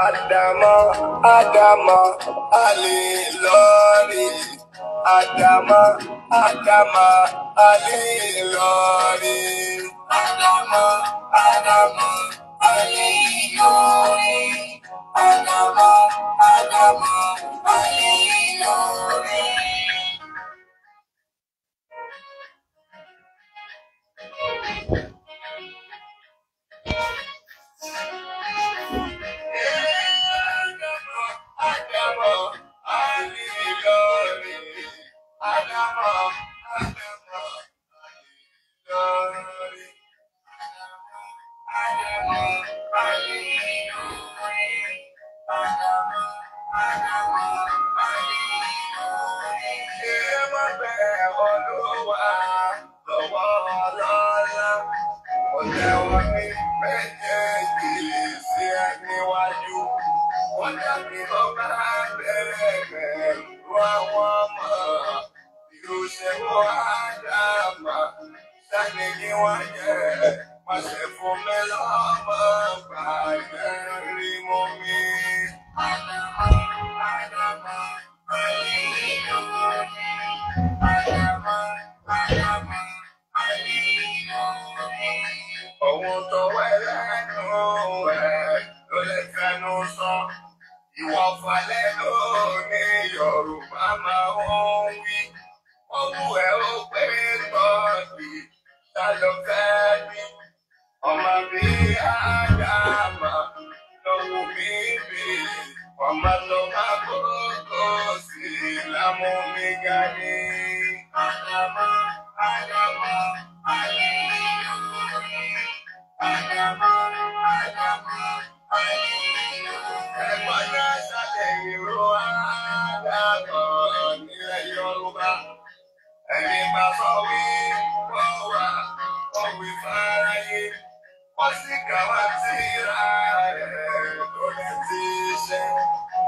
Adama, Adama, Ali lórí. Adama, Adama, Ali lórí. Adama, Adama, Ali lórí. Adama, Adama, Ali lórí. Thank you. Wọ́n dá mi lọ. ṣe wọ́n àdàmà sani ni wọ́n yẹ má ṣe fún mi lọ́mọ bàjẹ́ rí mú mi. Àdàmà àdàmà àyè inú mi. Àdàmà àdàmà àyè Ìwọ̀fà lẹ́nu ní Yorùbá máa ń wí owó ẹ ó pé pọ́ọ̀sì ta ló fẹ́ ní ọmọ mi ádámà lọ́wọ́ mi mi ọmọ tó má kókó sí lámú mi ga ní. Ádámà ádámà aleluya ádámà ádámà aleluya. Ẹ̀gbọ́n náà ṣàlẹ̀ ìró ádámà ẹ̀mí bá sọ wí wọ́n wà ọ̀wì fáráyé wọ́n sì kà wá sí ra rẹ̀ lórí ti ṣe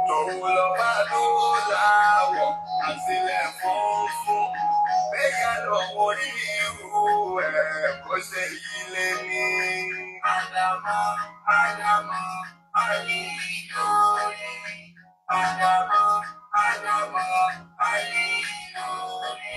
tòun lọ bá dóòlà wọ̀ àtìlẹ̀ funfun bẹ́ẹ̀ lọ́wọ́ rí irú ẹ̀ kó ṣe ilé ní. Àdàmọ́ Àdàmọ́ àlìlórí Àdàmọ́ Àdàmọ́ àlìlórí.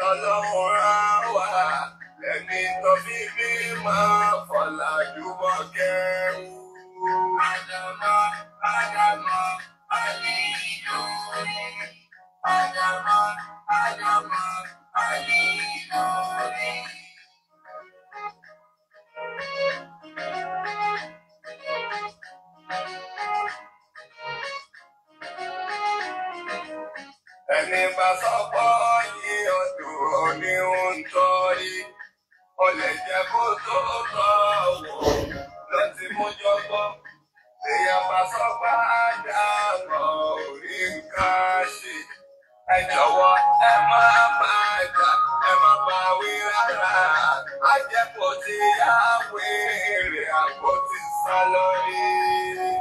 lọ́lọ́run love. wà tó ní ń tọ́rí ọlẹ̀ jẹ́ kó tó tọ́ wọ̀ lọ́tí mú jọgbọ́ èèyàn bá sọ pé ajá lọ orí nǹkan ṣe ẹ jọ̀wọ́ ẹ má bá ẹ̀dá ẹ má bá wí rárá ajẹ́pọ̀ ti yá wéèrè àpò ti sá lórí.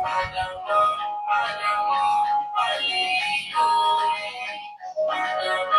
Padàbọ̀ padàbọ̀ ayé yóò rí padàbọ̀.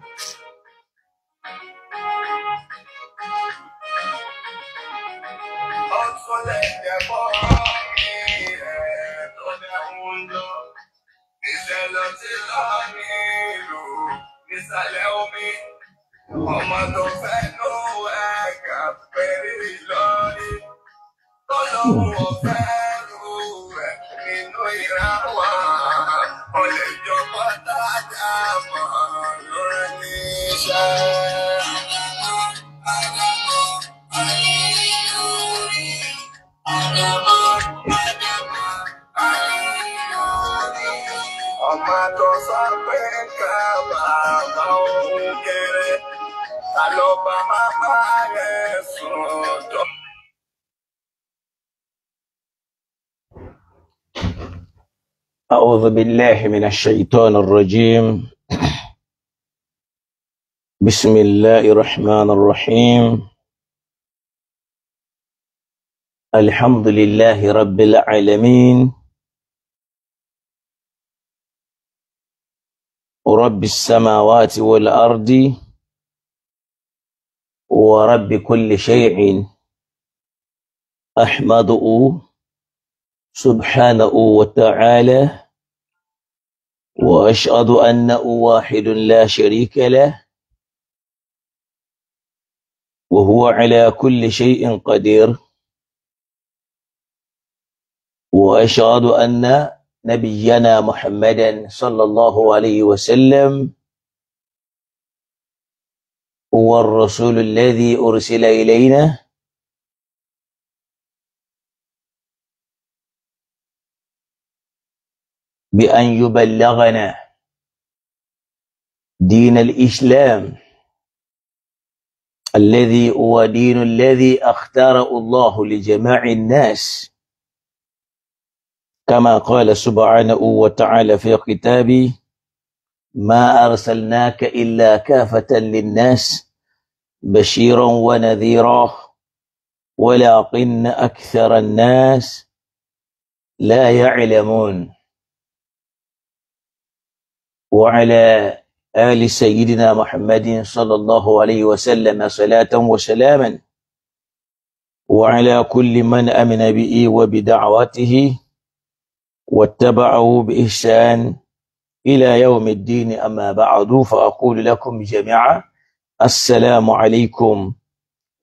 أعوذ بالله من الشيطان الرجيم بسم الله الرحمن الرحيم الحمد لله رب العالمين ورب السماوات والأرض ورب كل شيء أحمده سبحانه وتعالى وأشهد أنه واحد لا شريك له وهو على كل شيء قدير وأشهد أن نبينا محمدا صلى الله عليه وسلم هو الرسول الذي أرسل إلينا بأن يبلغنا دين الإسلام الذي هو دين الذي اختاره الله لجماع الناس كما قال سبحانه وتعالى في كتابه ما أرسلناك إلا كافة للناس بشيرا ونذيرا ولكن أكثر الناس لا يعلمون وعلى آل سيدنا محمد صلى الله عليه وسلم صلاة وسلاما وعلى كل من أمن به وبدعوته واتبعه بإحسان إلى يوم الدين أما بعد فأقول لكم جميعا السلام عليكم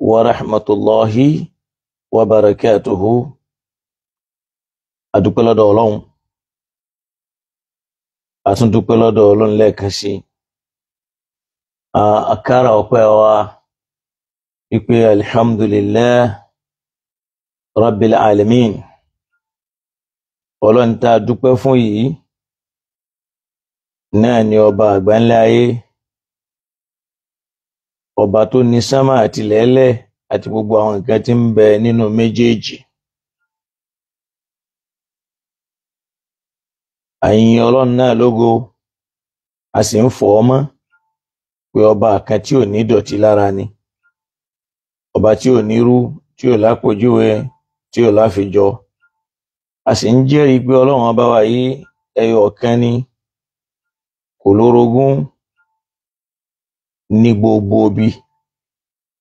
ورحمة الله وبركاته أدوك الله àtúndúpẹ́ lọ́dọ̀ ọlọ́run lẹ́ẹ̀kan sí àkàrà ọpẹ́ wa wípé alhamdulillah rabbil alamin ọlọ́run tá a dúpẹ́ fún yìí náà ni ọba àgbáńlá ayé ọba tó ní sámà àti lẹ́lẹ̀ àti gbogbo àwọn nǹkan tí ń bẹ nínú méjèèjì àyìn ọlọ́run náà lógo a sì ń fọ ọmọ pé ọba kan tí ò ní dọ̀tí lára ni ọba tí ò nírú tí ò lápòjúwe tí ò láfijọ a sì ń jẹ́rìí pé ọlọ́run ọba wa yìí ẹyọ ọ̀kan ni kò lórogún ní gbogbo ibi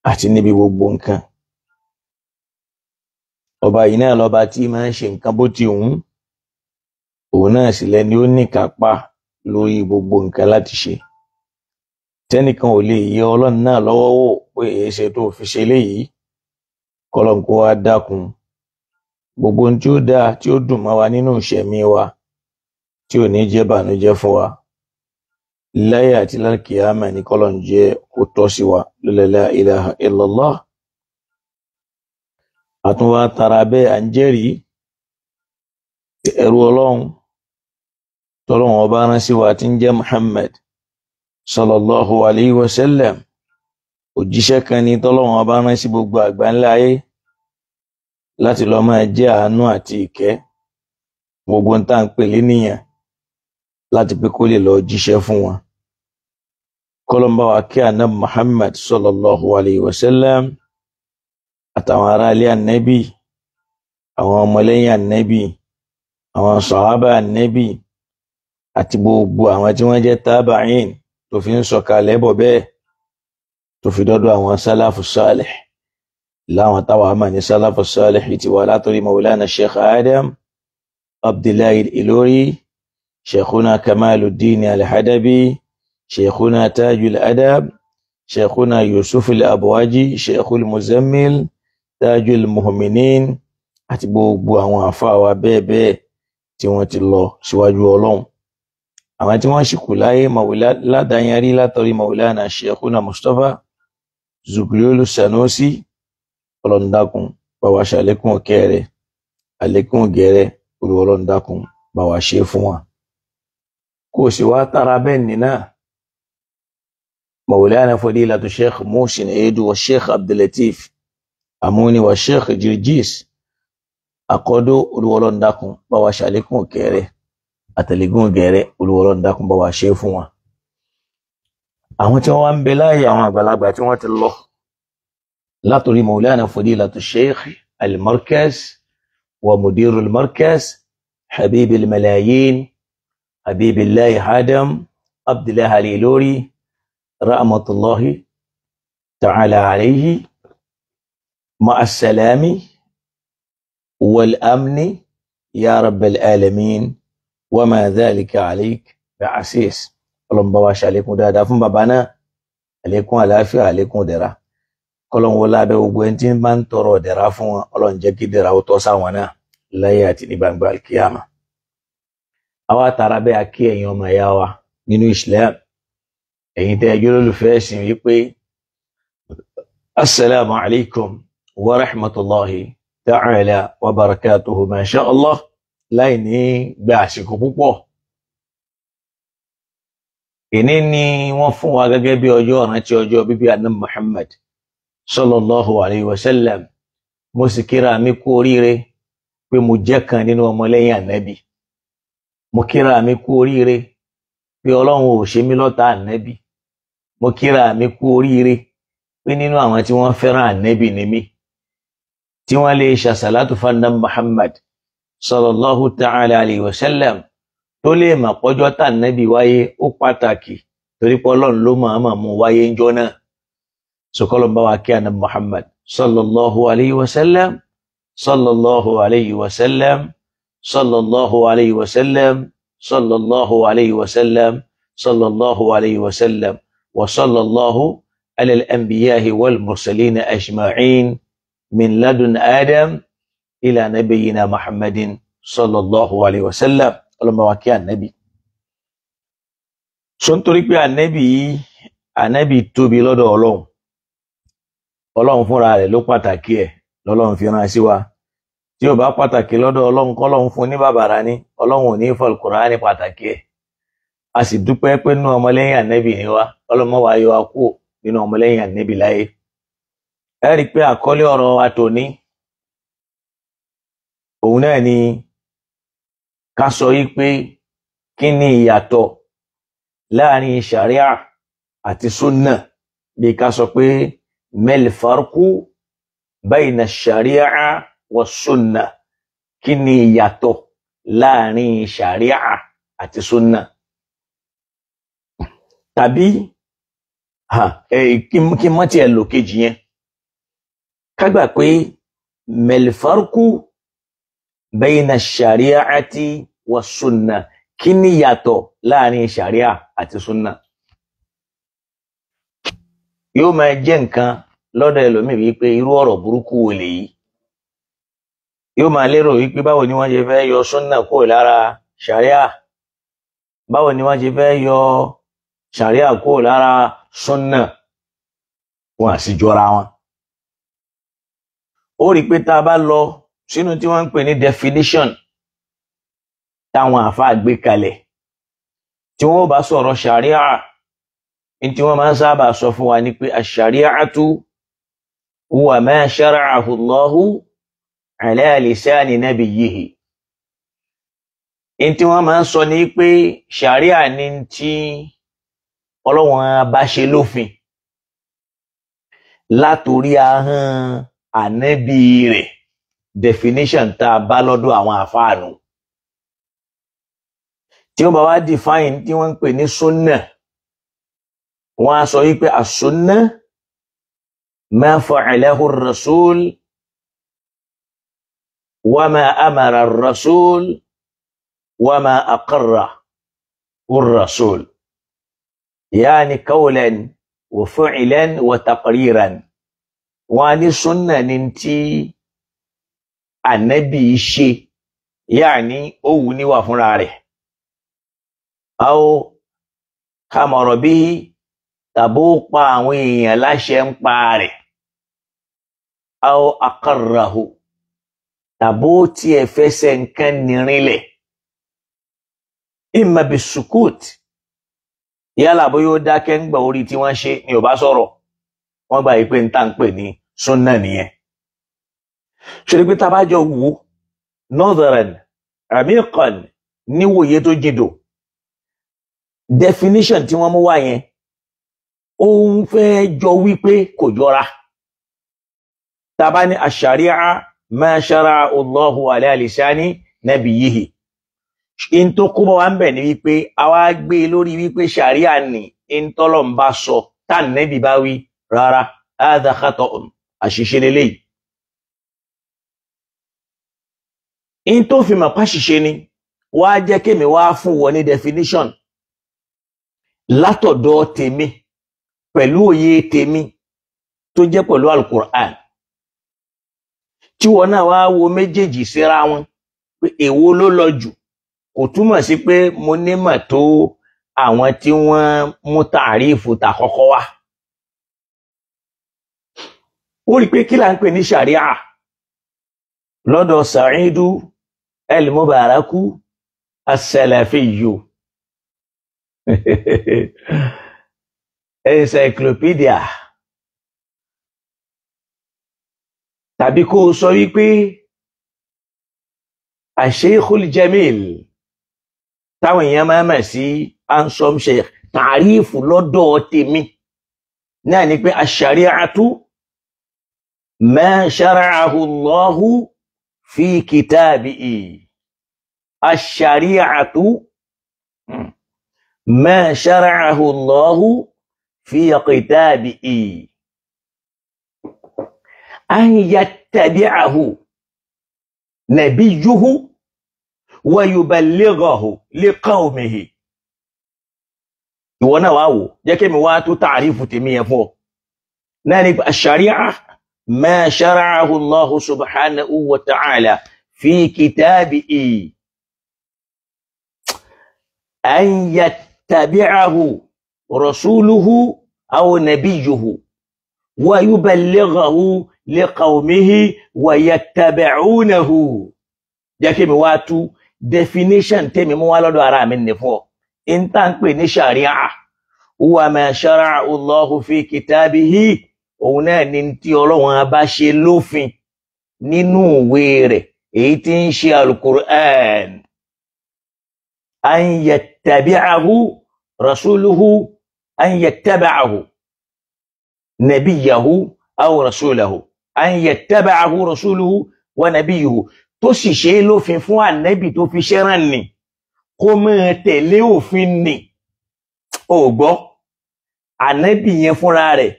àti níbi gbogbo nǹkan ọba yìí náà lọba tí máa ń ṣe nǹkan bó ti wù ú òun náà sì lẹni ó níkápá lórí gbogbo nǹkan láti ṣe tẹnìkan ò lè yẹ Ọlọ́run náà lọ́wọ́ wò pé èyí ṣe tó fi ṣe léyìí kọlọn kó wá dákun gbogbo ohun tí ó dáa tí ó dùn mọ́ wa nínú ìṣẹ̀mí wa tí ò ní jẹ́ bànújẹ́ fún wa láyé àti lálkìyàmà ní kọlọn jẹ́ kó tọ́ sí wa la ilaha illallah àtúnwá tara bẹ́ẹ̀ à ń jẹ́rìí ẹrú Ọlọ́run tọ́lọ́wọ́n ọba rán sí wa tí ń jẹ́ Muhammad sallallahu alayhi wa sallam òjíṣẹ́ kan ni tọ́lọ́wọ́n ọba rán sí gbogbo àgbáńlá ayé láti lọ́ọ́ máa jẹ́ àánú àti ìkẹ́ gbogbo ń tà ń pè lénìyàn láti pé kó lè lọ́ọ́ jíṣẹ́ fún wọn kọlọmbà kí anab Muhammad sallallahu alayhi wa sallam àtàwọn aráalé ànábì àwọn ọmọlẹ́yìn ànábì àwọn sàhábà ànábì àti gbogbo àwọn tí wọ́n jẹ́ tábàáyìn tó fi ń sọ̀kalẹ̀ bọ̀ bẹ́ẹ̀ tó fi dọ́dọ̀ àwọn sálàfù sálẹ̀ láwọn táwọn àmà ní sálàfù sálẹ̀ ti wà látọ̀rí maulana sheikh adam abdullahi ilori sheikhuna kamaluddin alhadabi sheikhuna tajul adab sheikhuna yusuf al-abwaji sheikhul muzammil tajul muhminin àti gbogbo àwọn àfa wa bẹ́ẹ̀ tí wọ́n ti lọ síwájú ọlọ́run àwọn tí wọn sì kù láyé mọwìlá ládàáyárí látọrí mọwìlánà Sheikhuna Mustapha Zubrilu Sanusi ọlọ́ndàkùn báwa ṣe àlékún ọ̀kẹ́ rẹ̀ àlékún gẹ̀rẹ́ olú ọlọ́ndàkùn báwa ṣe fún wa kò sì wá tara bẹ́ẹ̀ nínà mọwìlánà fadilatu Sheikh Muhsin Edu wa Sheikh Abdulatif Amuni wa Sheikh Jirjis akọ́dọ̀ olú ọlọ́ndàkùn báwa ṣe àlékún ọ̀kẹ́ àtẹlẹgùn gẹ̀rẹ́ olúwọlọ dákun bá wa ṣe fún wa àwọn tí wọn wá ń bẹ láàyè àwọn àgbàlagbà tí wọn ti lọ látòrí maulana fadilatu sheikh al-markaz wa mudiru al-markaz habib al-malayin habib allah adam abdullahi alilori rahmatulahi ta'ala alayhi ma'asalami wal amni ya rabbal alamin. وما ذلك عليك alayk bi aziz ọlọ́mọba wa ṣàlékún dáadáa fún bàbá náà àlékún àlàáfíà àlékún dẹ̀ra kọlọ́nwó lábẹ́ gbogbo ẹni tí ń bá ń tọrọ dẹ̀ra fún wọn ọlọ́run jẹ́ kí dẹ̀ra ó tọ́ sáwọn náà láyé àti ní gbangba kíyàmà àwa tara bẹ́ẹ̀ akí ẹ̀yin ọmọ ẹ̀yà wa nínú Islam ẹ̀yin tẹ́ ẹjọ́ lólùfẹ́ ẹ̀sìn wípé assalamu wa rahmatullahi ta'ala wa barakatuhu ma Allah láì ní gba àsìkò púpọ̀ ìní ni wọ́n fún wa gẹ́gẹ́ bí ọjọ́ ìrántí ọjọ́ bíbí àná Muhammad sallallahu alayhi wa sallam mo sì kíra mi kú oríire pé mo jẹ́ kan nínú ọmọlẹ́yìn ànábì mo kíra mi kú oríire pé Ọlọ́run ò ṣe mí lọ́tà ànábì mo kíra mi kú oríire pé nínú àwọn tí wọ́n fẹ́ràn ànábì ni mí tí wọ́n lè ṣàṣàlátù fanda Muhammad sallallahu ta'ala alayhi wa sallam tó lè mà pọ́jọ́ tà nẹ́bí wáyé ó pàtàkì torí pé ọlọ́run ló máa mà mú wáyé ń jọ náà sọkọlọ́ bá wa kí àná Muhammad sallallahu alayhi wa sallam sallallahu alayhi wa sallam sallallahu alayhi wa sallam sallallahu alayhi wa sallam sallallahu alayhi wa sallam wa sallallahu ala al-anbiya'i wal mursalina ajma'in min ladun adam ilà nabiyyina muhammadin sallallahu alayhi wa sallam ọlọ́mọwá kí ànábì. sọ nítorí pé ànábì yìí ànábì tóbi lọ́dọ̀ ọlọ́run ọlọ́run fúnra rẹ̀ ló pàtàkì ẹ̀ lọ́lọ́run fi rán sí wa tí ò bá pàtàkì lọ́dọ̀ ọlọ́run kọ́lọ́run fún ní bàbàrà ni ọlọ́run ò ní fọlùkùrá ní pàtàkì ẹ̀ a sì dúpẹ́ pé nínú ọmọlẹ́yìn ànábì ni wa ọlọ́mọ wa yọ wa kú nínú ọmọlẹ́yìn ànábì láyé ẹ rí i pé àkọ́lé ọ̀rọ̀ wa tòní òun náà ni ká sọ yí pé kí ni ìyàtọ̀ láàrin sharia àti sunna bí ká sọ pé mẹlifárkú bayna sharia wa sunna kí ni ìyàtọ̀ láàrin sharia àti sunna tàbí kí mọ́tì ẹ̀ lò kejì yẹn ká gbà pé mẹlifárkú bẹ́yìn ṣàríà àti wà súnà kí ni yàtọ̀ láàrin ṣàríà àti súnà yóò máa jẹ́ nǹkan lọ́dọ̀ ẹlòmíì wípé irú ọ̀rọ̀ burúkú wo lèyí yóò máa lérò wípé báwo ni wọ́n ṣe fẹ́ yọ súnà kúrò lára ṣàríà báwo ni wọ́n ṣe fẹ́ yọ ṣàríà kúrò lára súnà wọn àsìjọra wọn ó rí i pé tá a bá lọ sínú tí wọ́n ń pè ní definition táwọn àáfàá gbé kalẹ̀ tí wọ́n bá sọ̀rọ̀ ṣàríà ní tí wọ́n máa ń sábà sọ fún wa ni pé àṣàríàtú huwa ma shara'ahu Allahu ala lisani nabiyyihi ní tí wọ́n máa ń sọ ni pé ṣàríà ni tí Ọlọ́hun bá ṣe lófin látòrí ahọ́n ànábì rẹ̀ definition tá a bá lọ́dọ̀ àwọn àfáànù tí wọ́n bá wá define tí wọ́n ń pè ní sunna wọ́n á sọ wípé àsunna ma fa'alahu rasul wa ma amara rasul wa ma aqarra rasul yaani qawlan wa fi'lan wa taqriran wọ́n á ní sunna ní tí ànábì ṣe yáàní òwú níwà fúnra rẹ̀ àwọn kàmọ̀rọ̀ bí tàbó pa àwọn èèyàn láṣẹ ń pa rẹ̀ àwọn akọ̀ràhù tàbó tiẹ̀ fẹsẹ̀ nǹkan nìrinlẹ̀ imma bi sukut yálà bóyá ó dákẹ́ ń gbà orí tí wọ́n ṣe ni ò bá sọ̀rọ̀ wọ́n gbà yí pé ń tà ń pè ní súnà nìyẹn ṣe ni pé tá a bá jọ wò northern amiqan níwòye tó jìndò definition tí wọ́n mú wá yẹn ó ń fẹ́ jọ wípé kò jọra tá a bá ní àṣàríà máa ṣara Allahu ala lisani nabiyyihi in tó kó bọ́ wá ń bẹ̀ ní wípé a wá gbé e lórí wípé ṣàríà ni in tọ́lọ̀ ń bá sọ tá nẹ́bí bá wí rárá áàdà àṣìṣe lélẹ́yìí in tó fi mọ̀ páṣìṣe ni wá jẹ́ kémi wá fún wọn ní definition látọ̀dọ̀ tèmi pẹ̀lú òye tèmi tó jẹ́ pẹ̀lú alukur'an tí wọn náà wá wo méjèèjì síra wọn pé èwo ló lọ jù kò túmọ̀ sí pé mo nímọ̀ tó àwọn tí wọ́n mú tàrífù tà kọ́kọ́ wá. ó rí i pé kí là ń pè ní sàríà lọ́dọ̀ Sa'idu ẹlmubaraku asẹlẹfiyu encyclopedia tàbí kó o sọ wípé àṣeykhul jamil táwọn èèyàn máa mọ̀ sí ansom sheikh tàrífù lọ́dọ̀ tèmi náà ni pé àṣàríàtú ma shara'ahu Allahu. في كتابه الشريعة ما شرعه الله في كتابه أن يتبعه نبيه ويبلغه لقومه ìwọ náà wá مواتو تعريف kí فو wá الشريعة ما شرعه الله سبحانه وتعالى في كتابه أن يتبعه رسوله أو نبيه ويبلغه لقومه ويتبعونه jẹ́kí mi wá tú definition tèmi mú wá lọ́dọ̀ ara mi ní fún ọ in tá ń pè ní sharia huwa ma shara'allahu fi kitabihi òun náà ni tí ọlọ́run abá ṣe lófin nínú ìwé rẹ̀ èyí tí ń ṣe alukur'an an yattabi'ahu rasuluhu nabi yahu, nabiyahu aw rasulahu an yattaba'ahu rasuluhu wa nabiyuhu tó sì ṣe lófin fún ànábì tó fi ṣẹ́ràn ni kó máa tẹ̀lé òfin ni ò gbọ́ ànábì yẹn fúnra rẹ̀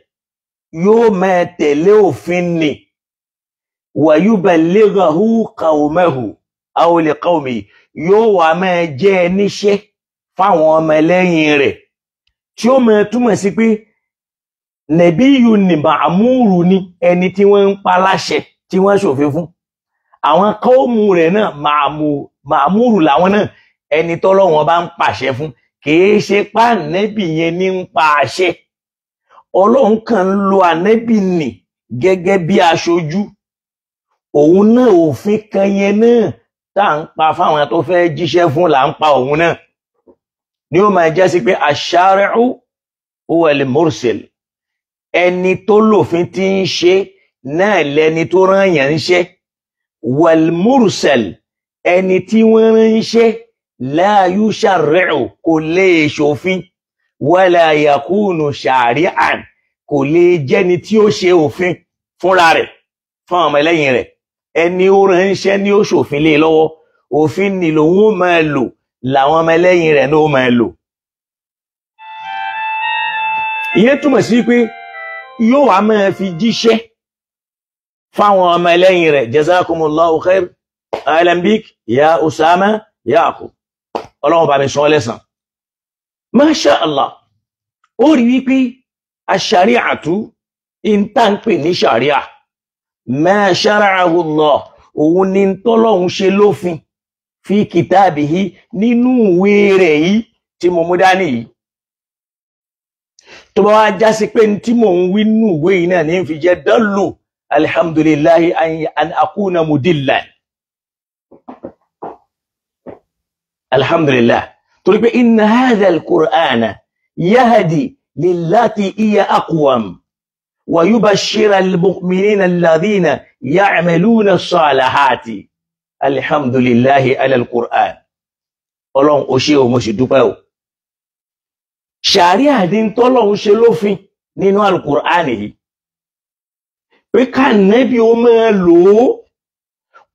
yóò máa tẹ̀lé òfin ni wàyú balẹ́gàhù kàwùmẹ́hù àwòlẹ̀ kàwùmí yóò wà máa jẹ́ níṣẹ́ fáwọn ọmọ ẹlẹ́yìn rẹ̀ tí ó máa túmọ̀ sí pé nẹ̀bí yù ní màmúrù ni ẹni tí wọ́n ń pa láṣẹ tí wọ́n ṣòfin fún àwọn kọ́ọ̀mù rẹ̀ náà màmúrù làwọn náà ẹni tọ́lọ́wọ́n bá ń pàṣẹ fún kì í ṣe páànẹ́bì yẹn ní ń pa àṣẹ ọlọ́run kan ń lo ànẹ́bì nì gẹ́gẹ́ bí aṣojú òun náà òfin kan yẹn náà tá à ń pa fáwọn tó fẹ́ jíṣẹ́ fún là ń pa òun náà ni ó máa jẹ́ sí pé aṣáárẹ́rù huwal mursil ẹni tó lòfin ti ń ṣe náà lẹni tó rán yàn ń ṣe wal mursal ẹni tí wọ́n rán ń ṣe la yusharri'u kò lè ṣòfin wala yakunu shari'an kò lè jẹ́ni tí ó ṣe òfin fúnra rẹ̀ fún ọmọ ẹlẹ́yìn rẹ̀ ẹni ó ránṣẹ́ ni ó ṣòfin lé e lọ́wọ́ òfin ni lòun ó máa lò làwọn ọmọ ẹlẹ́yìn rẹ̀ ló máa lò. ìyẹn túmọ̀ sí pé yóò wá máa fi jíṣẹ́ fáwọn ọmọ ẹlẹ́yìn rẹ̀ jazakumullahu khair alambik ya usama yaako ọlọ́run bá mi sọ ọ́ lẹ́sàn-án masha allah ó rí wípé aṣàríàtú ìntànpè ní ṣàríà ma shara'ahu Allah òun ni tọ́lọ́hun ṣe lófin fi kìtàbíhi nínú ìwé rẹ̀ yìí tí mo mú dání yìí tó bá wá já sí pé tí mò ń wí nínú ìwé yìí náà ní fi jẹ́ an akuna mudillan alhamdulillah torí pé inna hadhal qur'ana yahdi lillati iya aqwam wa yubashshiral mu'minina alladhina ya'maluna salihati alihamdulilahi alal qur'an ọlọ́run ó ṣe o mo sì dúpẹ́ o ṣàríà àdín tọ́lọ́run ṣe lófin nínú alukur'an yìí pé kànẹ́bí ó máa lò ó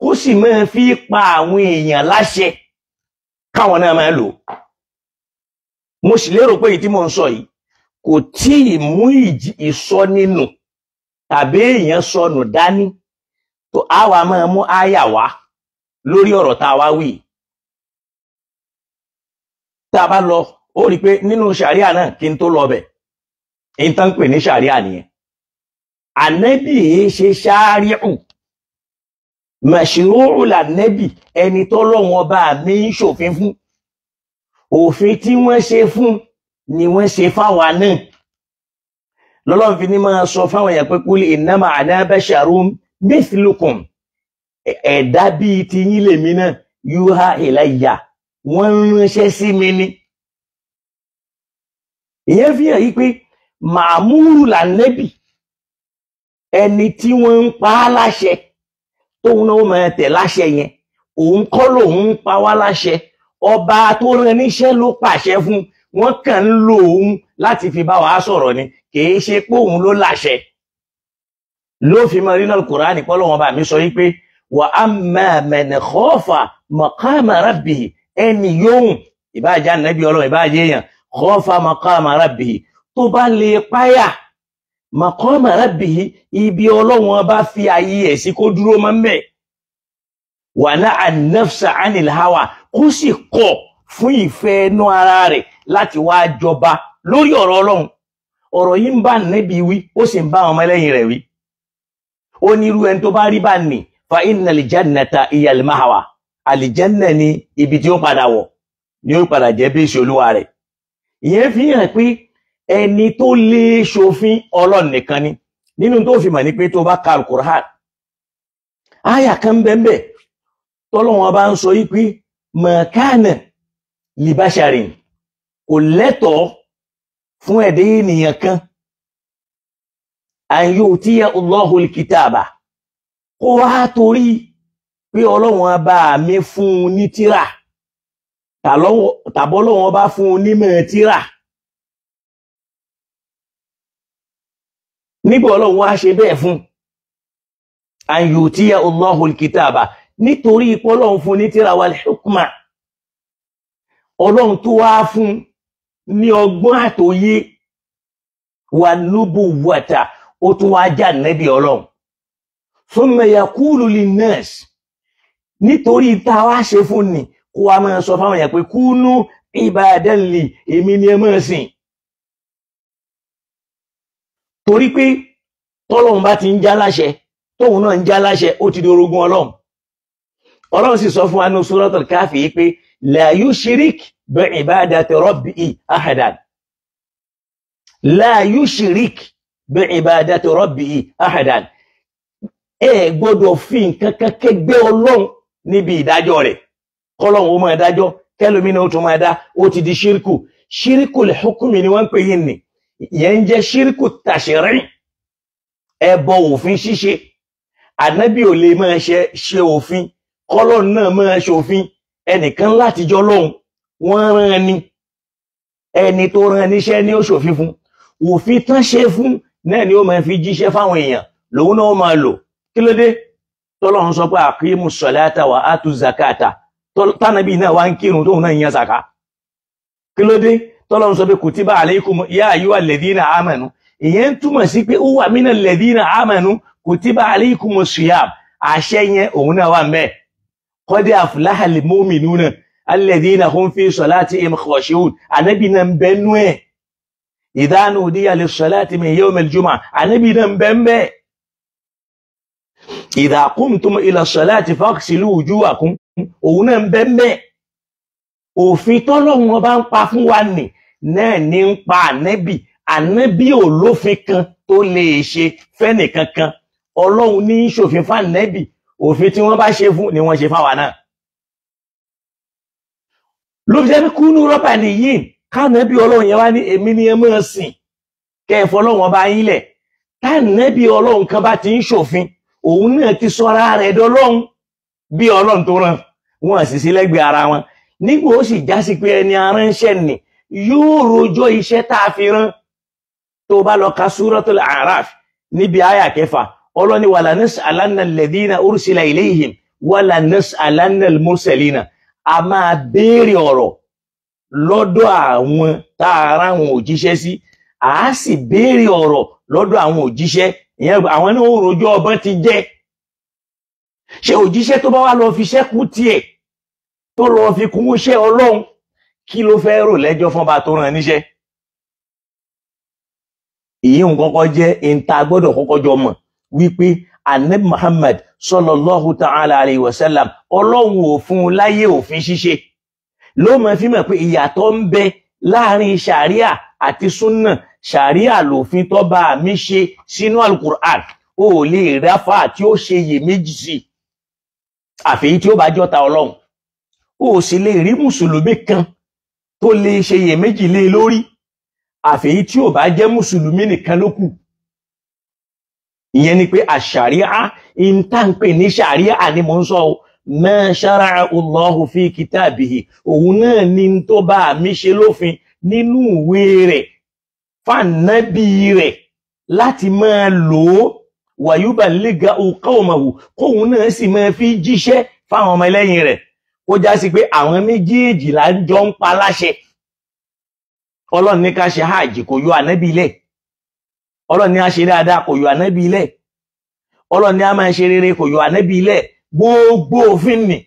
kó sì máa fi pa àwọn èèyàn láṣẹ káwọn náà máa lò ó mo sì lérò pé èyí tí mò ń sọ yìí kò tí ì mú ìsọ nínú tàbí èèyàn sọnù dání tó a wà máa mú àyà wá lórí ọ̀rọ̀ tá a wá wí tá a bá lọ ó rí i pé nínú sàríà náà kí n tó lọ bẹ̀ èyí tán pè ní sàríà nìyẹn ànẹ́bì yìí ṣe ṣááríù mẹ̀ṣirúùlà nẹ́bì ẹni tọ́lọ́wọ́n bá mi ń ṣòfin fún òfin tí wọ́n ṣe fún ni wọ́n ṣe fáwa náà lọ́lọ́run fi ní máa sọ fáwọn èèyàn pé kúlì innama ana basharun mithlukum bíi ti yín lèmi náà yuha ilayya wọ́n ń ránṣẹ́ sí mi ni ìyẹn fi hàn yí pé màmúrù lànẹ́bì ẹni tí wọ́n ń pa á láṣẹ tóun náà ó máa tẹ̀ láṣẹ yẹn òun kọ́ lòun ń pa wá láṣẹ ọba tó rán níṣẹ́ ló pàṣẹ fún wọ́n kàn ń lo òun láti fi bá wa sọ̀rọ̀ ni kìí ṣe pé òun ló láṣẹ ló fi mọ rínà kùránì pọ́lọ́wọ́n bá mi sọ yí pé wà á mẹ́ẹ̀mẹ́ni kọ́ọ̀fà maqama rabbihi ẹni yóò ìbájá nàbí ọlọ́run ìbájá èèyàn kọ́ọ̀fà maqama rabbihi tó bá lè páyà maqama rabbihi ibi ọlọ́run bá fi ayé ẹ̀ sí kó dúró mọ́ mẹ́ẹ̀ wàná ànáfsà ánìláwà kó sì kọ̀ fún ìfẹ́ inú ara rẹ̀ láti wá jọba lórí ọ̀rọ̀ Ọlọ́run ọ̀rọ̀ yìí ń bá nẹ́bi wí ó sì ń bá àwọn ọmọlẹ́yìn rẹ̀ wí ó ní irú ẹni tó bá rí bá nì fa inna aljannata iya almahawa ni ibi tí ó padà wọ̀ ni ó padà jẹ́ bí ìṣe olúwa ìyẹn fi hàn pé ẹni tó lè ṣòfin Ọlọ́run nìkan ni nínú tó fi mọ̀ ní pé tó bá ka alukur'an àyà kan bẹ́ẹ̀ bẹ́ẹ̀ tọ́lọ́wọ́n bá ń sọ yí pé mọ̀kánà libasharin kò lẹ́tọ̀ọ́ fún ẹ̀dẹ́ ènìyàn kan an yu'tiya Allahu al-kitaba kó wá torí pé ọlọ́wọ́n bá mi fún un ní tíra tàbọ́lọ́wọ́n bá fún un nímọ̀ tíra nígbà ọlọ́wọ́n á ṣe bẹ́ẹ̀ fún an yu'tiya Allahu al-kitaba nítorí ipò ọlọ́run fún ní tíra wal hukma ọlọ́run tó wá fún ní ọgbọ́n àtòyé wà nubuwwata ó tún wá já nẹ́bí ọlọ́run summa yaqulu linnas nítorí tá a wá ṣe fún ni kó wa máa sọ fáwọn èèyàn pé kúnú ibadan li èmi ni ẹ máa sìn torí pé tọ́lọ́run bá ti ń já láṣẹ tóun náà ń já láṣẹ ó ti di orogún ọlọ́run ọlọ́run sì sọ fún wa ní suratul káfí yìí pé la yushrik bi ibadati rabbihi ahadan la yushrik bi ibadati rabbihi ahadan ẹ gbọ́dọ̀ fi nǹkan kan kẹgbẹ́ ọlọ́run níbi ìdájọ́ rẹ̀ kọ́lọ́run ó máa dájọ́ kẹlòmínà ó tún máa dá ó ti di ṣírkù ṣírkù lè hukumi ni wọ́n pè yín ni ìyẹn ń jẹ́ ṣírkù tàṣírí ẹbọ òfin ṣíṣe ànábì ò lè máa ṣe òfin kọ́lọ́n náà máa ṣòfin ẹnìkan látijọ́ lọ́hùn wọ́n rán ẹni ẹni tó rán níṣẹ́ ní ó ṣòfin fún òfin tán ṣe fún náà ni ó máa fi jíṣẹ́ fáwọn èèyàn lòun náà máa lò kí ló dé tọ́lọ́run sọ pé àkíyèmù sọ̀láta wà á zakata tánàbí náà wá ń kírun tóun náà yan zaka kí ló dé tọ́lọ́run sọ pé kutiba alaykum yá àyíwá lẹ́dínà amanu ìyẹn ń túmọ̀ sí pé ó wà mí náà lẹ́dínà amanu kutiba alaykum siyam àṣẹ yẹn òun náà wà ń kọ́dí àfúláhàlì mọ́mìnú náà alẹ́dínà hún fi sọ̀láti im khashi'un anábì náà ń bẹ́nu ẹ̀ ìdánù díyàlẹ̀ sọ̀láti min yawmil jumu'ah anábì náà ń bẹ́ńbẹ́ idha qumtum ila sọ̀láti faghsilu wujuhakum òun náà ń bẹ́ńbẹ́ òfin tọ́lọ́run ọba ń pa fún wa nì náà ní ń pa ànábì ànábì ò lófin kan tó lè ṣe fẹ́nìkankan ọlọ́run ní í ṣòfin fáànẹ́bì òfin tí wọ́n bá ṣe fún ni wọ́n ṣe fáwa náà ló fi jẹ́ pé kúnú rọ́bà nìyí kánàbí ọlọ́run yẹn wá ní èmi ni ẹ máa sìn kẹfọ́ ọlọ́run ọba yín lẹ̀ tánàbí ọlọ́run kan bá ti ń ṣòfin òun náà ti sọra rẹ̀ dọlọ́run bí ọlọ́run tó ràn wọ́n sì sí lẹ́gbẹ̀ẹ́ ara wọn nígbà ó sì já sí pé ẹni aránṣẹ́ nì yóò rojọ́ iṣẹ́ tá a fi rán tó bá lọ ka Suratul A'raf níbi àyà kẹfà ọlọ́ni wàlà nẹ́sì alánà lẹ́dínà ursila ilayhim wàlà nẹ́sì alánà mursalina a máa béèrè ọ̀rọ̀ lọ́dọ̀ àwọn tá a rán àwọn òjíṣẹ́ sí a sì béèrè ọ̀rọ̀ lọ́dọ̀ àwọn òjíṣẹ́ ìyẹn àwọn náà ó rojọ́ ọbọ̀n ti jẹ́ ṣé òjíṣẹ́ tó bá wà lọ fi ṣẹ́kù tiẹ̀ tó lọ fi kún iṣẹ́ ọlọ́run kí ló fẹ́ rò lẹ́jọ́ fún ọba tó rán níṣẹ́ ìyí ń kọ́kọ́ jẹ́ ìta gbọ́dọ̀ kọ́kọ́ jọ mọ̀ wípé anabi muhammad sallallahu ta'ala alayhi wa sallam ọlọ́run ò fún un láyé òfin ṣíṣe ló máa fi mọ̀ pé ìyàtọ̀ ń bẹ láàrin sharia àti sunna sharia lòfin tó bá mi ṣe sínú alukur'an ó lè ráfà tí ó ṣe iyèméjì sí àfẹ́yí tí ó bá jọta ọlọ́run ó sì lè rí mùsùlùmí kan tó lè ṣe iyèméjì lé lórí àfẹ́yí tí ò bá jẹ́ mùsùlùmí nìkan ló ìyẹn ni pé àṣàríà ìntànpè ní ṣàríà ni mò ń sọ o ma ṣára Allahu fi kìtàbìhì òun náà ni tó bá mi ṣe lófin nínú ìwé rẹ̀ fànàbí rẹ̀ láti máa lò ó wàyúbà lẹ́gà qawmahu kóun náà sì máa fi jíṣẹ́ fáwọn ọmọ ẹlẹ́yìn rẹ̀ ó já sí pé àwọn méjèèjì jọ ń pa láṣẹ ọlọ́run ní ká ṣe háàjì kò yọ ànábì lẹ́ẹ̀ ọlọ́run ni a ṣe dáadáa kò yọ ànábì ilẹ̀ ọlọ́run ni a máa ṣe rere kò yọ ànábì ilẹ̀ gbogbo òfin nì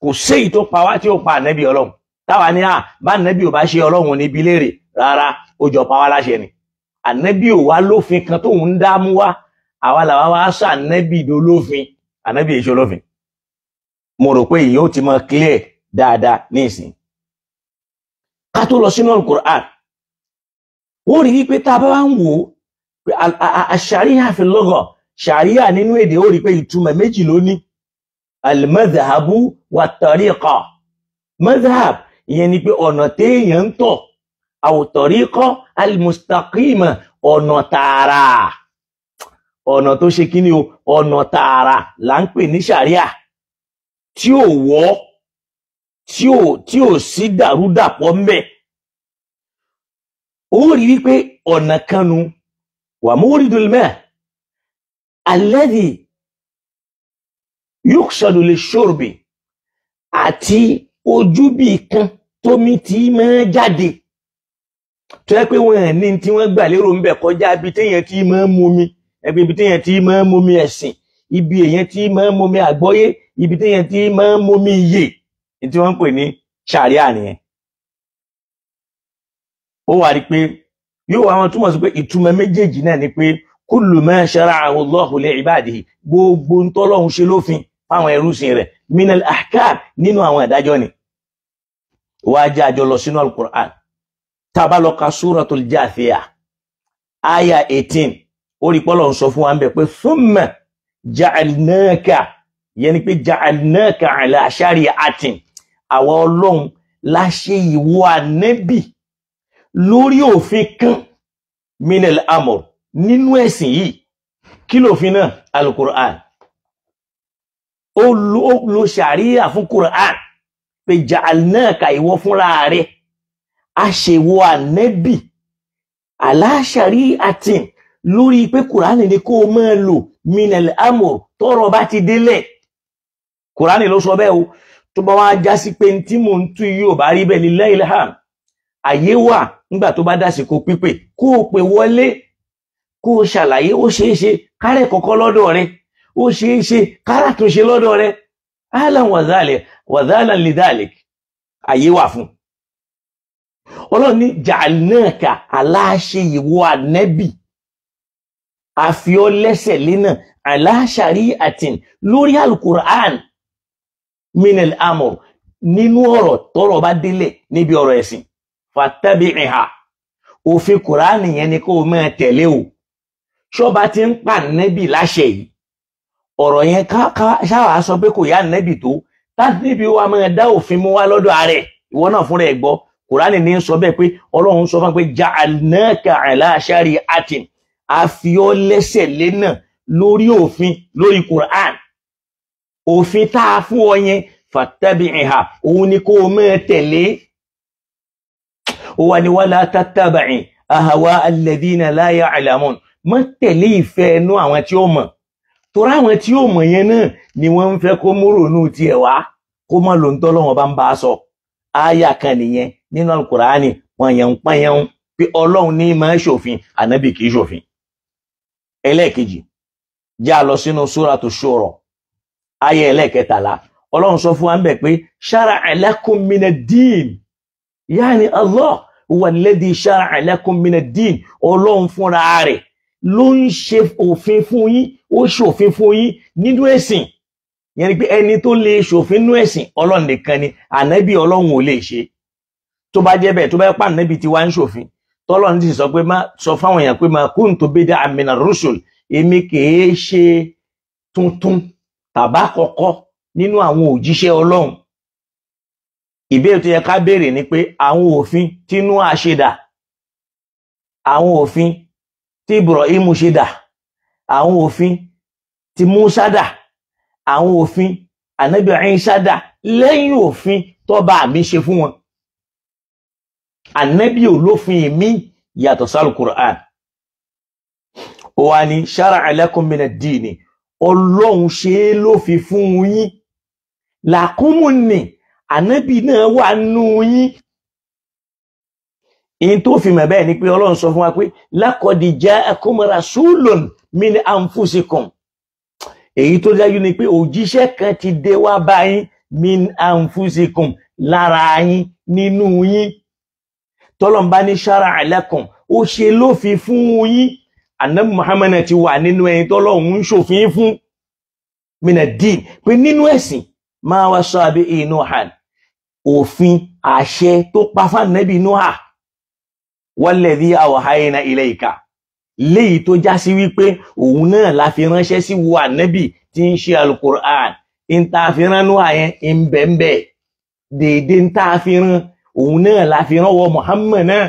kò séyìí tó pa wá tí ó pa ànábì ọlọ́run táwa ni a bá ànábì ò bá ṣe ọlọ́run níbi léèrè rárá ó jọ pa wá láṣẹ ni ànábì ò wá lófin kan tóun ń dá mú wá àwa làwa wá sọ ànábì dolófin ànábì èso lófin mo rò pé yìí ti mọ clear dáadáa ní ká tó lọ sínú alukur'an wọ́n rí wípé tá a bá wá ń wò ó àṣàríyà fi lọ́gọ̀ ṣàríyà nínú èdè ó rí pé ìtumọ̀ méjì ló ní almadhabu wa tariqa madhab ìyẹn ni pé ọ̀nà téèyàn ń tọ̀ àwòtọ̀ríkọ́ almustaqima ọ̀nà tààrà ọ̀nà tó ṣe kí ni o ọ̀nà tààrà là ń pè ní ṣàríà tí ò wọ́ tí ò sí dàrúdàpọ̀ ń bẹ̀ ó rí wípé ọ̀nà kanu ومورد الماء الذي يقصد للشرب àti ojúbì kan tómi tí máa jáde tó yẹ pé wọn ní tí wọn gbà lérò ń bẹ kọjá ibi téèyàn tí máa ń mumi ẹgbẹ ibi téèyàn tí máa ń mumi ẹsìn ibi èèyàn tí máa mumi àgbọ́yé ibi téèyàn tí máa mumi iyè ní tí wọn ń pè ní ṣàríà nìyẹn ó wà yóò àwọn túmọ̀ sí pé ìtumọ̀ méjèèjì náà ni pé kullu ma shara'ahu Allahu li ibadihi gbogbo ń tọ́lọ́hun ṣe lófin fáwọn ẹrúsìn rẹ̀ minal ahkam nínú àwọn ìdájọ́ ni wá jẹ́ àjọ lọ sínú alukur'an tá a bá lọ ka suratul aya 18 orí pọ́lọ̀ ń sọ fún wa ń bẹ̀ pé thumma ja'alnaka yẹn ni pé ja'alnaka ala shari'atin àwa ọlọ́run láṣẹ ìwọ ànẹ́bì lórí òfin kan minel amor nínú ẹ̀sìn yìí kí lòfin náà alukur'an ó lo ṣàríyà fún kur'an pé ja'alnaka ìwọ fúnra rẹ aṣèwọ ànẹ́bì aláṣàrí àtìn lórí pé kur'an ni kó o máa lò minel amor tọrọ bá ti délẹ̀ kur'an ló sọ bẹ́ẹ̀ o tó bá wá já sí pé tí mò ń tú yóò bá rí bẹ́ẹ̀ ní lẹ́yìn ham wà nígbà tó bá dàsìkò pípè kó o pè wọlé kó o ṣàlàyé ó ṣeé ṣe kárẹ̀ kọ́kọ́ lọ́dọ̀ rẹ ó ṣeé ṣe kárà tó ṣe lọ́dọ̀ rẹ alan wazalek wazalan lidalek àyè wà fún ọlọ́run ní jàǹnàkà aláṣẹ ìwọ ànẹ́bì àfiọ́ lẹ́sẹ̀ aláṣàrí àtìn lórí alukur'an minel amor nínú ọ̀rọ̀ tọ́rọ̀ bá délẹ̀ níbi ọ̀rọ̀ ẹ̀sìn fàtẹ́bìrìhà òfin kùránì yẹn ni kó o máa tẹ̀lé o ṣọba ti ń pa nẹ́bì láṣẹ yìí ọ̀rọ̀ yẹn ká ṣáwàá sọ pé kò yá nẹ́bì tó tánẹ́bì wa máa dá òfin mú wá lọ́dọ̀ ààrẹ ìwọ náà fúnra ẹ̀ gbọ́ kùránì ní sọ bẹ́ẹ̀ pé ọlọ́run sọ fún pé ja'alnaka ala shari'atin àfiọ́ lẹ́sẹ̀ lé lórí òfin lórí kùránì òfin tá a fún ọ yẹn fàtẹ́bìrìhà òun ni kó o máa tẹ̀lé ó wá ní wala tattaba'i ahawa alladhina la ya'lamun má tẹ̀lé ìfẹ́ ẹnu àwọn tí ó mọ̀ torí àwọn tí ó mọ̀ yẹn náà ni wọ́n ń fẹ́ kó múrònú tiẹ̀ wá kó má ló ń tọ́ lọ́wọ́n bá ń bá a sọ ááyà kan nìyẹn nínú alukurani pọnyẹn pọnyẹn pé ọlọ́run ní máa ṣòfin ànábì kì í ṣòfin ẹlẹ́ẹ̀kejì já lọ sínú suratu shura ayé ẹlẹ́ẹ̀kẹtàlá ọlọ́run sọ fún wa ń bẹ̀ pé shara'a lakum mina ad-din yáàni Allah wà lẹ́dí ṣáà lakum min ad-din ọlọ́run fúnra rẹ̀ ló ń ṣe òfin fún yín ó ṣòfin fún yín nínú ẹ̀sìn yẹn ni pé ẹni tó lè ṣòfin nínú ẹ̀sìn ọlọ́run nìkan ni ànábì ọlọ́run ò lè ṣe tó bá jẹ́ bẹ́ẹ̀ tó bá pa ànábì tí wá ń ṣòfin tọ́lọ́run ti sọ pé má sọ fáwọn èèyàn pé ma kuntu bid'an mina rusul èmi kìí ṣe tuntun tàbá kọ́kọ́ nínú àwọn òjíṣẹ́ ọlọ́run ìbéèrè tó yẹ ká béèrè ni pé àwọn òfin tínú àṣedà àwọn òfin tí Ibrahim ṣe dà àwọn òfin tí Musa dà àwọn òfin Ànábì Ìsá dà lẹ́yìn òfin tọ́ba mi ṣe fún wọn Ànábì olófin mi yàtọ̀ sí Al-Qur'an ó wá ní shara'a lakum mina ọlọ́run ṣe é lófin fún yín làkúmù nì ànábì náà wà nù yín in tó fi mọ̀ ni pé ọlọ́run sọ fún wa pé lákọ̀dì ja'akum rasulun min anfusikum èyí tó dájú ni pé òjíṣẹ́ kan ti dé wá bá yín min anfusikum lára yín nínú yín tọ́lọ́n bá ní shara'a lakum ó ṣe lófin fún yín ànábì Muhammad ti wà nínú ẹni tọ́lọ́run ń ṣòfin fún mina dín pé nínú ẹ̀sìn máa wá sọ àbí inú hàn òfin àṣẹ tó pa fánàbí Nóà walladhi awhayna ilayka léyìí tó já sí wípé òun náà la fi ránṣẹ́ sí wo ànábì tí ń ṣe alukur'an ń ta fi rán Nóà yẹn ń bẹ̀ẹ̀bẹ̀ dèédé ń ta fi rán òun náà la fi rán wọ Muhammad náà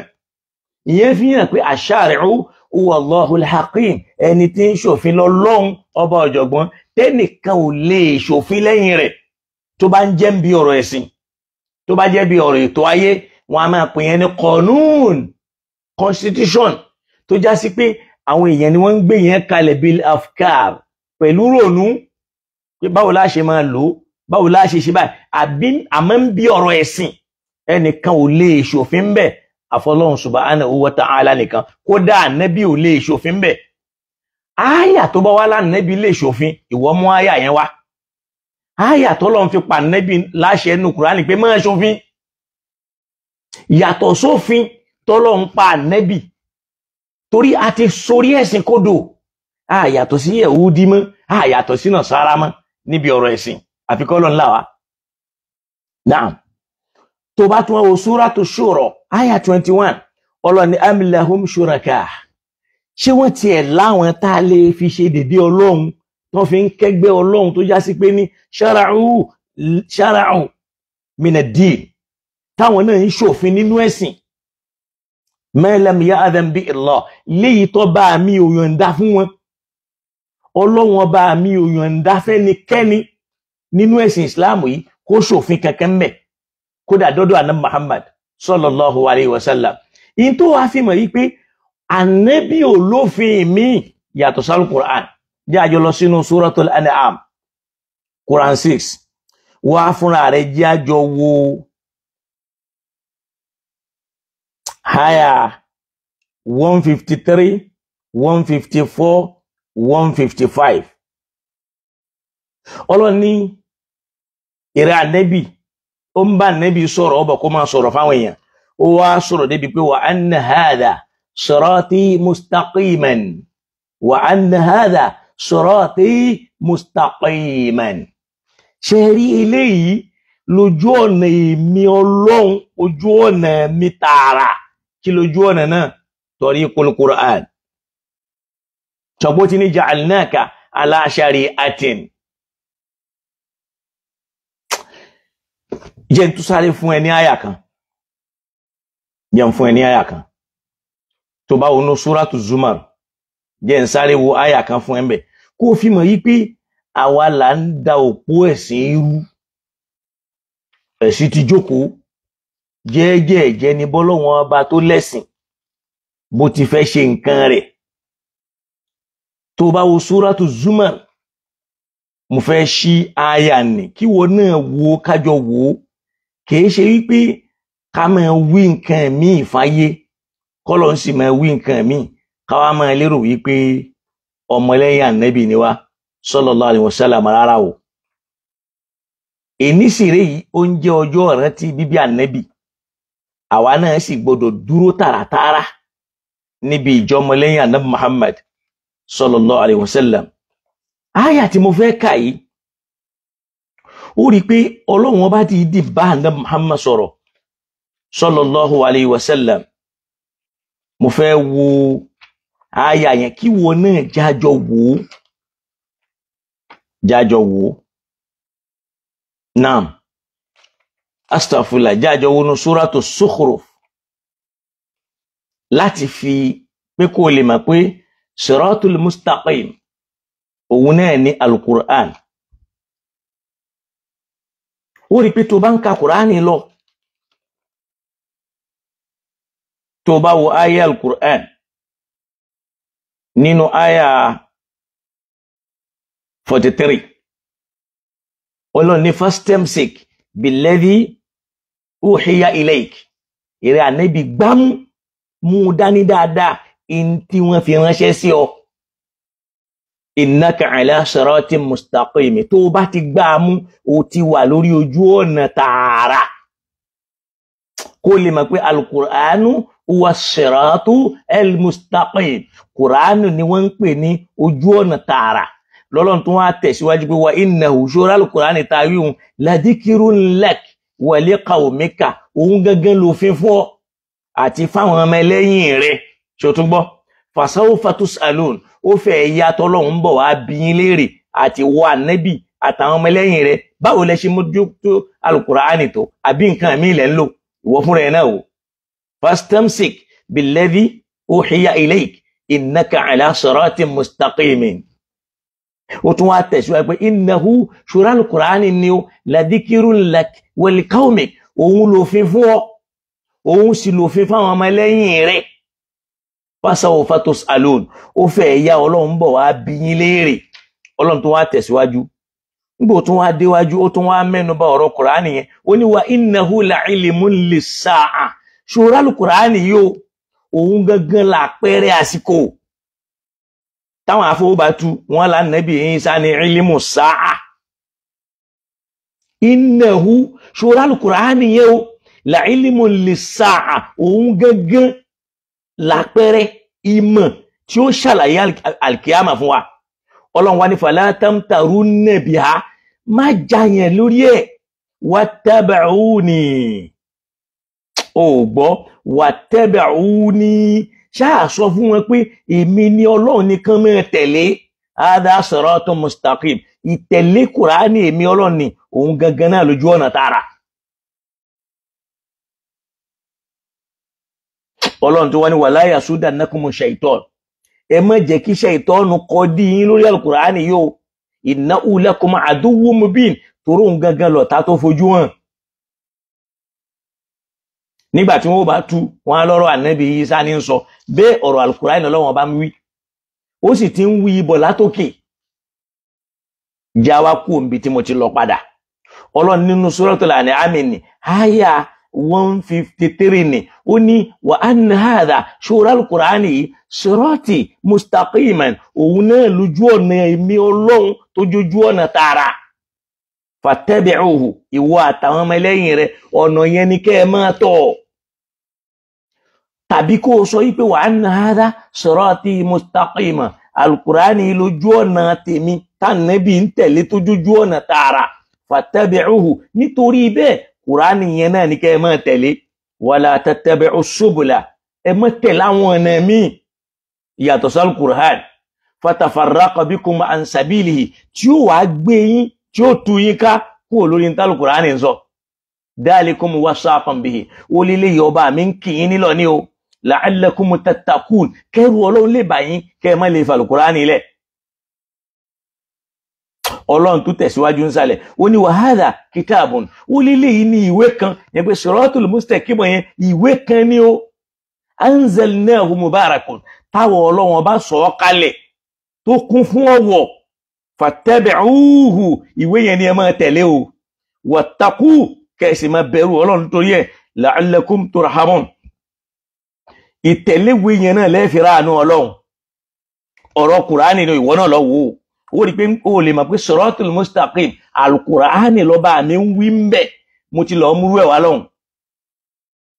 ìyẹn fi hàn pé àṣàrẹ̀hù wallahul hakim ẹni tí ń ṣòfin lọ́lọ́run ọba ọ̀jọ̀gbọ́n tẹ́nìkan ò lè ṣòfin lẹ́yìn rẹ̀ tó bá ń jẹ́ bí ọ̀rọ̀ ẹ̀sìn tó bá jẹ́ bí ọ̀rọ̀ ètò ayé wọn a máa pè yẹn ní qanun constitution tó já sí pé àwọn èèyàn ni wọ́n ń gbé yẹn kalẹ̀ bil afkar pẹ̀lú rònú pé báwo la ṣe máa lò ó báwo la ṣe ṣe báyìí àbí àmọ́ ń bí ọ̀rọ̀ ẹ̀sìn ẹnìkan ò lè ṣòfin ń bẹ̀ àfọlọ́hun subhanahu wa ta'ala nìkan kódà ànábì ò lè ṣòfin ń bẹ̀ áyà tó bá wá lánàá bí lè ṣòfin ìwọ mú áyà yẹn wá àyà tọ́lọ́run fi pa nẹ́bí láṣẹ ẹnu kùránì pé máa ṣòfin yàtọ̀ sófin tọ́lọ́run pa nẹ́bí torí a ti sorí ẹ̀sìn kodò àyàtọ̀ sí yẹ̀wúdí mọ́ àyàtọ̀ sí nàṣàrà mọ́ níbi ọ̀rọ̀ ẹ̀sìn àfikọ́lọ́ ńlá wa. naam tó bá tún wo súrátù ṣúrọ̀ àyà twenty one ọlọ́run ní amílẹ̀ hum ṣúrakà ṣé wọ́n tiẹ̀ láwọn tá a lè fi ṣe dédé ọlọ́run tán fi ń kẹ́gbẹ́ ọlọ́run tó já sí pé ní ṣára'ù minadi táwọn náà ń ṣòfin nínú ẹ̀sìn mẹ́lẹ̀m yá adẹ́mbí ìlọ léyìí tó bá mi ò yọ̀ǹda fún wọn ọlọ́run ọba mi ò yọ̀ǹda fẹ́nikẹ́ni nínú ẹ̀sìn islam yìí kó ṣòfin kankan mẹ́ kódà dọ́dọ̀ àná muhammad sallallahu alayhi wa sallam in tó wá fi mọ̀ yí pé ànẹ́bí ò lófin yàtọ̀ sálùkùrán jẹ́ àjọ lọ sínú Suratul An'am Quran six wá fúnra rẹ̀ jẹ́ àjọ wo háyà one fifty three one fifty four one fifty five ọlọ́ni ìrẹ́ ànẹ́bì ó ń bá ànẹ́bì sọ̀rọ̀ ọbọ̀ kó máa sọ̀rọ̀ fáwọn èèyàn ó wá sọ̀rọ̀ débi pé wa anna hadha sirati mustaqiman wa anna hadha sirati mustaqiman ṣe rí eléyìí lójú ọ̀nà èmi ọlọ́run ojú ọ̀nà mi tààrà kí lójú ọ̀nà náà tariqul Qur'an ṣọ̀gbọ́n ti ní ja'alnaka ala shari'atin jẹ́ n tún sáré fún ẹ ní àyà kan jẹ́ fún ẹ àyà kan tó bá wọnú suratu Zumar jẹ́ ń sáré wo àyà kan fún ẹ̀mbẹ̀ kó o fi mọ̀ yí pé àwa là ń da òpó ẹ̀sìn irú ẹ̀sìn ti jókòó jẹ́ẹ́jẹ́ ẹ̀jẹ́ ni bọ́lọ́wọ́n ọba tó lẹ́sìn bó ti fẹ́ ṣe nǹkan rẹ̀ tó bá wo suratu Zumar mo fẹ́ ṣí àyà nì kí wọn náà wo kájọ wò kìí ṣe wípé ká máa wí nǹkan míì fáyé kọ́lọ́ ń sì máa wí nǹkan míì káwá máa lérò wípé ọmọlẹ́yìn ànẹ́bì ni wá sallallahu alaihi wasallam rárá o èní sì rèé ó ń jẹ́ ọjọ́ ìrántí bíbí ànẹ́bì àwa náà sì gbọdọ̀ dúró tààràtààrà níbi ìjọmọlẹ́yìn ànẹ́bì Muhammad sallallahu alaihi wasallam àyà tí mo fẹ́ kà yìí ó rí i pé ọlọ́run ọba ti dì bá ànẹ́bì Muhammad sọ̀rọ̀ sallallahu alaihi wasallam mo fẹ́ wo àyà yẹn kí wo náà jájọ wò ó jájọ wò ó naam astafula jájọ wo nu suratu sukhruf láti fi pé kó o lè mọ̀ pé siratul mustaqim òun náà ní alukur'an ó rí i pé tó bá ń ka kùránì lọ tó bá wo ayé alukur'an nínú àyà 43 ọlọ́run ní fastemsik bilẹ́dí uhiya ileik ìrẹ́ ànábì gbámú mú dání dáadáa in tí wọ́n fi ránṣẹ́ sí ọ innaka ala siratin mustaqim tó bá ti gbá o ti wà lórí ojú ọ̀nà tààrà kó lè mọ̀ pé alukùránù huwa siratu al-mustaqim kùránù ni wọ́n ń pè ní ojú ọ̀nà tààrà lọ́lọ́run tó wá tẹ̀síwájú pé wa innahu ṣọ́ra kùránì ta yíhun ladhikirun lak wa li òun gángan lòfin fún ọ àti fáwọn ọmọ ẹlẹ́yìn rẹ̀ ṣòtúngbọ́ fasawfa tus'alun ó fẹ́ ya tọ́lọ́run bọ̀ wá bi yín léèrè àti wà nẹ́bì àtàwọn ọmọ ẹlẹ́yìn rẹ̀ báwo lẹ ṣe mójútó alukùránì tó àbí nǹkan míì lẹ́ ń fastamsik billadhi uhiya ilayk innaka ala siratin mustaqimin ó tún wá tẹ̀síwájú pé innahu ṣúránù kùránì ni ó ladhikirun lak wa liqawmik òun lòfin fún ọ òun sì lòfin fáwọn ọmọ ẹlẹ́yìn rẹ̀ fasawfa tus'alun ó fẹ́ ya ọlọ́run bọ̀ wá bi yín léèrè ọlọ́run tó wá tẹ̀síwájú nígbò tó wá déwájú ó tún wá mẹ́nu bà ọ̀rọ̀ kùránì yẹn ó ní wa innahu la'ilmun lis-sa'a ṣòro alukùránì yóò òun gangan làpẹẹrẹ àsìkò táwọn afọwọ́bàtú wọn là nàbí Ìsá ní ìlímù sáà innahu ṣòro alukùránì yóò là ìlímù lè sáà òun gangan làpẹẹrẹ ìmọ̀ tí ó ṣàlàyé alkiyama fún wa ọlọ́run wa ní fàlà tamtaru nàbíà má jàyàn lórí ẹ̀ wàtàbàrún ni ò gbọ́ wà tẹ́bẹ̀ òun ni ṣáà fún wọn pé èmi ni ọlọ́run nìkan mẹ́rin tẹ̀lé ada siratun mustaqim ìtẹ̀lé kùránì èmi ọlọ́run ni òun gangan náà lójú ọ̀nà tààrà. ọlọ́run tó wá ní wala yasudannakumu shaitan ẹ má jẹ́ kí shaitan kọ́ dí yín lórí àlùkùránì yóò innahu lakum aduwwun mubin torí òun gangan lọ̀tá tó fojú hàn nígbà tí wọ́n bá tú wọn lọ́rọ̀ ànábì Ìsá ní sọ bẹ́ẹ̀ ọ̀rọ̀ Al-Qur'an náà lọ́wọ́n bá ń wí ó sì ti ń wí ibọ̀ látòkè jáwá kú òǹbí tí mo ti lọ padà ọlọ́run nínú Suratul An'am ni àyà one fifty three ni ó ní wa anna hadha ṣòro Al-Qur'an yìí sirati òun náà lójú ọ̀nà èmi ọlọ́run tó jójú ọ̀nà tààrà fattabi'uhu ìwọ àtàwọn ọmọ ẹlẹ́yìn rẹ ọ̀nà yẹn ni kẹ́ ẹ máa tọ̀ tàbí kó o sọ wípé wa anna hadha sirati mustaqima alukurani lójú ọ̀nà tèmi tànàbí ń tẹ̀lé tó jójú ọ̀nà tààrà fattabi'uhu nítorí bẹ́ẹ̀ kurani yẹn náà ní kẹ́ ẹ máa tẹ̀lé wala tattabi'u subula ẹ má tẹ̀lé àwọn ọ̀nà míì yàtọ̀ sí alukurani fatafarraqa bikum an sabilihi tí ó wàá gbé yín tí ó tu yín ká kúrò lórí ní alukurani sọ dalikum wasafan bihi ó lélẹ́yìí ọba mi ń la'allakum tattaqun kẹ́rù ọlọ́run lè bà yín kẹ́ ẹ má lè falùkúrá nílẹ̀ ọlọ́run tó tẹ̀síwájú ń sálẹ̀ ó ní wàhálà kitabun ó lílé yìí ní ìwé kan yẹn pé siratul mustaqim yẹn ìwé kan ni ó anzalnahu mubarakun táwọn ọlọ́run ọba sọ ọ́ kalẹ̀ tó kún fún ọ̀wọ̀ fattabi'uhu ìwé yẹn ni ẹ máa tẹ̀lé o wattaqu kẹ̀sì máa bẹ̀rù ọlọ́run torí ẹ̀ la'allakum turhamun ìtẹ̀léwé yẹn náà lẹ́ẹ̀fì ráàánú ọlọ́run ọ̀rọ̀ kùránì ni ìwọ náà lọ wò ó ó rí i pé o lè mọ̀ pé sọ̀rọ̀tìlù mustaqim alukùránì lọ́ba àmì ń wí ń bẹ̀ mo ti lọ́ọ́ múrú ẹ̀ wá lọ́hùn.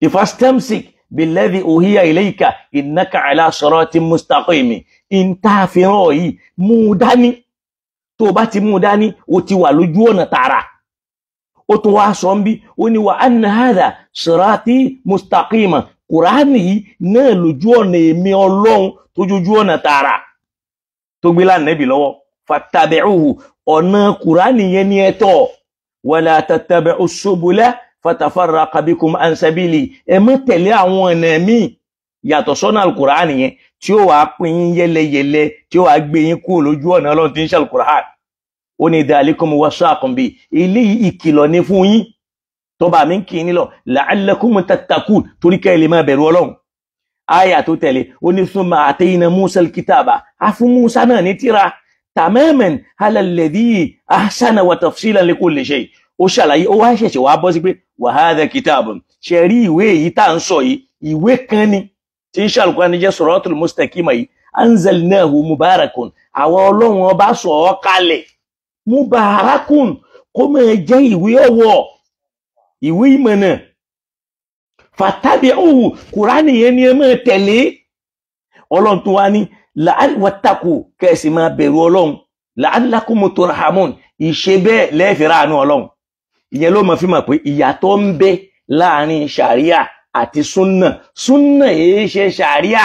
ìfọ́sítẹ́msì billadhi uhiya ilayka innaka ala siratin mustaqim ń tá a fi yìí mú u dání tó o bá ti mú u dání o ti wà lójú ọ̀nà tààrà ó tún wá sọ ń bí ó ní wa anna hadha sirati kùránì náà lójú ọ̀nà èmi ọlọ́run tó jójú ọ̀nà tààrà tó gbé lánàbì lọ́wọ́ fatabi'uhu ọ̀nà kùránì yẹn ni ẹ tọ̀ wala tattabi'u subula fatafarraqa bikum an sabili ẹ má tẹ̀lé àwọn ọ̀nà míì yàtọ̀ sọ́nà alukùránì yẹn tí ó wàá pín yín yẹlẹyẹlẹ tí ó wàá gbé yín kúrò lójú ọ̀nà ọlọ́run tí ń ṣàlùkùránì ó ní dalikum wasaakum bi eléyìí ìkìlọ̀ ni fún yín tọba mi ń kí ní lọ la'allakum tattaqun torí kẹ́ lè máa bẹ̀rù ọlọ́run àyà tó tẹ̀lé ó ní summa atayna Musa al-kitaba a fún Musa náà ní tíra tamaman ala alladhi ahsana wa tafsilan li kulli shay ó ṣàlàyé ó wá ṣẹ̀ṣẹ̀ wá bọ́ sí pé wa hadha kitabun ṣe rí ìwé yìí tá à ń sọ yìí ìwé kan ni tí ń ṣàlùkọ́ ni jẹ́ siratul mustaqima ìwé ìmọ̀nà fàtàbí òwò kùránì yẹn ni ẹ máa tẹ̀lé ọlọ́run tó wá ní làálùwàtàkù kẹ̀sì máa bẹ̀rù ọlọ́run làálùlákùmù tó rahamun ìṣe bẹ́ẹ̀ lẹ́ẹ̀fẹ̀rẹ̀ àánú ọlọ́run ìyẹn ló mọ̀ fi mọ̀ pé ìyàtọ̀ ń bẹ láàrin ṣàríà àti súnà súnà èé ṣe ṣàríà.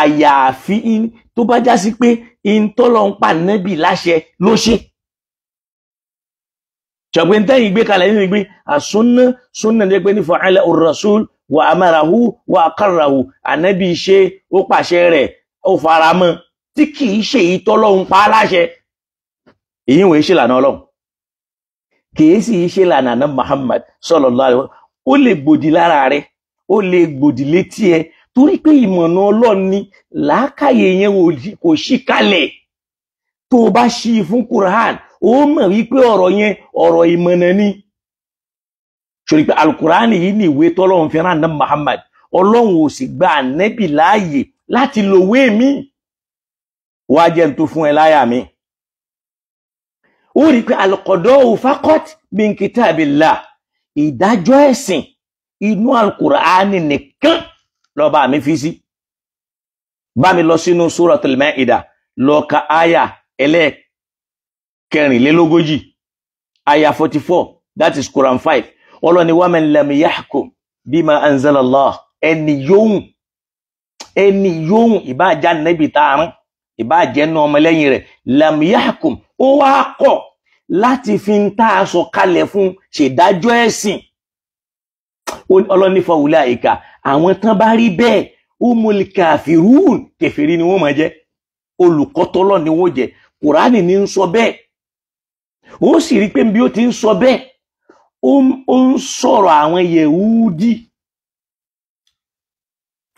àyàfi tó bá já pé ìtọ́lọ́ nẹ́bì láṣẹ ló ṣe ṣọ̀gbìn tẹ́yìn gbé kalẹ̀ nínú ìgbé àsúnná súnná ní pé ní fa'ala ar-rasul wa amarahu wa aqarrahu ànábì ṣe ó pàṣẹ rẹ̀ ó faramọ́ tí kì í ṣe ìtọ́lọ́hun pa aláṣẹ èyí wòye ṣe lànà ọlọ́run kì í sì í ṣe lànà àná Muhammad sallallahu alaihi ó lè gbòdì lára rẹ ó lè gbòdì létí ẹ torí pé ìmọ̀nà ọlọ́run ni làákàyè yẹn kò ṣì kalẹ̀ tó o bá ṣí fún Qur'an ó mọ̀ wípé ọ̀rọ̀ yẹn ọ̀rọ̀ ìmọ̀nà ni sori pé alukurani yìí ni ìwé tọ́lọ́run fi rán ànábì Muhammad ọlọ́run ò sì gba ànẹ́bì láàyè láti lòwé mi wá jẹ́ tó fún ẹ láyà mi ó rí pé alukọ̀dọ́ òfakọ́t min kitabillah ìdájọ́ ẹ̀sìn inú alukurani nìkan lọ́ba mi fi sí bá mi lọ sínú suratul Maida lọ́ka aya ẹlẹ́ẹ̀kẹ́ kẹrìnlélógójì aya forty four that is Quran five ọlọ́ni waman lam yahkum bima anzalallah ẹni yóhùn ẹni yóhùn ìbáàjá nẹ́bì tààrán ìbáàjẹ́ náà ọmọlẹ́yìn rẹ̀ lam yahkum ó wá kọ̀ láti fi ń tá a sọ kalẹ̀ fún ṣèdájọ́ ẹ̀sìn ọlọ́ni fọwùlẹ̀ àyíká àwọn tán bá rí bẹ́ẹ̀ umul kafirun kẹfìrí ni wọ́n máa jẹ́ olùkọ́tọ́lọ́ ni wọ́n jẹ́ kùránì ní ń sọ bẹ́ẹ̀ ó sì rí pé bí ó ti ń sọ bẹ́ẹ̀ ó ń sọ̀rọ̀ àwọn yehudi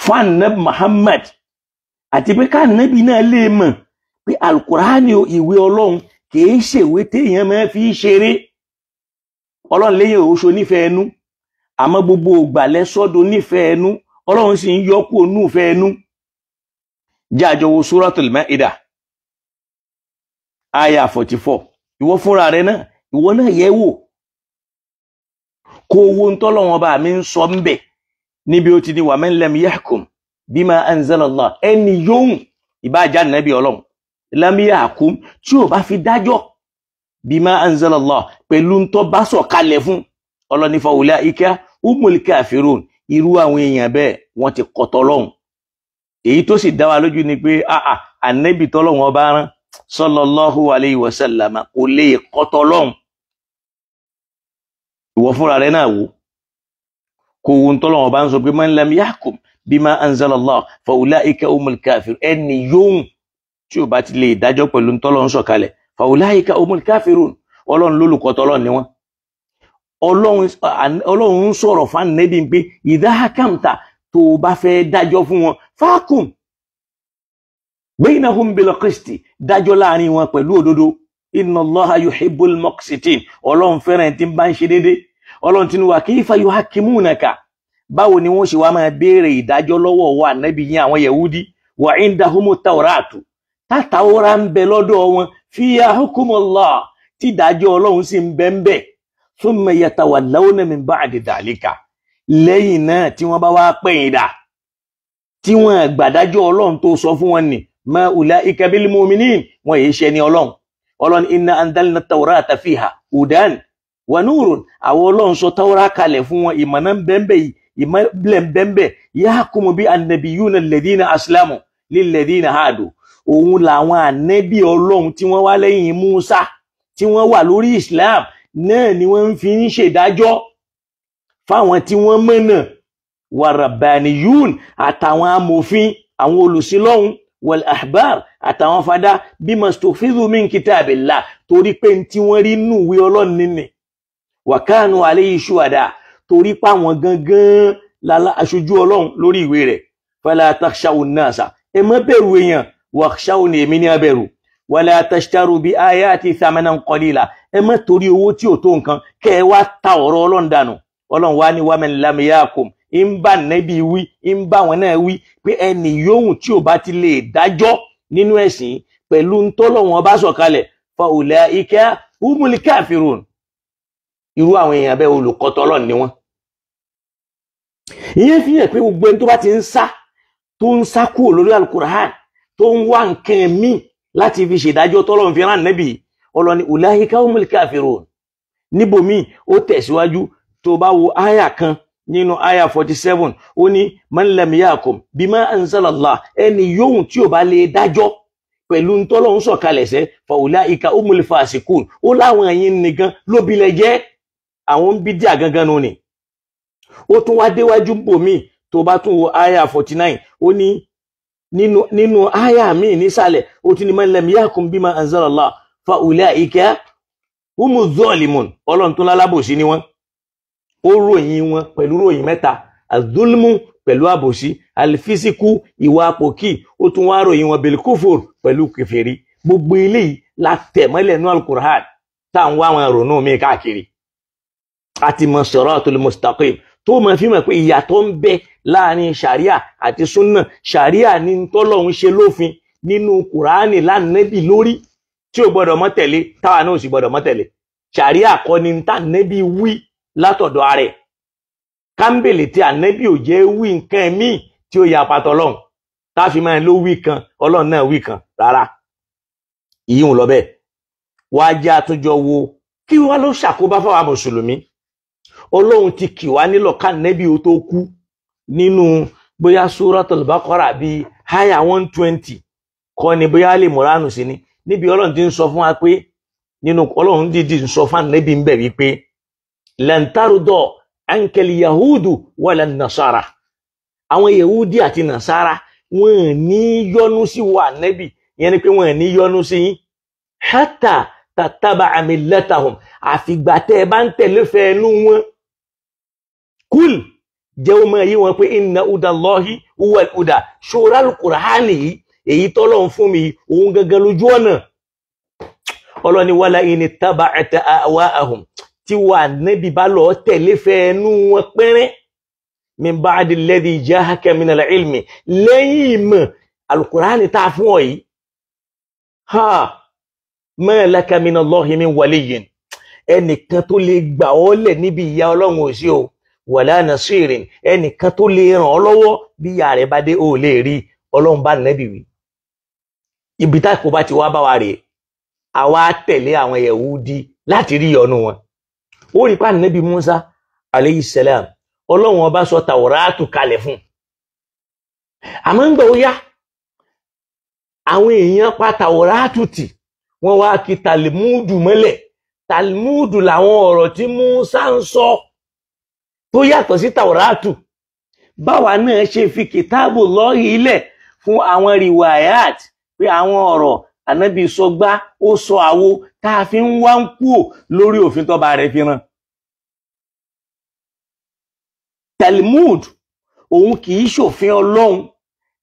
fún anabi Muhammad àti pé káànábì náà lè mọ̀ pé alukurani ìwé Ọlọ́run kìí ṣèwé téèyàn máa fi ṣeré Ọlọ́run lẹ́yìn oṣù nífẹ̀ẹ́ ẹnu àmọ́ gbogbo ògbàlẹ́ sọ́dọ̀ nífẹ̀ẹ́ ẹnu Ọlọ́run sì ń yọkú onúfẹ̀ẹ́ ẹnu jáàjọ wo Suratul Maida aya forty four ìwọ fúnra rẹ náà ìwọ náà yẹ̀ wò kó owó ń tọ́lọ́wọ́n bá mi ń sọ ń bẹ̀ níbi ó ti ní wa man lam yahkum bima anzalallah ẹni yóhùn ìbájá nàbí ọlọ́run lam yahkum tí ò bá fi dájọ́ bima anzalallah pẹ̀lú ń tọ́ bá sọ̀ kalẹ̀ fún ọlọ́ni fa ulaika umul kafirun irú àwọn èèyàn bẹ́ẹ̀ wọ́n ti kọ́ tọ́lọ́hùn èyí tó sì dá wa lójú ni pé àà ànẹ́bì tọ́lọ́hùn ọba rán sọlọ́lọ́hu aleyhi wasallama kò lè kọ́tọ́ lọ́hùn ìwọ fúnra rẹ náà wò kò wù tọ́lọ́wọ́ bá ń sọ pé man lam yahkum bima anzalallah fa ulaika umul kafir ẹni yóò tí ò bá ti lè dájọ́ pẹ̀lú tọ́lọ́hún sọ̀kalẹ̀ fa ulaika umul kafirun ọlọ́run lólùkọ́tọ́ lọ́hùn ni ọlọ́run ń sọ̀rọ̀ fún ànẹ́bí pé idha tó o bá fẹ́ dájọ́ fún wọn fákùn bainahum bil qisti dájọ́ láàrin wọn pẹ̀lú òdodo inna Allaha yuhibbul muqsitin ọlọ́run fẹ́ràn tí ń bá ń ṣe déédéé ọlọ́run tí ń wà kayfa yuhakkimunaka báwo ni wọ́n ṣe wá máa béèrè ìdájọ́ lọ́wọ́ wa ànábì yín àwọn yẹ̀wúdí wa indahumu tawratu tátàwọ́ra ń bẹ lọ́dọ̀ wọn fiya hukmullah tí ìdájọ́ ọlọ́run sì ń bẹ ń bẹ thumma yatawallawna min ba'di tí wọ́n bá wá tó sọ fún wọn nìí ma ulaika bil mu'minin wọn yìí ṣe ni ọlọ́run ọlọ́run inna anzalna tawrata fiha hudan wa nurun àwọn ọlọ́run sọ tawra kalẹ̀ fún wọn ìmọ̀nà bẹ́ẹ̀bẹ́ ìmọ̀lẹ̀ bẹ́ẹ̀bẹ́ yahkumu bi annabiyuna alladhina aslamu lilladhina hadu òun làwọn ànẹ́bí ọlọ́run tí wọ́n wá lẹ́yìn Musa tí wọ́n wà lórí Islam náà ni wọ́n fi ń ṣèdájọ́ fáwọn tí wọ́n mọ̀nà wàràbàníyún àtàwọn amòfin àwọn olùsílọ́hún wal ahbar àtàwọn fada bima stofizu min kitabillah torí pé tí wọ́n rí nù wí ọlọ́run nínú wàkánù alayhi shuhada torí pé àwọn gangan lálá aṣojú ọlọ́run lórí ìwé rẹ̀ fala takhshawun nasa ẹ má bẹ̀rù èèyàn wakhshawni èmi ní abẹ̀rù wala tashtaru bi ayati thamanan qalila ẹ má torí owó tí ò tó nǹkan kẹ́ ẹ wá ta ọ̀rọ̀ ọlọ́run dànù ọlọ́run wá ní waman lam yakum ń bá nẹ́bí wí ń bá wọn náà wí pé ẹnì yòówùn tí ò bá ti lè dájọ́ nínú ẹ̀sìn pẹ̀lú ntọ́lọ́wọ́n bá sọ̀kalẹ̀ fa ulaika humul kafirun irú àwọn èèyàn bẹ́ẹ̀ olùkọ́tọ́lọ́ ni wọ́n. ìyẹn fi hàn pé gbogbo ẹni tó bá ti ń sá tó ń sá kúrò lórí alukur'an tó ń wá nǹkan míì láti fi ṣèdájọ́ tọ́lọ́run fi rán nẹ́bì ọlọ́ni ulaika humul kafirun níbòmíì ó tẹ̀síwájú tó bá wo áyà kan nínú aya 47 ó ní mọ́nlẹ̀míyàkùn bí má ń sálàlá ẹni yóhùn tí ò bá lè dájọ́ pẹ̀lú ń tọ́lọ́ ń sọ̀kalẹ̀ sẹ́ fàwùlá ìka ọmọlẹ́fà àsìkò ó láwọn ẹ̀yìn nìkan lóbilẹ̀ jẹ́ àwọn ń bí díà gangan nù ni ó tún wá déwájú bòmí tó bá tún wo aya 49 ó ní nínú nínú mi míì nísàlẹ̀ ó tún ní mọ́nlẹ̀míyàkùn bí má ń sálàlá fàwùlá ìka ọmọ zọ́ọ̀lìmùn ọlọ́run tó lálábòsí ni wọ́n ó ròyìn wọn pẹ̀lú ròyìn mẹ́ta azulmu pẹ̀lú àbòsí alifisiku ìwà àpòkì ó tún wá ròyìn wọn bilkufur pẹ̀lú kẹfẹ́rí gbogbo eléyìí la tẹ̀mọ́lẹ̀ nú alukur'an tá à ń wá àwọn ìrònú mi káàkiri àti mọ siratul mustaqim tó mọ fi mọ̀ pé ìyàtọ̀ ń bẹ láàrin sharia àti sunna sharia ní tọ́lọ́hún ṣe lófin nínú kùránì lánàbì lórí tí ò gbọ́dọ̀ mọ́ tẹ̀lé táwa náà ò sì gbọ́dọ̀ mọ́ tẹ̀lé sharia kọ́ ni tánàbì wí látọ̀dọ̀ ààrẹ kámbèlè tí ànábì ò jẹ́ wí nǹkan míì tí ó yapa tọlọ́hun táfi máa ló wí kan ọlọ́run náà wí kan rárá ìyí ń lọ bẹ́ẹ̀ wá jẹ́ àtúnjọ wo kí wá ló ṣàkóbá fáwọn mùsùlùmí ọlọ́run ti kì wá nílọ̀ kánẹ́bí ó tó kú nínú bóyá Suratul Baqara bíi háyà one twenty kọ́ ni bóyá lè mọ̀ránù sí ni níbi ọlọ́run ti ń sọ fún wa pé nínú ọlọ́run dídì ń sọ fún ànẹ́bí ń bẹ̀ wípé lan tarda ankal yahudu wala nasara àwọn yahudi àti nasara wọn ní yọ́nú sí wa nẹ́bì yẹn ni pé wọn ní yọ́nú sí yín hatta tataba'a millatahum àfìgbà tẹ́ ẹ bá ń tẹ̀lé fẹ́ẹ́nu wọn kúl jẹ́ ó máa yí wọn pé inna udallahi huwal huda ṣòro alukur'ani yìí èyí tọ́lọ́run fún mi òun gangan lójú ọ̀nà ọlọ́ni wala in ittaba'ta ahwa'ahum tí wà níbi bá lọ tẹ̀lé fẹ́ ẹnu wọn pẹ́rẹ́ min ba'di alladhi jahaka min al-ilmi lẹ́yìn ìmọ̀ alukurani tá a fún ọ yìí ha ma laka min Allahi min waliyyin ẹnìkan tó lè gbà ọ́ lẹ̀ níbi ìyà ọlọ́run ò sí o wala nasirin ẹnìkan tó lè ràn ọ́ lọ́wọ́ bí ìyà rẹ̀ bá dé o lè rí ọlọ́run bá nẹ́bì wí ibi tá kò bá ti wá bá wa rèé àwa tẹ̀lé àwọn Yẹ̀wúdí láti rí ìyọnu wọn ó rí pàánù níbi Musa aleyhi salam ọlọ́run ọba sọ tàwọ́ràtù kalẹ̀ fún àmọ́ ń gbà ó yá àwọn èèyàn pa tàwọ́ràtù tì wọ́n wá kí tàlmúdù mọ́lẹ̀ tàlmúdù làwọn ọ̀rọ̀ tí Musa ń sọ tó yàtọ̀ sí tàwọ́ràtù báwa náà ṣe fi kìtáàbù lọ́ọ̀hì ilẹ̀ fún àwọn rìwàyàt pé àwọn ọ̀rọ̀ ànábì ó sọ àwo tá a fi ń wá ń kúò lórí òfin tọ́ba rẹ̀ fi ràn. Talmud òun kì í ṣòfin Ọlọ́run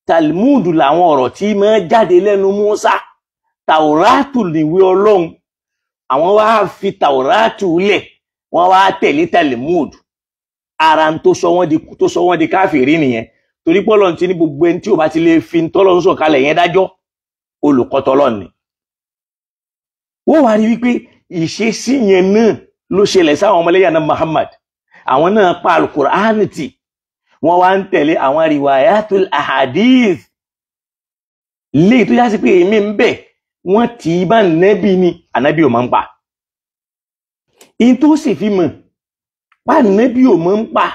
Talmud làwọn ọ̀rọ̀ tí máa jáde lẹ́nu Musa Tàwùrátù nìwé Ọlọ́run àwọn wá fi Tàwùrátù lẹ̀ wọ́n wá tẹ̀lé Talmud ara tó sọ wọ́n di tó sọ wọ́n di káfìrí nìyẹn torí pé Ọlọ́run ti ní gbogbo ẹni tí ò bá ti lè fi tọ́lọ́run sọ̀kalẹ̀ yẹn dájọ́ olùkọ́ ni ó wá rí wípé ìṣesí yẹn náà ló ṣẹlẹ̀ sáwọn ọmọlẹ́yìn náà Muhammad àwọn náà pa alukur'an tì wọ́n wá ń tẹ̀lé àwọn riwayatul ahadith léyìí tó yá sí pé èmi ń bẹ̀ wọ́n tì í bá nẹ́bí ni ànábì ò máa ń pa in tó sì fi mọ̀ pa nẹ́bí ò máa ń pa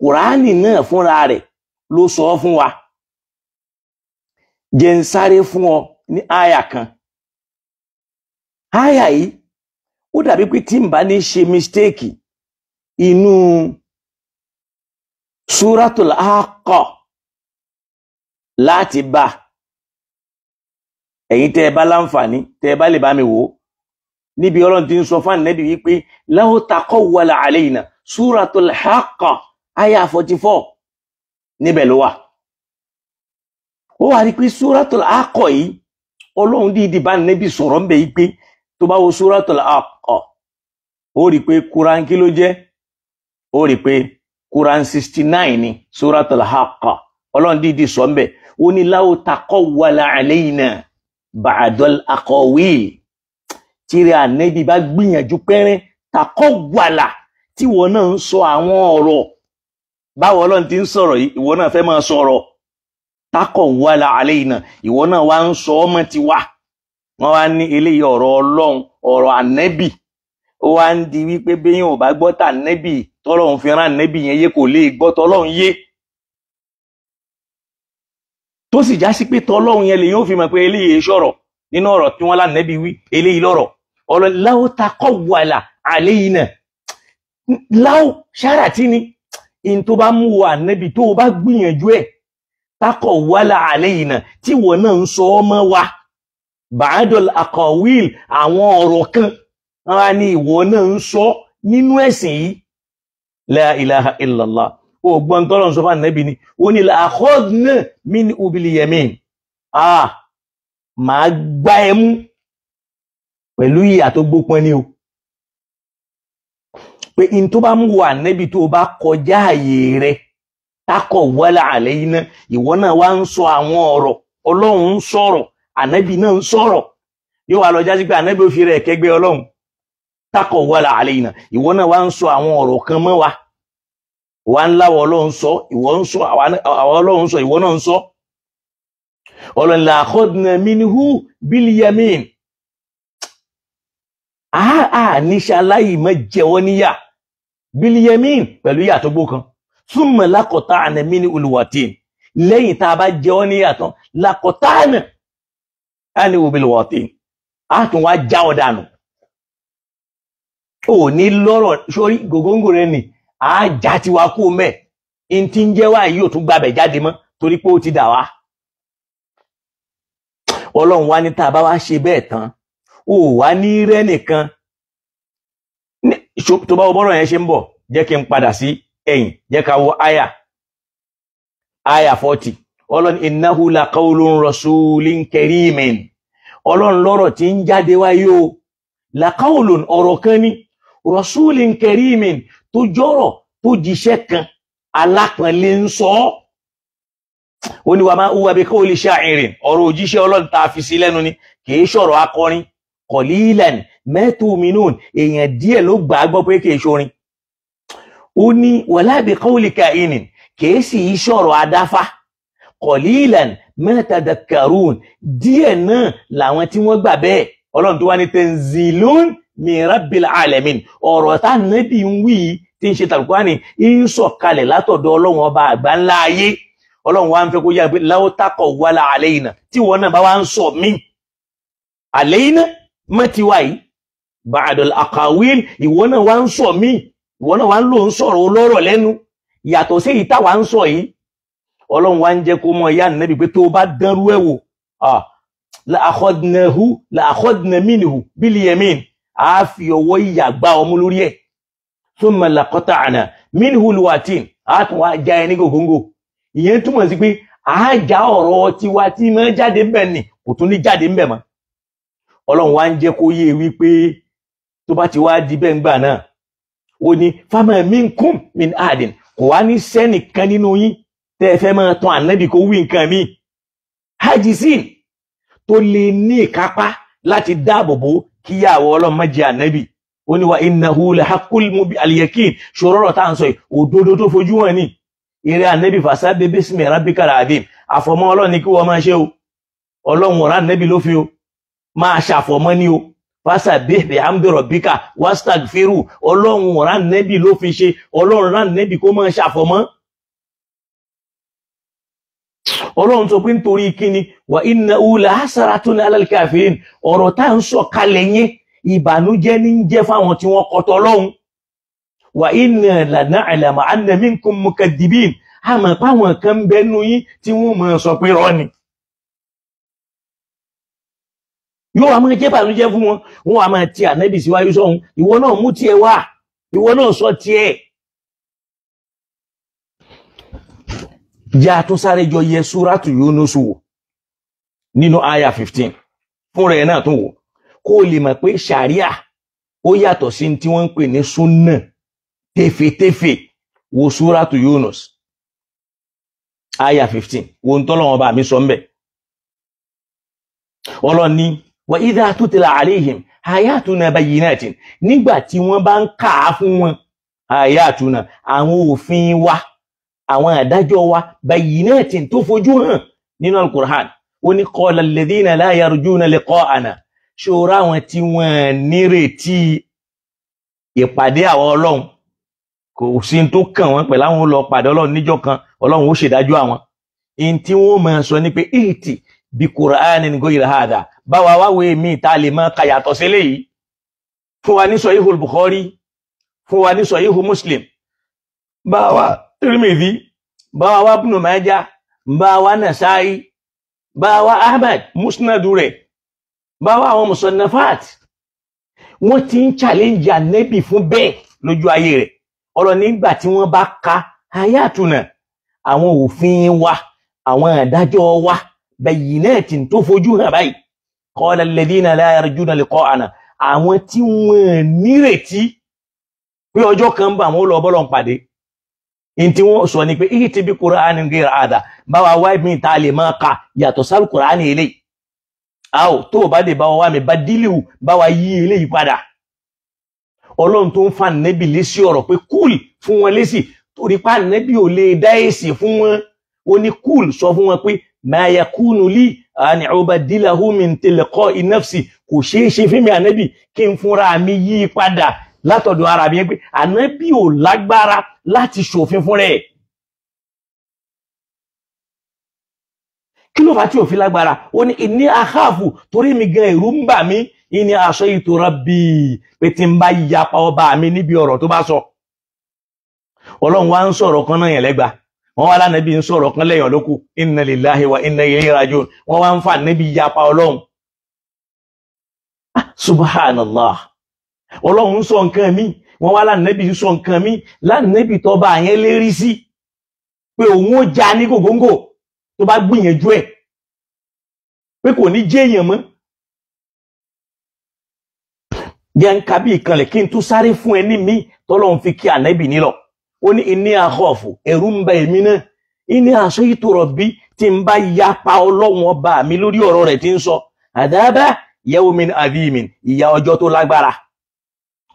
kùránì náà fúnra rẹ̀ ló sọ fún wa jẹ́ ń sáré fún ọ ní àyà kan haya yìí ó dàbí pé tí n bá ní ṣe mistake inú suratul Haqqa láti bá ẹ̀yin tẹ́ ẹ bá láǹfààní ẹ bá lè bá mi wò ó níbi ọlọ́run ti ń sọ fún wípé law taqawwala alayna suratul Haqqa aya forty four níbẹ̀ ló tó bá wo suratul Haqqa ó rí i pé Quran kí ló jẹ́ ó rí i pé Quran sixty nine ni suratul Haqqa ọlọ́run dídì sọ ń bẹ̀ ó ní láwo taqawwala alayna ba'dal aqawil tíri ànẹ́bí bá gbìyànjú pẹ́rín taqawwala tíwọ náà ń sọ àwọn ọ̀rọ̀ báwo ọlọ́run ti ń sọ̀rọ̀ ìwọ náà fẹ́ máa sọ̀rọ̀ taqawwala alayna ìwọ náà wá ń sọ ọmọ tiwa wọ́n wá ní eléyìí ọ̀rọ̀ ọlọ́run ọ̀rọ̀ ànẹ́bì ó wá ń di wípé béèyàn ò bá gbọ́ tà nẹ́bì tọ́lọ́run fi rán ànẹ́bì yẹn yé kò lè gbọ́ tọ́lọ́run yé tó sì já sí pé tọ́lọ́run yẹn lèyìn ó fi mọ̀ pé eléyìí sọ̀rọ̀ nínú ọ̀rọ̀ tí wọ́n lánẹ́bì wí eléyìí lọ́rọ̀ ọ̀rọ̀ láwọ́ ta kọ́ wàlà àlẹ́ náà láwọ́ sára tí ni in tó bá mú wa ànẹ́bì tó o bá gbìyànjú ẹ̀ takọ̀ wàlà àlẹ́ náà tí wọ́n náà ń sọ ọmọ wa bàádọ́l àkọ̀wíl àwọn ọ̀rọ̀ kan ara ni ìwọ náà ń sọ nínú ẹ̀sìn yìí la ilaha illallah o gbọ́n tọ́lọ̀ ń sọ fún ànábì ni ó ní la akhadna min ubil yamin a máa gbá ẹ mú pẹ̀lú ìyà tó gbópọn ni o pé in tó bá mú wà ànábì tó bá kọjá àyè rẹ takọ̀ wala alayna ìwọ náà wá ń sọ àwọn ọ̀rọ̀ ọlọ́run ń sọ̀rọ̀ ànábì náà ń sọ̀rọ̀ yóò wá lọ jásí pé ànábì ò fi rẹ̀ kẹgbẹ́ ọlọ́run tákọ̀ wọlà àlẹ́ yìí náà ìwọ náà wá ń sọ àwọn ọ̀rọ̀ kan mọ́ wa wa ńlá wọ ọlọ́run sọ ìwọ ń sọ àwọn ọlọ́run sọ ìwọ náà ń sọ ọlọ́run la akhadna minhu bil yamin àá níṣẹ́ aláìmọ̀ jẹ́wọ́ níyà bil yamin pẹ̀lú ìyà gbó kan thumma laqata'na minhu al watin lẹ́yìn tá a bá jẹ́wọ́ níyà tán laqata'na ẹni wo bí wọ́n ti á tún wá já ọ dànù ò ní lọ́rọ̀ sórí gògóńgò rẹ nì á já tiwa kú mẹ́ n ti ń jẹ́ wá yìí ò tún gbàbẹ̀ jáde mọ́ torí pé ó ti dà wá ọlọ́run wá ní tá a bá wá ṣe bẹ́ẹ̀ tán ò wá ní rẹ́ nìkan tó bá wo bọ́rọ̀ yẹn ṣe ń bọ̀ jẹ́ kí n padà sí ẹ̀yìn jẹ́ ká wo aya aya forty ọlọ́run innahu la qawlun rasulin karimin ọlọ́run lọ́rọ̀ tí ń jáde wáyé o la qawlun ọ̀rọ̀ kan ní rasulin karimin tó jọ̀rọ̀ tó jíṣẹ́ kan alápọ̀nlé ń sọ ọ́ ó ní wa ma huwa bi qawli sha'irin ọ̀rọ̀ òjíṣẹ́ ọlọ́run tá fi sí lẹ́nu ni kì ṣọ̀rọ̀ akọrin qalilan ma tu'minun èèyàn díẹ̀ ló gbà á gbọ́ pé kì ṣorin ó ní wala bi qawli ka'inin kì í sì í ṣọ̀rọ̀ adáfá kọ̀líìlàn mẹ́tàdàkàrún díẹ̀ náà làwọn tí wọ́n gbà bẹ́ẹ̀ ọlọ́run tó wá ní tẹ̀nzìlún mìíràbìlà alẹ́mìn ọ̀rọ̀ tá nẹ́bí ń wí tí ń ṣe tàlùkọ́ni ń sọ̀kalẹ̀ látọ̀dọ̀ ọlọ́run ọba àgbà ńlá ayé ọlọ́run wa ń fẹ́ kó yá pé láwọ́tàkọ̀ wàlà àlẹ́yìnà tí wọn náà bá wá ń sọ mí àlẹ́yìnà mẹ́tiwá yìí bàdàl àkàwíl ìwọ náà wá ń sọ mí ìwọ náà wá ń lò ń sọ̀rọ̀ olóró lẹ́nu yàtọ̀ sí ìta wá ń sọ yìí ọlọ́run wa ń jẹ́ kó mọ ìyá nẹ́bí pé tó bá dánrú ẹ̀ wò làkọ́dínẹ̀hù làkọ́dínẹ̀mínìhù bílí ẹ̀mín á fi ọwọ́ ìyà gbá ọmú lórí ẹ̀ tó mọ làkọ́tà àná mínìhù lùwàtín á tún wá já ẹ ní gògóńgò ìyẹn túmọ̀ sí pé àájà ọ̀rọ̀ tiwa tí mọ́ jáde ńbẹ̀ ni kò tún ní jáde ńbẹ̀ mọ́ ọlọ́run wa ń jẹ́ kó yé e wípé tó bá ti wá di bẹ́ẹ̀ ńgbà náà ó ní fámà minkum min adin kò wá ní sẹ́nìkan nínú yín tẹ́ ẹ fẹ́ máa tan ànábì kó wí nǹkan míì hajjizin tó lè ní ìkápá láti dáàbò bò kíyàwó ọlọ́mọdé ànábì ó ní wa innahu lahakul mubi aliyakin ṣòro ọ̀rọ̀ tá à ń sọ yìí òdodo tó fojú wọn ni eré ànábì fasabe bismi rabbikal adim àfọmọ́ ọlọ́run ni kí wọ́n máa ṣe o ọlọ́run ọ̀rá ànábì ló fi o máa ṣàfọmọ́ ni o fásà bèbè àmbèrò bíkà wastagfiru ọlọ́run ọ̀rá ànábì ló fi ṣe ọlọ́run ọ̀rá ànábì kó máa ṣàfọmọ́ ọlọ́run sọ pé nítorí kíni wà iná ula hasaratun alal kafirin ọ̀rọ̀ tá à ń sọ kalẹ̀ yẹn ìbànújẹ́ ní ń jẹ́ fáwọn tí wọ́n kọtọ lọ́hùn wà iná lànà àlàmà anna minkum mukadibin àmọ́ páwọn kan bẹnu yín tí wọ́n mọ̀ sọ pé rọ́ yóò wá máa jẹ́ ìbànújẹ́ fún wọn wọn wá máa ti ànábì sọ́hun ìwọ náà mú tiẹ̀ wá ìwọ náà sọ tiẹ̀. jẹ́ àtúnsáré jọ yẹ súrátù Yunus wò nínú aya fifteen fúnra ẹ̀ náà tún wò kó o lè mọ̀ pé sàríà ó yàtọ̀ sí tí wọ́n ń pè ní súnà tẹ́fẹ̀tẹ́fẹ̀ wo súrátù Yunus aya fifteen wo ń tọ́lọ́wọ́n bá mi sọ ń bẹ̀ ọlọ́ni wa idha tutla alayhim ayatuna bayyinatin nígbà tí wọ́n bá ń kà á fún wọn ayatuna àwọn òfin wa àwọn àdájọ́ wa bayyinatin tó fojú hàn nínú alukur'an ó ní qala alladhina la yarjuna liqa'ana ṣòro àwọn tí wọ́n nírètí ìpàdé àwọn ọlọ́run kò sí tó kàn wọ́n pẹ̀lú àwọn lọ pàdé ọlọ́run níjọ́ kan ọlọ́run ó ṣèdájọ́ àwọn ihun tí wọ́n máa sọ ni pé ihti bi qur'anin ghayri hadha báwa wáwo èmi ta lè máa ka yàtọ̀ sí eléyìí fún wa ní sọ ihu bukhari fún wa ní sọ ihu muslim báwa Tirmidhi báwa wá Ibn Majah báwa Nasa'i báwa Ahmad musnadu rẹ̀ báwa àwọn musannafat wọ́n ti ń challenge ànẹ́bì fún bẹ́ẹ̀ lójú ayé rẹ̀ ọ̀rọ̀ nígbà tí wọ́n bá ka ayatuna àwọn òfin wa àwọn àdájọ́ wa bayyinatin tó fojú hàn báyìí qala alladhina la yarjuna liqa'ana àwọn tí wọ́n nírètí pé ọjọ́ kan bá wọn lọ bọ́lọ̀ pàdé in tí wọ́n sọ ni pé ihi ti bí kùránì rí àdá báwa wá mi ta lè máa ka yàtọ̀ sáré kùránì eléyìí a ò tó o bá dé báwa wá mi bá dílìwù báwa yí eléyìí padà ọlọ́run tó ń fa nẹ́bì lésì ọ̀rọ̀ pé kúl fún wọn lésì torí pa nẹ́bì ò lè dá èsì fún wọn ó ní kúl sọ fún wọn pé ma yakunu li an ubadilahu min tilqa'i nafsi kò ṣeé ṣe fún mi ànẹ́bì kí n fúnra mi yí padà látọ̀dọ̀ ara mi pé ànẹ́bì ò lágbára láti ṣòfin fún rẹ̀ kí ló fà tí òfin lágbára ó ní ìní àkáàfù torí mi gan ẹ̀rù ń bà mí ìní aṣọ ìtura bíi pé tí n bá yapa ọba mi níbi ọ̀rọ̀ tó bá sọ ọlọ́run wá ń sọ̀rọ̀ kan náà yẹn lẹ́gba wọ́n wá lánàbí ń sọ̀rọ̀ kan lẹ́yìn ọlọ́kù inna lillahi wa inna ilayhi rajiun wọ́n wá ń fà níbi yapa ọlọ́run ah, subhanallah ọlọ́run ń sọ nǹkan mi wọ́n wá lánàbí sọ nǹkan mi lánàbí tọba àyẹn lérí sí pé òun ó já ní gògóńgò tó bá gbìyànjú ẹ̀ pé kò ní jéèyàn mọ́ jẹ́ ń ka bí ìkànlẹ̀ kí n tún sáré fún ẹ ní mi tọ́lọ́run fi kí ànábì nílọ ó ní iní àhọ́ọ̀fù ẹ̀rú ń bẹ èmi náà iní àṣọ ìtòrọ̀ bí tí n bá yapa ọlọ́run ọba mi lórí ọ̀rọ̀ rẹ̀ tí ń sọ àdábà yawmin adhimin ìyà ọjọ́ tó lágbára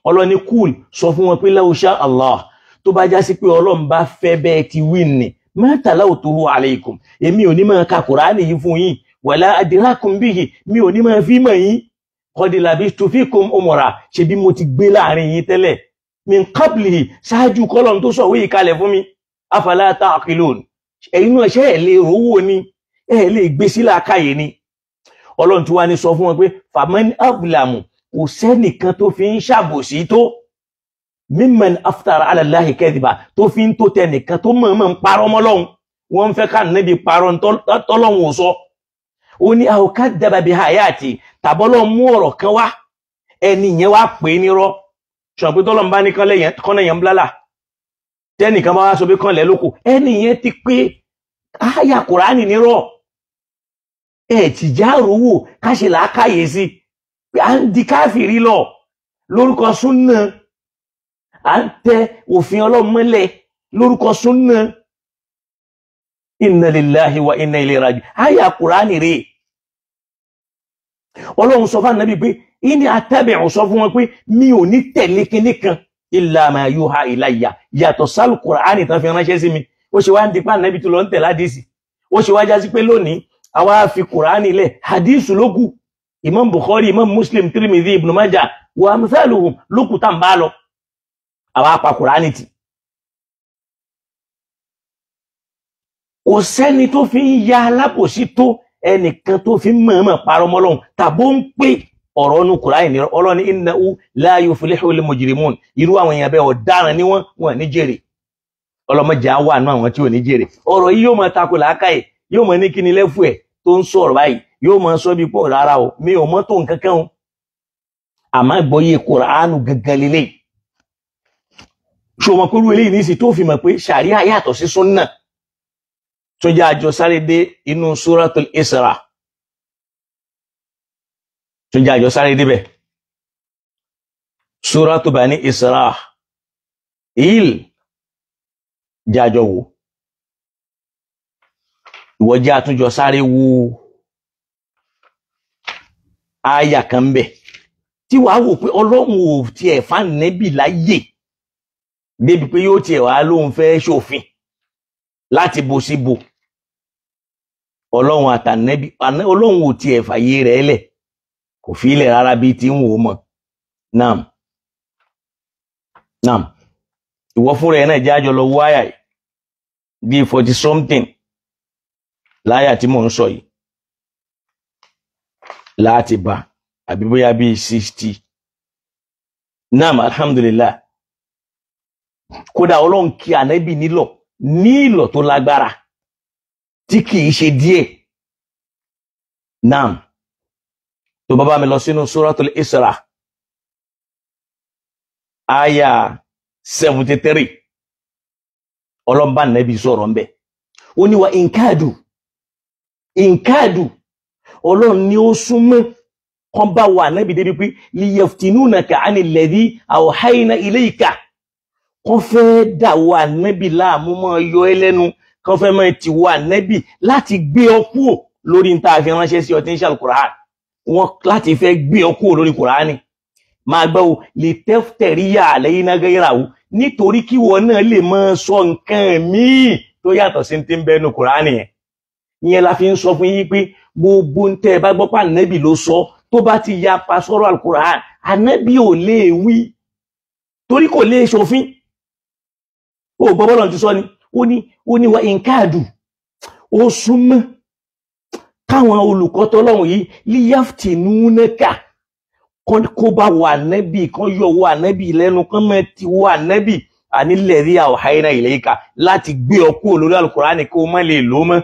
ọlọ́run ní kúl sọ fún wọn pé láwùṣá allah tó bá já sí pé ọlọ́run bá fẹ́ bẹ́ẹ̀ ti wí nì mẹ́ta láwùtúrú aleikum èmi ò ní máa ka kùránì yìí fún yín wàlá adìrákùn bíyì mi ò ní máa fi mọ̀ yín kọ́dìlàbí tòfíkùn òmùrà ṣebí mo ti gbé láàrin yín tẹ́lẹ̀ min qablihi ṣáájú kọ́lọ́n tó sọ̀wé ìkalẹ̀ fún mi afala ta'qilun ẹ̀yin náà ẹ̀ lè rówó ni ẹ̀ lè gbé sílá káyè ni ọlọ́run tí wàá ní sọ fún wọn pé faman ablamu kò sẹ́nìkan tó fi ń ṣàbòsí tó mímọ̀ aftara ala Allahi kẹ́dìbà tó fi ń tó tẹnìkan tó mọ̀ọ́mọ̀ ń parọ́ mọ́lọ́hun wọ́n fẹ́ ká níbi parọ́ tọ́lọ́hun ò sọ ó ní aw kadaba bi hayati tàbọ́lọ́ mú ọ̀rọ̀ kan wá ẹni yẹn wá pè é nírọ́ ṣọ̀pẹ́ tọ́lọ́hun bá ní kọ́nà yẹn blálà tẹ́nìkan bá wá sọ pé kọ́nlẹ̀ lóko ẹni yẹn ti pé áyà Kùránì nírọ́ ẹ̀ tìjà rúwò ká ṣe làákàyè sí i à ń di káfìrí lọ lórúkọ súnà à ń tẹ òfin ọlọ́run mọ́lẹ̀ lórúkọ súnà inna lillahi wa inna ilayhi raji àyà kùránì rèé ọlọ́run sọ fún ànábì pé ìní àtàbẹ̀rún sọ fún wọn pé mi ò ní tẹ̀lé kinní kan illa ma yuha yàtọ̀ sálù kùránì tán fi ránṣẹ́ sí mi ó ṣe wá ń dipá ànábì tó lọ ń tẹ̀lé àdìsí ó ṣe wá já pé lónìí àwa fi kùránì lẹ̀ àdìsí ló imam bukhari imam muslim tirmidhi ibn majah wa amsaluhum lókù tá n bá lọ àwa apá kùránì tì kò sẹ́ni tó fi ń ya alábòsí tó ẹnìkan tó fi ń mọ̀ọ́mọ̀ parọ́ mọ́ Ọlọ́hun tàbó ń pè ọ̀rọ̀ ni Ọlọ́hun innahu la yuflihul mujrimun irú àwọn èèyàn bẹ́ẹ̀ ọ̀daràn ni wọ́n wọ́n ní jèrè ọlọ́mọdé á wà nú àwọn tí ò ní jèrè ọ̀rọ̀ yìí yóò máa takò làákàyè yóò máa ní kíni lẹ́fù ẹ̀ tó ń sọ̀rọ̀ báyìí yóò mọ sọ bí pọ rárá o mi ò mọ tó nǹkan kan o àmọ́ ìgbọ́yé kòránù gangan lélẹ̀ ṣòmọ pẹ̀lú eléyìí ní ìsìn tó fi mọ̀ pé ṣàríà yàtọ̀ sí súnà tó jẹ́ àjọ sáré dé inú suratul Isra tó jẹ́ àjọ sáré débẹ̀ suratu Bani Isra il jẹ́ àjọ wò ìwọ jẹ́ àtúnjọ sáré wò aya kan ń bẹ tí wàá wò pé ọlọ́run ò tiẹ̀ fánẹ́bì láyè débi pé yóò tiẹ̀ wàá lóun fẹ́ ṣòfin láti bo sí bo ọlọ́run àtànẹ́bì ọlọ́run ò tiẹ̀ fàyè rẹ̀ lẹ̀ kò fi ilẹ̀ rárá bíi ti ń wò ó mọ̀ nam nam ìwọ fúnra ẹ náà jẹ́ àjọ lọ wáyà bíi forty something láyà tí mò ń sọ yìí láti bá àbí bóyá bíi sixty naam alhamdulillah kódà ọlọ́run kí ànábì nílọ̀ ní ìlọ̀ tó lágbára tí kìí ṣe díẹ̀ naam tó bá bá mi lọ sínú suratul Isra aya seventy three ọlọ́run bá ànábì sọ̀rọ̀ ńbẹ̀ ó ní wa in kadu ọlọ́run ni ó súnmọ́ kan bá wà náà bìí débi pé liyaftinunaka anil ladhi awhayna ilayka kan fẹ́ dà wà nábì láàmú mọ́ yọ ẹ lẹ́nu kan fẹ́ mọ́ ti wà nábì láti gbé ọ kúò lórí ní tàà fi ránṣẹ́ sí ọtí ṣàlù kùrán wọn láti fẹ́ gbé ọ kúò lórí kùránì máa gbọ́ lè tẹ́fẹ̀ríyà àlẹ́yìn náà gẹ́gẹ́ rà nítorí kí wọn náà lè máa sọ nǹkan míì tó yàtọ̀ sí ti ń bẹnu kùránì yẹn ìyẹn la fi ń sọ fún yín pé gbogbo ń tẹ́ bá gbọ́ pé ló sọ tó bá ti ya pa sọ́rọ̀ alukur'an ànábì ò lè wí torí kò lè ṣòfin ó gbọ́ bọ́lọ̀ ti sọ ni ó ní ó ní wa nkáàdù ó súnmọ́ káwọn olùkọ́ tọ́lọ́run yìí líyàfìtì núnẹ́kà kan kó bá wà ànábì kan yọ wọ ànábì lẹ́nu kan mọ́ ti wọ ànábì ànílẹ̀ rí àwòhánà ìlẹ́yìká láti gbé ọ kúrò lórí alukur'an kó má lè lò mọ́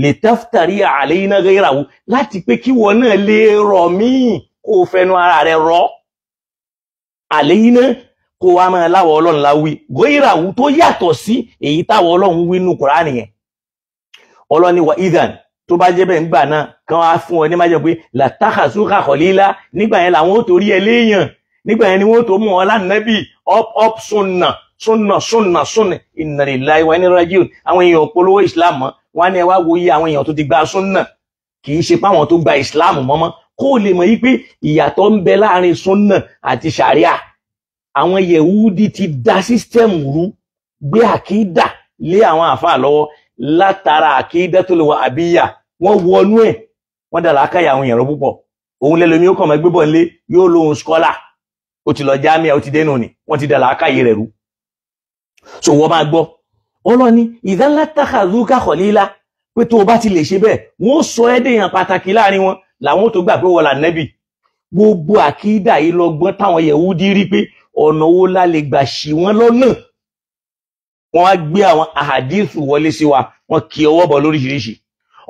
lè tẹ́fítàrí àléyìnà gẹ́gẹ́ràwó láti pé kí wọn náà lè rọ̀ míì kó o fẹnu ara rẹ rọ àléyìnà kó wa máa láwọ ọlọ́run láwí gẹ́gẹ́ràwó tó yàtọ̀ sí èyí táwọ ọlọ́run wí nù kúránì yẹn ọlọ́ni wa idan tó bá jẹ́ bẹ́ẹ̀ ń gbà náà kan wá fún ọ ní má jẹ́ pé làtàkàsù kàkọ́lélá nígbà yẹn làwọn ó torí ẹ léèyàn nígbà yẹn ni wọ́n tó mú ọ lánàbì up up sunna sunna sunna sunna inna lillahi wa inna ilaihi rajiun àwọn èèyàn polówó islam mọ́ wọn ní ẹ wá wo iye àwọn èèyàn tó ti gba súnà kì í ṣe páwọn tó gba islam mọ́mọ́ kó o lè mọ̀ yí pé ìyàtọ̀ ń bẹ láàrin súnà àti sharia àwọn yehudi ti da sísítẹ́ẹ̀mù rú gbé àkídà lé àwọn àfáà lọ́wọ́ látara àkídà tó lè wọ àbíyà wọ́n wọnú ẹ̀ wọ́n dà lákàyà àwọn èèyàn púpọ̀ òun lẹ́lòmí ó kàn mọ́ gbébọ̀ nílé yóò lóhun scholar ó ti lọ jámíà ó ti dénú ni wọ́n ti dà lákàyè rẹ̀ rú so wọ́n máa gbọ́ ọlọ́ni ìdánlá tàkàdúkà kọ̀lílá pé tó o bá ti lè ṣe bẹ́ẹ̀ wọ́n sọ ẹ́ dèèyàn pàtàkì láàrin wọn làwọn tó gbà pé wọ́n là nẹ́bì gbogbo àkídà yìí lọ́gbọ́n táwọn Yẹ̀húdí rí pé ọ̀nà wo la lè gbà ṣì wọ́n lọ́nà wọ́n á gbé àwọn àhàdíìsù wọlé sí wa wọ́n kì ọwọ́ bọ̀ lóríṣiríṣi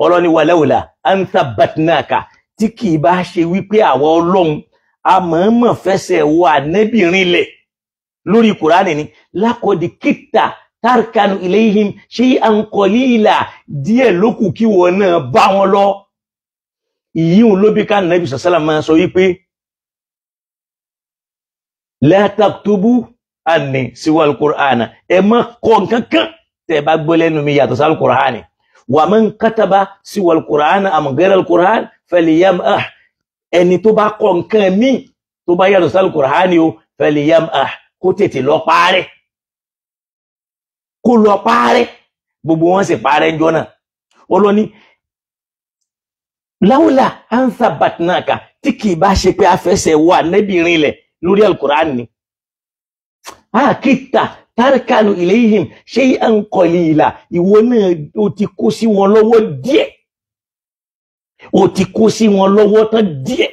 ọlọ́ni wàláwùlà ansa batnaka tí kì í bá ṣe wípé àwa ọlọ́run a mọ̀ọ́mọ̀ fẹsẹ̀ wọ ànẹ́bìnrin lẹ̀ lórí kùránì ni lákọ̀ọ́dì kíta tarkanu ilayhim shay'an qalila díẹ̀ lókù kí wọ́n náà bá wọn lọ ìyíhun ló bí ká nàbí sàsálà máa sọ wípé la taktubu anni siwa al-Qur'ana ẹ má kọ nǹkan kan tẹ́ bá gbọ́ lẹ́nu mi yàtọ̀ sí al-Qur'ani wa man kataba siwa al-Qur'ana am ghayra al-Qur'an falyamah ẹni tó bá kọ nǹkan míì tó bá yàtọ̀ sí al-Qur'ani o falyamah kó tètè lọ parẹ́ kó lọ parẹ́ gbogbo wọn sì parẹ́ ńjọ́ náà ọlọ́ni láwùlà ansa batnaka tí kì í bá ṣe pé afẹsẹ̀ wà nẹ́bìrin lẹ̀ lórí alukur'an ni àkìtà tárkanu ilayhim shay'an qalila ìwọ náà o ti kó sí wọn lọ́wọ́ díẹ̀ o ti kó sí wọn lọ́wọ́ tán díẹ̀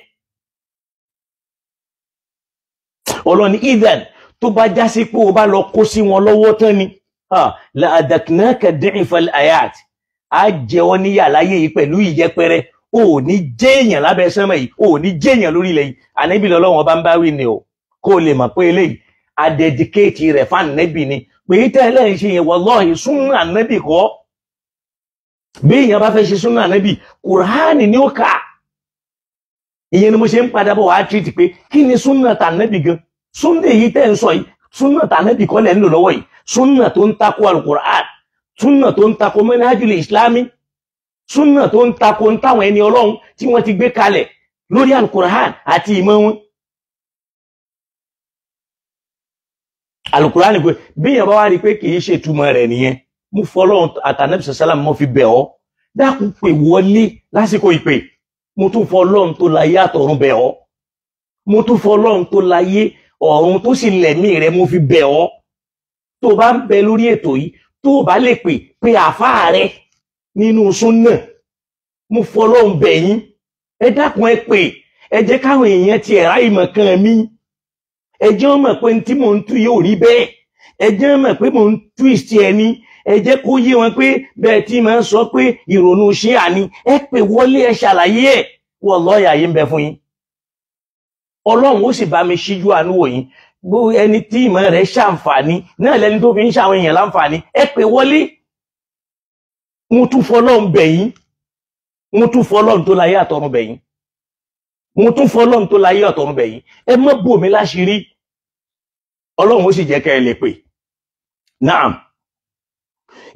ọlọ́ni idan tó bá já pé o bá lọ kó sí wọn lọ́wọ́ tán ni. làdàkínàkà dẹ́rìnfẹ́l ayat á jẹ ọ níyà láyé yìí pẹ̀lú ìyẹpẹrẹ ò ní jẹ́èyàn lábẹ́ sẹ́mọ̀ yìí ò ni o ko le a dedicate re ni pé tẹ́lẹ̀ ń ṣe yẹn wallahi sunna ni o ni mo ṣe ń padà bọ̀ treat ni súnmọ́ tànábì gan yi èyí tẹ́ ń yi yìí súnmọ́ tànábì súnà tó ń takò alukur'an súnà tó ń takò manhajul islami súnà tó ń takò ń táwọn ẹni ọlọ́run tí wọ́n ti gbé kalẹ̀ lórí alukur'an àti ìmọ̀ wọn. alukur'an pé bíyàn bá wá rí i pé kì í ṣe ìtumọ̀ rẹ̀ nìyẹn mo fọlọ́run àtànẹ́bùsọ̀ sálàmù mọ́ fi bẹ̀ ọ́ dákun pè wọlé lásìkò ìpè mo tún fọlọ́run tó láyé àtọ̀run bẹ̀ ọ́ mo tún fọlọ́run tó láyé ọ̀run tó sì lẹ̀mí rẹ̀ mo fi bẹ̀ ọ́ tó bá ń bẹ lórí ètò yìí tó bá lè pè pé àáfàá rẹ nínú súnà mo fọlọ́hún bẹ̀ yín ẹ dákun ẹ pè ẹ jẹ́ káwọn èèyàn ti ẹ̀rá ìmọ̀ kan mi ẹ jẹ́ wọn mọ̀ pé tí mò ń tú yóò rí bẹ́ẹ̀ ẹ jẹ́ wọn mọ̀ pé mò ń twist ẹni ẹ jẹ́ kó yé wọn pé bẹ́ẹ̀ tí màá sọ pé ìrònú ṣé àní ẹ pè wọlé ẹ ṣàlàyé ẹ wọ lọ́ọ̀yà yìí bẹ fún yín ọlọ́run ó sì bá mi ṣíjú àánú wò yín gbogbo ẹni tí ìmọ̀ rẹ̀ ṣàǹfààní náà lẹni tó fi ń ṣàwọn èèyàn láǹfààní ẹ pè wọlé mo tún fọlọ́run bẹ̀yìn mo tún fọlọ́run tó láyé àtọ̀run bẹ̀yìn mo tún fọlọ́run tó láyé àtọ̀run bẹ̀yìn ẹ mọ́ bò mí láṣìírí ọlọ́run ó sì jẹ́ kẹ́ ẹ lè pè naam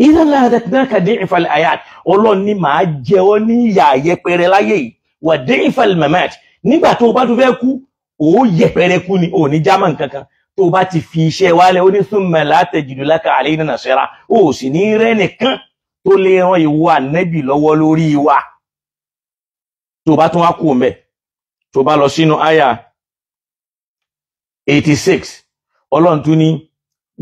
ìdánlá àdàkùnáka dín ìfàlẹ̀ àyàt ọlọ́run ni màá jẹ ọ́ ní ìyà yẹpẹrẹ láyé yìí wà dín ìfàlẹ̀ mẹ́mẹ́t nígbà tó o bá tún fẹ́ kú o yẹpẹrẹ kú ni o ní jámà kankan tó bá ti fi iṣẹ́ wálẹ̀ ó ní súnmọ́ látẹ̀jìdù láka àlẹ́yìn náà ṣẹ́ra ó sì ní rẹ́nìkan tó lè ran ìwọ ànẹ́bì lọ́wọ́ lórí wa tó bá tún wá kú mẹ́ tó bá lọ sínú àyà 86 ọlọ́run tún ní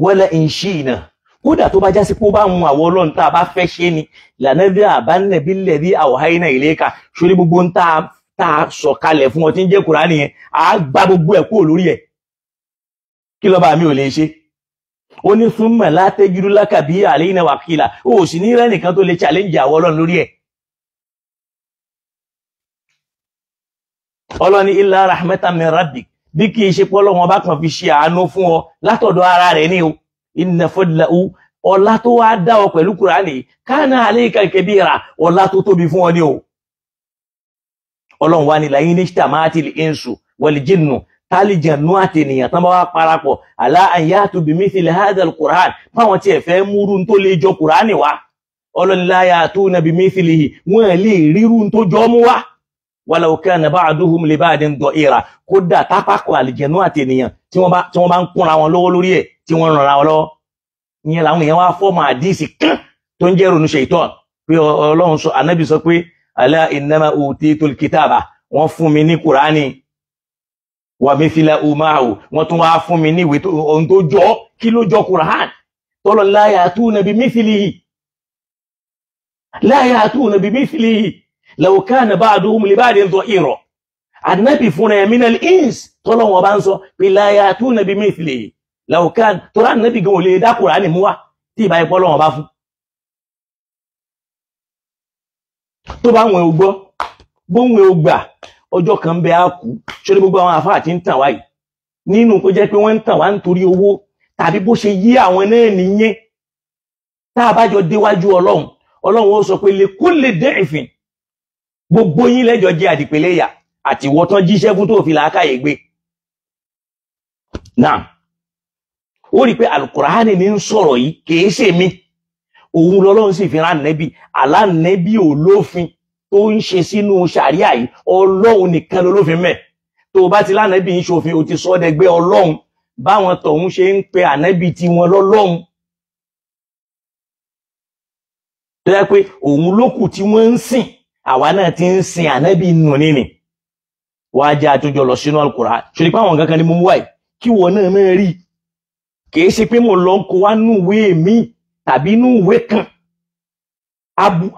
wala in shi'na kódà tó bá já sí pé ó bá mu àwọn ọlọ́run tá a bá fẹ́ ṣe ni lànà bí àbánẹ́bí lẹ̀ bí àwòháyínà ìlẹ́ka ṣorí gbogbo ń tá Ta a sọ̀kalẹ̀ fún ọ ń jẹ́ kùránì yẹn a gbá gbogbo ẹ̀ kúrò lórí ẹ̀ kí lọ́ba mi ò lè ṣe ó ní súnmọ̀ látẹ́júrú lákàbí àléyìn wàkìlà ó sì ní rẹ́ nìkan tó lè challenge àwọn ọlọ́run lórí ẹ̀ ọlọ́ni ilá rahmatan min rabbik bí kì í ṣe pé ọlọ́run ọba kan fi ṣe àánú fún ọ látọ̀dọ̀ ara rẹ̀ ní o inna fadlahu ọlá tó wá dá ọ pẹ̀lú kùránì kana alayka kabira ọlá tó tóbi fún ọ ní o ọlọ́run wá ní la yín ní tamati insu wal jinnu tálíjànú àtẹnìyàn tán bá wá parapọ̀ àlá àyàtú bimithil hadal quran fáwọn tí ẹ fẹ́ múrú tó lè jọ quran wá ọlọ́run la ya'tuna bimithlihi wọn lè ríru tó jọ mú wá walau kana ba'duhum li ba'din do'ira kódà tápákọ̀ àlìjẹ̀nú àtẹnìyàn tí wọ́n bá ń kúnra wọn lọ́wọ́ lórí ẹ̀ tí wọ́n ràn wọn lọ́wọ́ ìyẹn làwọn èèyàn wá fọ́ọ̀mù àdíìsì kán tó ń jẹ́ ronú ṣèitọ́n pé ọlọ́run sọ ànábì sọ pé alá innama utitul kitaba wọ́n fún mi ní kùránì wà mí fila umaru wọ́n tún wá fún mi ní ìwé ohun tó jọ kí ló jọ kùrán tọ́lọ la ya'tuna bi mithlihi la ya'tuna bi mithlihi law kana ba'duhum li ba'din dhahira ànábì fúnra ẹ̀ minal ins tọ́lọ wọn bá ń sọ pé la ya'tuna bi mithlihi law kana tọ́lọ ànábì gan ò lè dá kùránì mú wa tí ìbá ipọ́ lọ́wọ́ bá tó bá wọn ò gbọ́ bóun ò gbà ọjọ́ kan bẹ á kú ṣọlẹ gbogbo àwọn àfáà ti ń tàn wá yìí nínú kó jẹ́ pé wọ́n ń tàn wá nítorí owó tàbí bó ṣe yí àwọn náà nìyẹn tá a bá jọ déwájú Ọlọ́run Ọlọ́run ó sọ pé lè kó lè dé ìfìn gbogbo yín lẹjọ jẹ àdìpẹlẹyà àti ìwọ tán jíṣẹ́ fún tó fi làákàyè gbé náà ó rí i pé alukurahani ní ń sọ̀rọ̀ yìí kì í ṣèmi òun lọ́lọ́run sì fi rán nẹ́bí alánẹ́bí olófin tó ń ṣe sínú ṣàríà yìí ọlọ́run nìkan lolófin mẹ́ tó bá ti lánẹ́bí ń ṣòfin o ti sọ dẹgbẹ́ ọlọ́run báwọn tọ̀hún ṣe ń pe ànẹ́bí ti wọn lọ́lọ́run tó yẹ pé òun ló kù tí wọ́n ń sìn àwa náà ti ń sin ànẹ́bí nù nínì wá jẹ́ àtúnjọ lọ sínú alukura ṣe ni pé àwọn kankan ni mo mú wáyé kí wọn náà mẹ́rin rí kì í ṣe pé mo lọ ń kó wá nù mi tàbí inú ìwé kan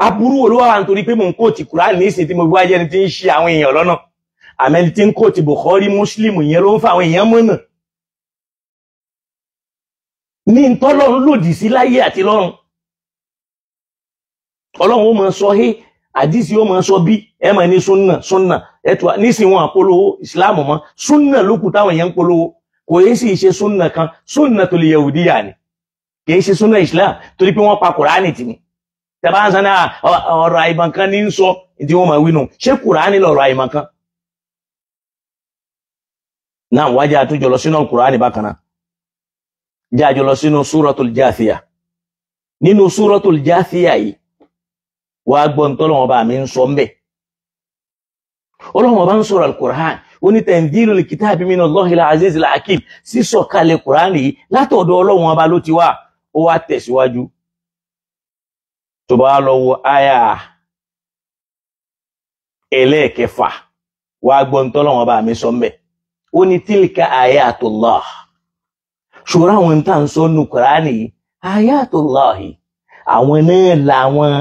aburú olówó wa nítorí pé mò ń kóòtì Kùránì nísìnyí tí mo bí wá ni ti ń ṣe àwọn èèyàn lọ́nà àmẹ́ni tí ń kóòtì Bukhari Muslim ìyẹn ló ń fa àwọn èèyàn mọ́nà ní ntọ́lọ́run lòdì sí láyé àti lọ́run ọlọ́run ó máa sọ hé àdìsí ó máa sọ bí ẹ máa ní súnà súnà ẹtù nísìnyí wọn àpolówó ìsìláàmù mọ́ súnà lókùn táwọn èèyàn ń polówó kò yé sì ṣe súnà kan súnnatul yahudiya ni kìí ṣe súnà islam torí pé wọ́n pa kùránì tì ní tẹ̀bá ń sanni ọ̀rọ̀ àìmọ̀kan ní ń sọ tí wọ́n máa wí nù ṣé kùránì lọ̀rọ̀ àìmọ̀kan náà wájà àtúnjọ lọ sínú kùránì bákan náà jáàjọ lọ sínú súrọ̀tul jáfíà nínú súrọ̀tul jáfíà yìí wàá gbọ́n tọ́lọ́wọ́n bá mi ń sọ mbẹ́ ọlọ́wọ́n bá ń sọ̀rọ̀ alukur'an oní tanzilul kitabi minallahi al-azizil hakim sísọ̀kalẹ̀ kùránì yìí látọ̀dọ̀ ọlọ́wọ́n ọba ló ti wà ó wá tẹ̀síwájú tó bá lọ wo àyà ẹlẹ́ẹ̀kẹfà wàá gbọ́ ní tọ́lọ́wọ́n bá mi sọ mbẹ́ ó ní tílíkà ayatullah ṣùgbọ́n àwọn tá à ń sọ nu kùránì yìí ayatullah àwọn náà làwọn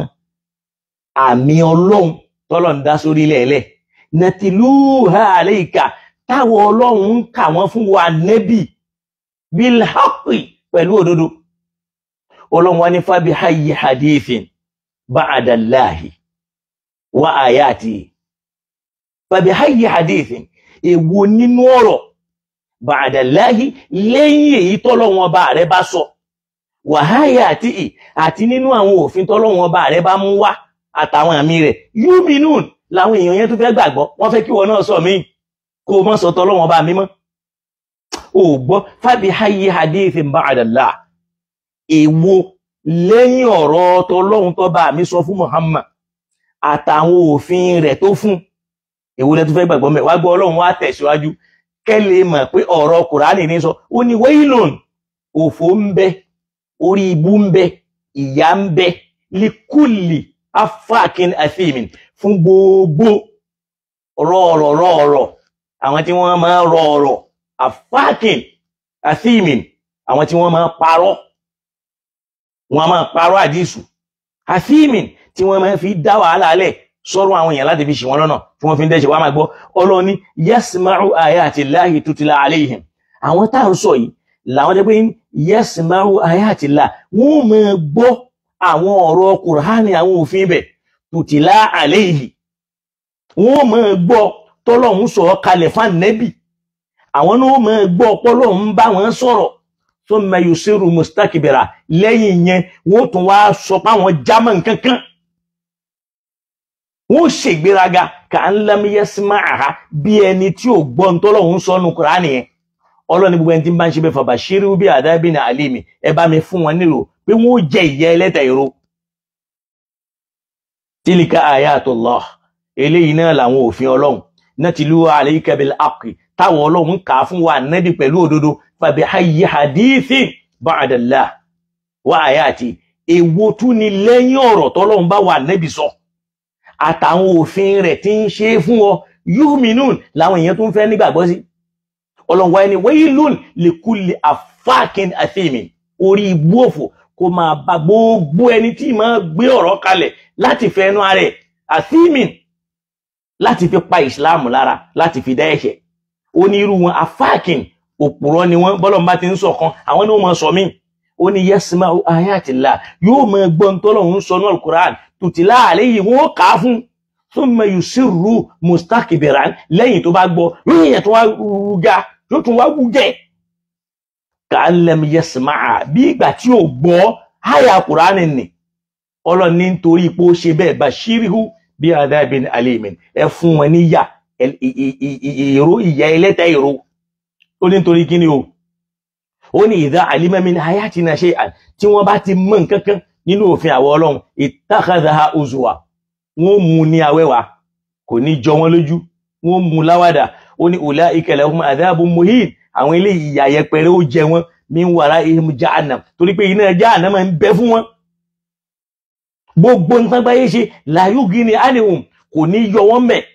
àmì ọlọ́run tọ́lọ́run dá sórí ilẹ̀ ẹlẹ́ nàtìlúhà àlẹ́yìká táwọn ọlọ́run ń kà wọ́n fún wa nẹ́bì bilhaqi pẹ̀lú òdodo ọlọ́run wá ní fábí hayi hadithin ba'da Allahi wa ayatihi fábí hayi hadithin èwo nínú ọ̀rọ̀ ba'da Allahi lẹ́yìn èyí tọ́lọ́run ọba rẹ̀ bá sọ wa ayatihi àti nínú àwọn òfin tọ́lọ́run ọba rẹ̀ bá mú wá àtàwọn àmì rẹ̀ yuminun làwọn èèyàn yẹn tó fẹ́ gbàgbọ́ wọ́n fẹ́ kí wọn náà sọ míì kó o sọ tọ́lọ́run ọba mi ò gbọ́ fábí hayi hadithin ba'da Allah èwo lẹ́yìn ọ̀rọ̀ tọlọ́run tó bá mi sọ fún Muhammad àtàwọn òfin rẹ̀ tó fún èwo lẹ tó fẹ́ gbàgbọ́ mẹ́ wá gbọ́ ọlọ́run wá tẹ̀síwájú kẹ́lẹ̀ mọ̀ pé ọ̀rọ̀ kùránì ní sọ ó ní waylun òfò ń bẹ orí ibú ń bẹ ìyà ń bẹ likulli afákin athimin fún gbogbo rọrọrọrọ rọ̀ọ̀rọ̀ àwọn tí wọ́n máa rọ̀ọ̀rọ̀ afákin athimin àwọn tí wọ́n máa parọ́ wọn a máa parọ́ àdísù àfíìmìn tí wọ́n máa fi dá wàhálà alẹ̀ sọ̀rọ̀ àwọn èèyàn láti fi ṣì wọ́n lọ́nà tí wọ́n fi ń dẹ́ṣẹ̀ wá máa gbọ́ ọlọ́ni yasma'u ayati llahi tutla alayhim àwọn tá à ń sọ yìí làwọn jẹ́ pé yasma'u ayati llah wọ́n máa gbọ́ àwọn ọ̀rọ̀ kùránì àwọn òfin ibẹ̀ tutla alayhi wọ́n máa gbọ́ tọ́lọ́hún sọ kalẹ̀ fáànẹ́bì àwọn náà máa gbọ́ ọpọlọ́hún bá wọn sọ̀rọ̀ tó mẹ́yù sírù mustakibira lẹ́yìn yẹn wọ́n tún wá sọ páwọn jámọ́ nkankan wọ́n ṣègbéraga kà ń lámúyẹ́ sí máa ha bí ẹni tí ò gbọ́ ń tọ́lọ̀ ń sọ nù Kùránì yẹn ọlọ́ni gbogbo ẹni tí ń bá ń ṣe bẹ́ẹ̀ fàbà ṣírí bí àdábì ní àlímì ẹ bá mi fún wọn nílò pé wọ́n jẹ ìyà ẹlẹ́tà ìró tílíkà ayatullah eléyìí náà làwọn òfin ọlọ́run náà ti lú alayka bil haqqi táwọn ọlọ́run kà á fún wa nẹ́bí pẹ̀lú òdodo fàbí ayé hadithi ba'dallah wa ayati èwo tún ni lẹ́yìn ọ̀rọ̀ tọ́lọ́run bá wà nẹ́bí sọ àtàwọn òfin rẹ̀ tí ń ṣe fún ọ yuminun làwọn èèyàn tó ń fẹ́ nígbàgbọ́ sí ọlọ́run wáyé ni waylun likulli afakin athimi orí ibú òfò kó máa bá gbogbo ẹni tí máa gbé ọ̀rọ̀ kalẹ̀ láti fẹ́ ẹnu ara ẹ̀ láti fi pa ìsìláàmù lára láti fi dá ẹ̀ṣẹ̀ onírú wọn òpùrọ́ ni wọ́n bọ́lọ́n bá ti ń sọ̀kan àwọn ni wọ́n máa sọ mí ó ní yẹ́sìmá ayatollah yóò máa gbọ́n tọ́lọ́hún sọ ní alukur'an tùtìlá àlẹ́ yìí wọ́n kà á fún thumma yusiru mustakibiran lẹ́yìn tó bá gbọ́ yóò yẹ̀ tó wá wúga yóò tún wá wúgẹ̀ kàálẹ̀m yẹ́sìmá bí ìgbà tí ò gbọ́ àyà alukur'an ni ọlọ́run ní nítorí pé ó ṣe bẹ́ẹ̀ bashirihu bí adabin alimin ẹ fún wọn níyà ìró ìyà ẹlẹ́tẹ̀ ìró ó ní nítorí kí ni o ó ní ìdá àlímẹ́mí ayatina shay'an tí wọ́n bá ti mọ̀ nǹkan kan nínú òfin àwọ̀ ọlọ́run ittakhadhaha uzwa wọ́n mú ní awẹ́wà kò ní jọ wọ́n lójú wọ́n mú láwàdà ó ní ulaika lahum adhabun muhin àwọn ilé ìyà yẹpẹrẹ ó jẹ wọ́n min waraihim jahannam torí pé iná jahannam máa ń bẹ fún wọn gbogbo nǹkan gbáyé ṣe la yughni anhum kò ní yọ wọ́n mẹ́ẹ̀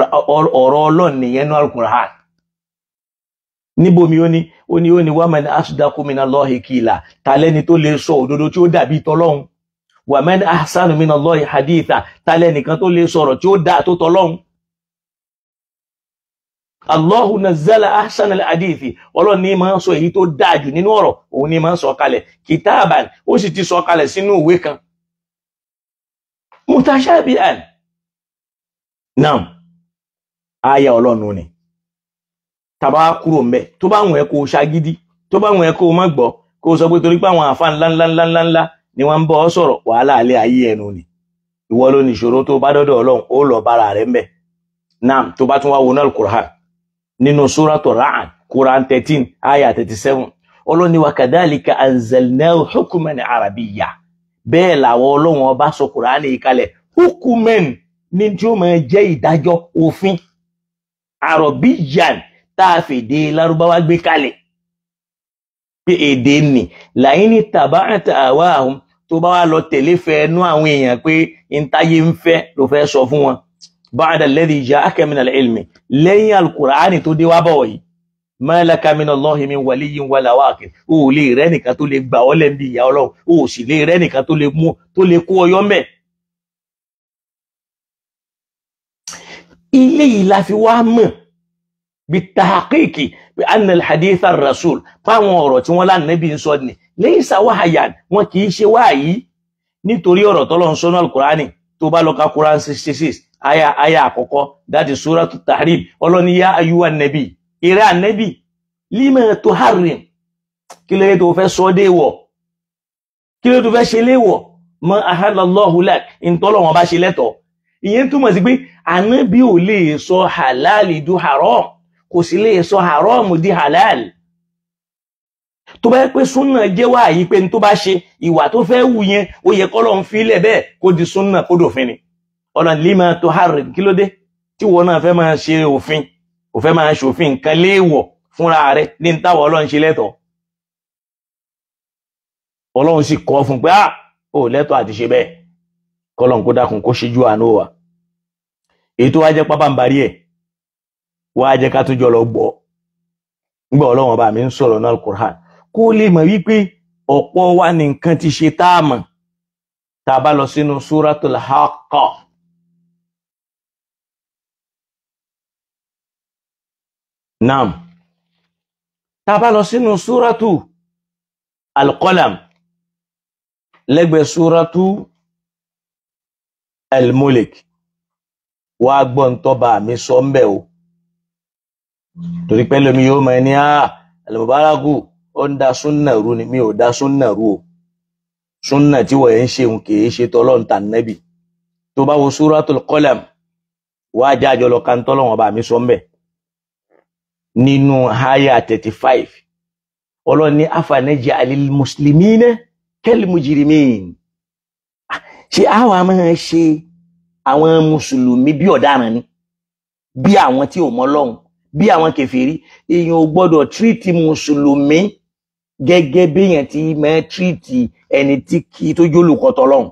ọ̀rọ̀ ọlọ́run nìyẹn ní alukur'an níbomi ó ní ó ní ó ní wàmẹ́ni asùdákùnmínà lọ́ọ̀hì kìlà tàlẹ́ni tó lè sọ òdodo tí ó dàbí tọlọ́hun wàmẹ́ni asánùmínà lọ́ọ̀hì haditha tàlẹ́nìkan tó lè sọ̀rọ̀ tí ó dà tó tọlọ́hun. Allahu nazzala ahsan al-hadithi ọlọ́run ní máa ń sọ èyí tó dáa jù nínú ọ̀rọ̀ òun ní máa sọ kalẹ̀ kìtáàbàn ó sì ti sọ kalẹ̀ sínú ìwé kan mutashabihan. Naam. a ya ni tàbá kúrò ń bẹ tó bá ko ẹ kó o ṣagídí tó bá wọn ko kó o má gbọ́ kó o ni bọ ọ sọrọ. wàhálà alẹ ni ìwọ ló tó bá dọdọ ọlọ́run ó lọ rẹ thirteen wa kadhalika anzalnahu hukman arabiyya hukman àrọ̀bíyàn tá a fèdè lárúbáwá gbé kalẹ̀ pé èdè nì làyín ní tàbáǹtà àwa àwọn tó bá wá lọ tẹ̀lé fẹ́ẹ́nú àwọn èèyàn pé ntáyé ń fẹ́ ló fẹ́ sọ fún wọn báàdà lẹ́dí ìjà akẹ́mìnà ilmi lẹ́yìn alukùránì tó dé wá bọ̀ wọ̀nyí mẹ́lẹ́ka mìnà lọ́hìn wàlí yìí wà láwà àkè o ò lè rẹ́ nìkan tó lè gbà ọ́ lẹ́ńbí ìyá ọlọ́run o ò sì lè rẹ́ nìkan tó lè mú ọyọ́ mẹ́ẹ̀ ilé yìí la fi wá mọ̀ bí tahakíkì bí anna alhadith rasul fáwọn ọ̀rọ̀ tí wọ́n lánàbí ń sọ ni lẹ́yìn sàwáhàyàn wọn kì í ṣe wáyìí nítorí ọ̀rọ̀ tọ́lọ́run sọ́nà alukurani tó bá lọ ka quran sixty six aya aya àkọ́kọ́ dáàdi suratu tahrim ọlọ́ni ya ayuwa nabi eré anabi lima tuharrim kí lóye tó fẹ́ sọ dé wọ̀ kí lóye tó fẹ́ ṣe léwọ̀ ma ahalallahu lak ntọ́lọ́wọ́n bá ṣe lẹ́tọ̀ọ́ ìyẹn túmọ̀ sí pé ànábì ò lè sọ halali du haram kò sì lè sọ haram di halal tó bá yẹ pé súnà jẹ́ wá yìí pé ní tó bá ṣe ìwà tó fẹ́ wù yẹn ó yẹ kọ́lọ́ ń filẹ̀ bẹ́ẹ̀ kó di súnà kó dòfin ni ọ̀nà lima tó harin kí ló dé tí wọn náà fẹ́ máa ṣe òfin ò fẹ́ máa ṣòfin nǹkan léèwọ̀ fúnra rẹ̀ ní táwọn ọlọ́run ṣe lẹ́tọ̀ọ́ ọlọ́run sì kọ́ fún pé ah ò lẹ́tọ̀ọ́ àti ṣe bẹ́ẹ̀ kọ́lọ́n kó dákun kó ṣíjú àánú wa èyí tó wá jẹ́ pápánbarí ẹ̀ wá jẹ́ ká tó jọ lọ gbọ́ nígbà ọlọ́wọ́n bá mi ń sọ̀rọ̀ náà Al-Qur'an kó lè mọ̀ wípé ọ̀pọ̀ wa ní nǹkan ti ṣe tá a mọ̀ tá a bá lọ sínú Suratul Haqqa. Naam tá a bá lọ sínú Suratu Al-Qalam lẹ́gbẹ̀ẹ́ Suratu wá gbọ́ ń tọ́ba mi sọ ń bẹ̀ o torí pẹ́lú mi yóò mọ ẹni á àlùmọ́bárágù ó ń da súnà rú ni mi ò da súnà rú o súnà tí wọ́n ń ṣeun kì í ṣe tọ́lọ́run tà nẹ́bì tó bá wo súratul Qalam wá jẹ́ àjọlọ kan tọ́lọ́run ọba mi sọ ń bẹ̀ nínú háyà thirty five ọlọ́run ní àfànẹ́jẹ́ alil muslimina kal mujrimin ah, ṣé àwọn máa ṣe àwọn mùsùlùmí bí ọ̀daràn ni bí àwọn tí ò mọ Ọlọ́run bí àwọn kèfèrí èèyàn ò gbọ́dọ̀ tírìtì mùsùlùmí gẹ́gẹ́ béèyàn ti máa tírìtì ẹni tí kì í tó jólùkọ́ tọlọ́run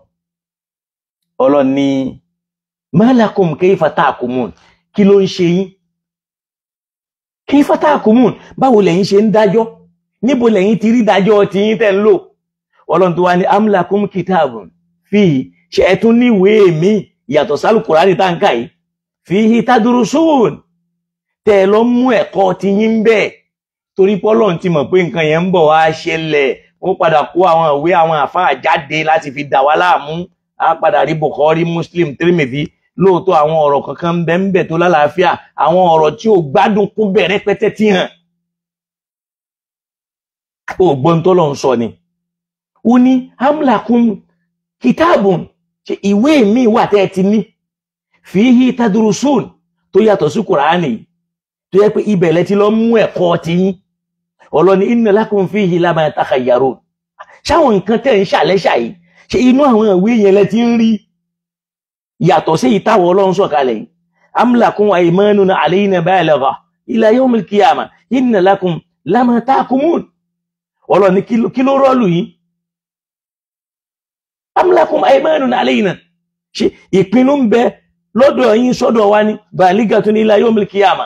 Ọlọ́run ni malakum kayfa tahkumun kí ló ń ṣe yín kayfa tahkumun báwo lẹ̀yin ṣe ń dájọ́ níbo lẹ̀yin ti rí dájọ́ ti yín tẹ́ ń lò Ọlọ́run tó wá ní amlakum kitabun fi ṣe níwèé míì yàtọ̀ sálùkùránì táǹkà yìí fi hi tádúró ṣóòn tẹ ẹ lọ mú ẹ̀kọ́ ti yín bẹ́ẹ̀ torí pọ́lọ́n ti mọ̀ pé nǹkan yẹn ń bọ̀ wá ṣẹlẹ̀ ó padà kó àwọn ìwé àwọn àfáà jáde láti fi dà wá láàmú á padà rí Bukhari Muslim Tirmidhi lóòótọ́ àwọn ọ̀rọ̀ kankan ń bẹ ń bẹ tó lálàáfíà àwọn ọ̀rọ̀ tí ò gbádùn kún bẹ̀ rẹpẹtẹ tí hàn ó gbọ́n tó lọ́n sọ ni ó ní amlakum kitabun ṣe ìwé mi wà tẹ́ ẹ ti ní fìhí tadrusun tó yàtọ̀ sí kùránì tó yẹ pé ibẹ̀ lẹ ti lọ mú ẹ̀kọ́ ti yín ọlọ́ni inna lakum fìhí lama takhayyarun ṣáwọn nǹkan tẹ́ ń ṣàlẹ́ṣà yìí ṣe inú àwọn ìwé yẹn lẹ ti ń rí yàtọ̀ sí ìtawọ̀ ọlọ́run sọ̀kalẹ̀ yìí am lakum aymanun alayna baligha ila yawmil qiyamah inna lakum lama tahkumun ọlọ́ni kí ló rọ́ọ̀lù yìí amúlákùn aymanun alayna ṣe ìpinnu ń bẹ lọ́dọ̀ yín sọ́dọ̀ wa ní balighatun ila yawmil qiyama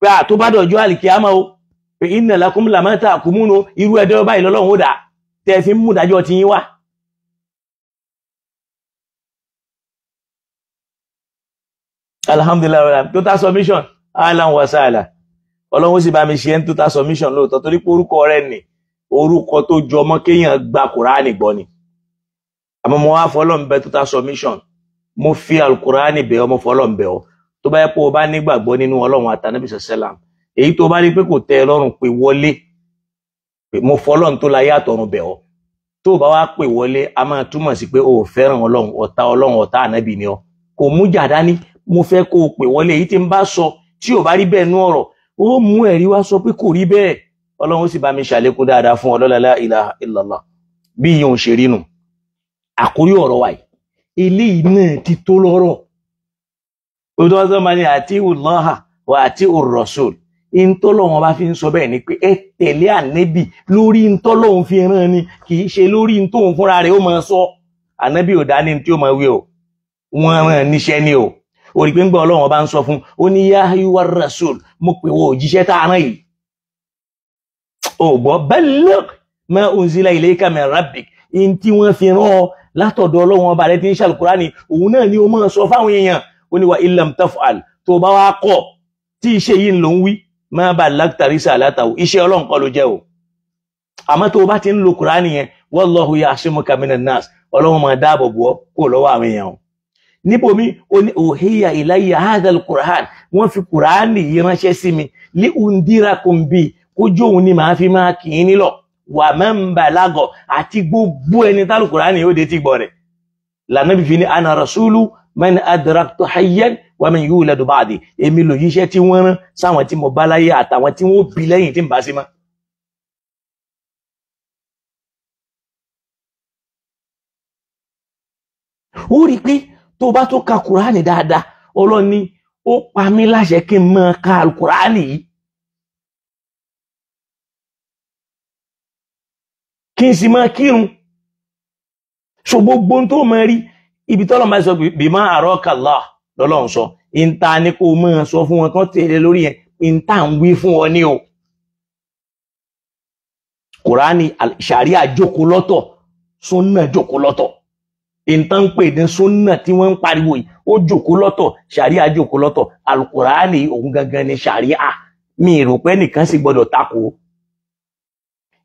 pé àtúbádọ̀jọ́ àlìkíyàmà o pé inna lakum lama tahkumun irú ẹ̀dọ́ báyìí lọ́lọ́run ó dà tẹ́ fi ń mú ìdájọ́ ti yín wá. alhamdulillah total submission alan wasala ọlọ́run sì bá mi ṣe ń total submission lóòótọ́ torí pé orúkọ rẹ̀ ni orúkọ tó jọmọ́ kéèyàn gba kùránì gbọ́ ni àmọ́ mo wá fọlọ́n bẹ total submission mo fi alukurani bẹ̀ ọmọ fọlọ́n bẹ̀ ọ tó bá yẹ kó o bá nígbàgbọ́ nínú ọlọ́run àtànábì sẹ́sẹ́làm èyí tó bá rí pé kò tẹ ẹ lọ́rùn pé wọlé mo fọlọ́n tó láyé àtọ̀run bẹ̀ ọ tó bá wá pè wọlé a máa túmọ̀ sí pé o ò fẹ́ràn ọlọ́run ọ̀tá ọlọ́run ọ̀tá ànábì ni ọ kò mú jà dání mo fẹ́ kó o pè wọlé èyí tí ń bá sọ tí ò bá rí bẹ́ẹ̀ nú ọ̀rọ̀ ó mú ẹ̀rí wá sọ pé kò rí bẹ́ẹ̀ ọlọ́run ó sì bá mi ṣàlékún dáadáa fún ọlọ́lá ilaha illallah bí yóò ṣe rí nù àkórí ọ̀rọ̀ wa yìí eléyìí náà ti tó lọ́rọ̀ odòdó máa ní àti ìwòlọ́hà wà àti òrọ̀sọ̀l ìntọ́lọ́wọ́n bá fi ń sọ bẹ́ẹ̀ ni pé ẹ tẹ̀lé ànẹ́bì lórí ìntọ́lọ́wọ́n fi ràn ni kì í ṣe lórí ìntòhun fúnra rẹ̀ ó máa sọ ànẹ́bì ò dání tí ó máa wí o wọ́n ràn níṣẹ́ ni o orí ń gbọ́ ọlọ́wọ́n bá ń sọ fún ó ní yá yíwá rasul mo pè wọ́n òjíṣẹ́ tá a rán yìí ò gbọ́ balligh ma unzila ilayka min rabbik in tí wọ́n fi rán ọ látọ̀dọ̀ ọlọ́run ọba rẹ ti ń ṣe alukurani òun náà ni ó máa sọ fáwọn èèyàn ó ní wa ilam tafal tó bá wá kọ̀ tí iṣẹ́ yìí ń lò ń wí máa bá láktàrísà látàwọ̀ iṣẹ́ ọlọ́run kọ́ ló jẹ́ o àmọ́ tó bá ti ń lo kurani yẹn wallahu ya'simuka minan nas ọlọ́run máa dáàbò bò ọ́ kó lọ́wọ́ àwọn èèyàn o níbo mi ó ní òhìyà ìláyà hadal quran wọ́n fi kurani yìí ránṣẹ́ sí mi li undirakum bi kójú òun ni màá fi máa kì í nílọ̀ wà mẹ́mbà lágọ̀ àti gbogbo ẹni tálùkùránì ó de ti gbọ́ rẹ̀ lànàbí fi ní ana rasulu man adraktu hayyan wa man yuladu ba'di èmi lò yíṣẹ́ tí wọ́n rán sáwọn tí mo bá láyé àtàwọn tí wọ́n bí lẹ́yìn tí ń bá sí mọ́. ó rí pé tó bá tó ka kùránì dáadáa ọlọ́ni ó pa mí láṣẹ kí n máa ka kùránì yìí kí n sì máa kírun so gbogbo tó máa rí ibi tọ́lọ̀ máa sọ bí máa àrọ́ kàlá lọ́lọ́run sọ ìta ni kó máa sọ fún wọn kán tẹ̀lé lórí yẹn ìta ń wí fún ọ ní o kùránì ṣàríà jókòó lọ́tọ̀ súnà jókòó lọ́tọ̀ ìtàn pè ní súnà tí wọ́n ń pariwo yìí ó jókòó lọ́tọ̀ ṣàríà jókòó lọ́tọ̀ alukùránì òun gangan ni ṣàríà mi rò pé nìkan sì gbọ́dọ̀ takò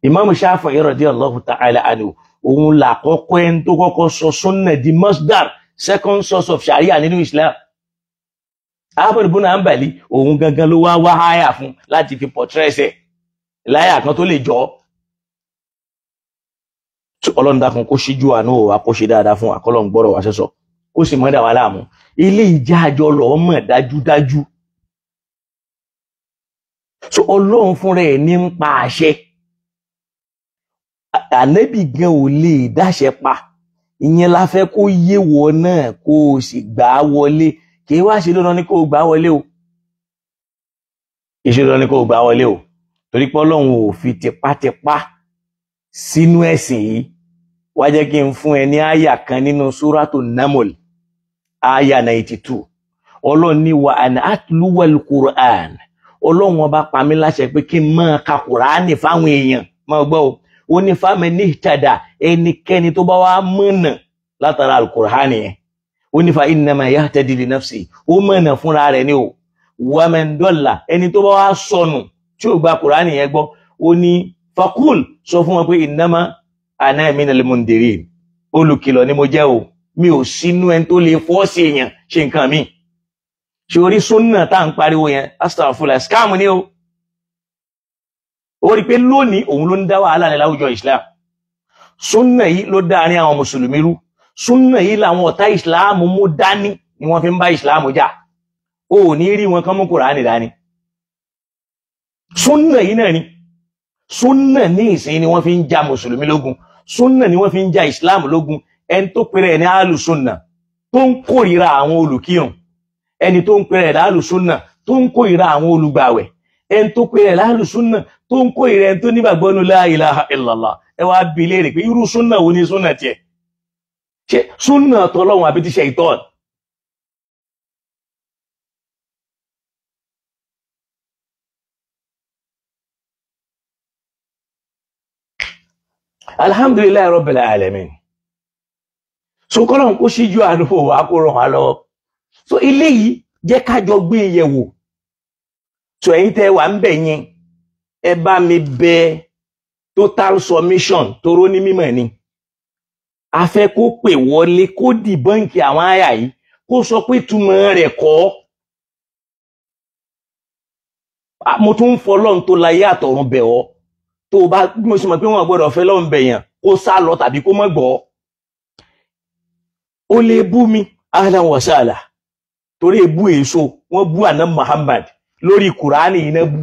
imam shafi'i radiyallahu ta'ala anhu òun là kọ́kọ́ ẹni tó kọ́kọ́ sọ súnà di masdar second source of sharia nínú islam ahmed buna hanbali òun gangan ló wá wá háyà fún láti fi pọtrẹsẹ láyà kan tó lè jọ ọlọ́run dákun kó ṣíjú àánú wa kó ṣe dáadáa fún àkọlọ́n gbọ́rọ̀ wa sẹ́sọ kó sì mọ́ dà láàmú ilé ìjà àjọ lọ́ọ́ mọ̀ dájúdájú so ọlọ́run fúnra ẹ̀ ní ń pa àṣẹ ànábì gan ò lè dáṣẹ pa ìyẹn la fẹ́ kó yé wọ náà kó o sì gbà á wọlé kì í wá ṣe lọ́nà ni kó o gbà á wọlé o kì í ṣe lọ́nà ni kó o gbà á wọlé o torí pé ọlọ́run ò fi tipátipá sínú ẹ̀sìn yìí wá jẹ́ kí n fún ẹ ní àyà kan nínú súrátù namol àyà 92 ọlọ́run ní wa an atluwal quran ọlọ́run ọba pa mí láṣẹ pé kí n máa ka kùránì fáwọn èèyàn máa gbọ́ o ó ní fámẹ́ni ìtàdà ẹnikẹ́ni tó bá wá mọ̀nà látara alukur'ani yẹn ó ní fa innama yahtadi li nafsi ó mọ̀nà fúnra rẹ̀ ni o wàmẹ́ndọ́là ẹni tó bá wá sọnù tí ò gba kur'ani yẹn gbọ́ ó ní fakul sọ fún wọn pé innama ana minal mundirin olùkìlọ̀ ni mo jẹ́ o mi ò sínú ẹni tó lè fọ́ọ̀sì èèyàn ṣe nǹkan mi ṣe orí súnà tá à ń pariwo yẹn astagfirullah scam ni o ó rí pé lónìí òun ló ń dá wàhálà ní láwùjọ islam súnà yìí ló dá àárín àwọn mùsùlùmí rú súnà yìí làwọn ọ̀tá islam mú dání ni wọ́n fi ń bá islam jà ó ní rí wọn kán mú kùránì dání súnà yìí náà ni súnà ní ìsìn ni wọ́n fi ń ja mùsùlùmí lógun súnà ni wọ́n fi ń ja islam lógun ẹni tó pèrè ẹni àlù tó ń kórìíra àwọn olùkírun ẹni tó ń pèrè ẹni àlù tó ń kórìíra àwọn olùgbàwẹ̀ ẹni tó pèrè ẹni àlù tó ń kó ìrẹ́ tó nígbàgbọ́ nínú la ilaha illallah ẹ wá bi léèrè pé irú súnà wo ni súnà tiẹ̀ ṣe súnà tọlọ́run àbí ti ṣe ìtọ́n alhamdulilayi rabbil alamin so kọ́lọ́run kó ṣíjú àánú wa lọ́wọ́ so eléyìí jẹ́ ká gbé e yẹ̀wò so ẹ̀yin tẹ́ wà ń bẹ̀ yẹn ẹ bá mi bẹ total submission toró ní mímọ̀ ni a fẹ́ kó pè wọlé kó dìbọ́ǹkì àwọn àyà yìí kó sọ pé túmọ̀ rẹ̀ kọ́ mo tún ń fọlọ́run tó láyé àtọ̀run bẹ̀ ọ́ tó o bá mo sì mọ̀ pé wọ́n gbọ́dọ̀ fẹ́ lọ́run bẹ̀yàn kó sá lọ tàbí kó mọ̀ gbọ́ ó lè bú mi ahlan wa sala torí èbú èso wọ́n bú àná Muhammad lórí Kùránì iná bú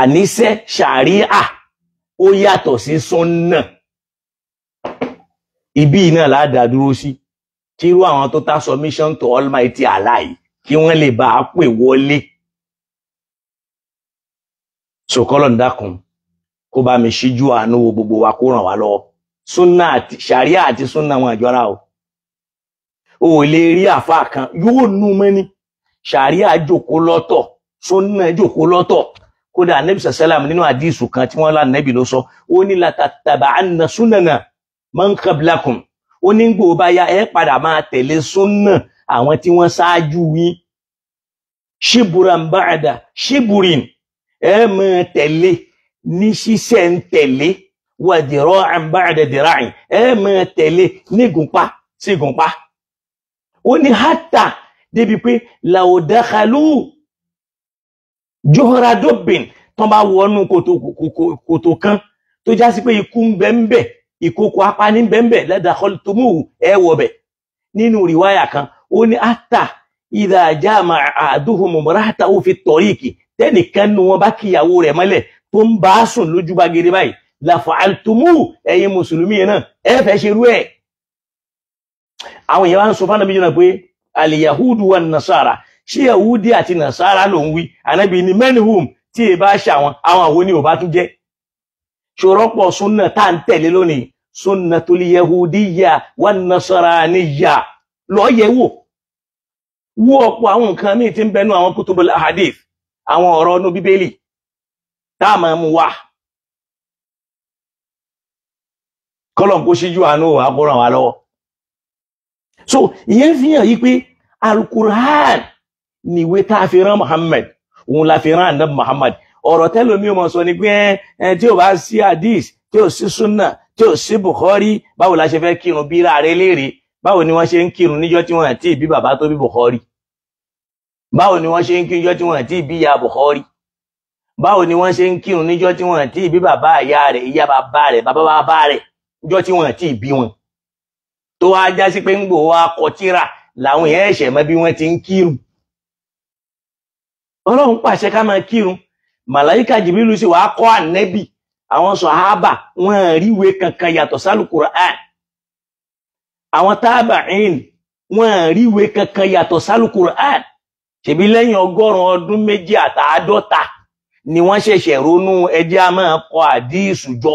àníṣe ṣàríà ó yàtọ̀ sí sọ́nà ibi náà ládàdúró sí kírú àwọn total submission to almighty Allah kí wọ́n lè bá a pè wọlé sòkọ́lọ̀ ń dákun kó bá mi ṣíjú àánú wo gbogbo wa kó ràn wá lọ́wọ́ súnà àti ṣàríà àti súnà wọn àjọra o ò lè rí àfa kan yóò nu mọ́ ṣàríà jòkó lọ́tọ̀ súnà jòkó lọ́tọ̀ kódà anabi sàlám nínú àdìsù kan tí wọ́n lá anabi ló sọ ó ní latataba anna sunana man qablakum ó ní gbò bá ya ẹ padà máa tẹ̀lé súnà àwọn tí wọ́n ṣáájú yín ṣíburan báàdà ṣíburin ẹ máa tẹ̀lé ní ṣiṣẹ́ ń tẹ̀lé wà dìrọ́ àǹbáàdà dìráìn ẹ máa tẹ̀lé nígùnpá sígùnpá ó ní hátà débi pé làwòdákalú johara dobin tán bá wọnú kòtò kan tó já sí pé ikú ń bẹ ń bẹ ìkòkò apani ń bẹ ń bẹ lẹ́dàkọ́lù tó mú ẹ wọ̀ bẹ̀ nínú rìwáyà kan ó ní ata ìdá àjàmà àdúhùn mọ̀mọ́ráta ó fi tọ̀ríkì tẹ́nìkan nu wọn bá kíyàwó rẹ̀ mọ́lẹ̀ tó ń bá sùn lójú bá gèrè báyìí làfà àtúmù ẹ̀yin mùsùlùmí náà ẹ fẹ́ ṣerú ẹ̀ àwọn èèyàn wá ń sọ fánàbí jọ náà pé àlìyàhúdù nasara ṣé yahudi àti nasara ló ń wí ànábì ni menhum tí ẹ bá ṣe àwọn àwọn àwọn ni ò bá tún jẹ́ ṣòrọ́pọ̀ súnà tá à ń tẹ̀lé lónìí súnà tó lè yahudiyya wà nasaraniyya lọ́ọ̀yẹ̀ wò wo ọ̀pọ̀ àwọn nǹkan míì tí ń bẹnu àwọn kutubul ahadith àwọn ọ̀rọ̀ inú bíbélì tá a máa mú wá kọ́lọ̀ kó ṣíjú àánú àkóràn wa lọ́wọ́ so ìyẹn fi hàn yí pé alukur'an ni ìwé fi rán Muhammad òun la fi rán àná Muhammad ọ̀rọ̀ tẹ́lómi ò mọ̀ sọ ni pé ẹ tí ò bá sí hadith tí ò sí sunna tí ò sí Bukhari báwo la ṣe fẹ́ kírun bí láàrẹ léèrè báwo ni wọ́n ṣe ń kírun níjọ́ tí wọ́n àti ìbí bàbá tó bí Bukhari báwo ni wọ́n ṣe ń kírun níjọ́ tí wọ́n àti ìbí ya Bukhari báwo ni wọ́n ṣe ń kírun níjọ́ tí wọ́n àti ìbí bàbá ìyá rẹ̀ ìyá bàbá rẹ̀ bàbá bàbá rẹ̀ níjọ́ tí wọ́n àti ìbí wọn tó wá já sí pé ń gbò wá kọtíra làwọn èèyàn ẹ̀ṣẹ̀ mọ́ bí wọ́n ti ń kírun ọlọ́run pàṣẹ ká máa kírun màláíkà jìbìlù sì wàá kọ́ ànẹ́bì àwọn sọ̀hábà wọn ríwe kankan yàtọ̀ sálùkùránì àwọn tábàáìn wọn ríwe kankan yàtọ̀ sálùkùránì ṣèbí lẹ́yìn ọgọ́rùn-ún ọdún méjì àtàádọ́ta ni wọ́n ṣẹ̀ṣẹ̀ ronú ẹjẹ́ a máa kọ àdíìsù jọ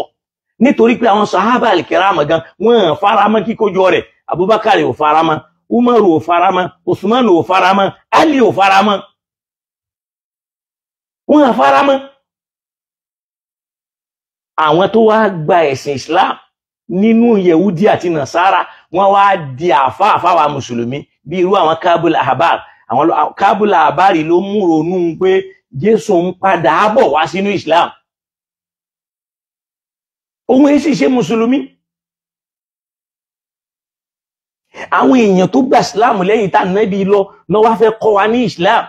nítorí pé àwọn sọ̀hábà àlìkẹ́rámọ̀ gan wọn faramọ́ kíkójọ rẹ̀ Abubakar ò faramọ́ Umaru ò faramọ́ Usman ò faramọ́ Ali ò faramọ́ wọn àfara mọ́ àwọn tó wá gba ẹ̀sìn Islam nínú yehudi àti nasara wọn wá di àfa àfáwà mùsùlùmí bí irú àwọn kábùlà àbár àwọn kábùlà àbárì ló mú ronú pé Jésù ń padà bọ̀ wá sínú Islam òun èyí sì ṣe mùsùlùmí àwọn èèyàn tó gba Islam lẹ́yìn tá nàbí lọ lọ wá fẹ́ kọ́ wa ní Islam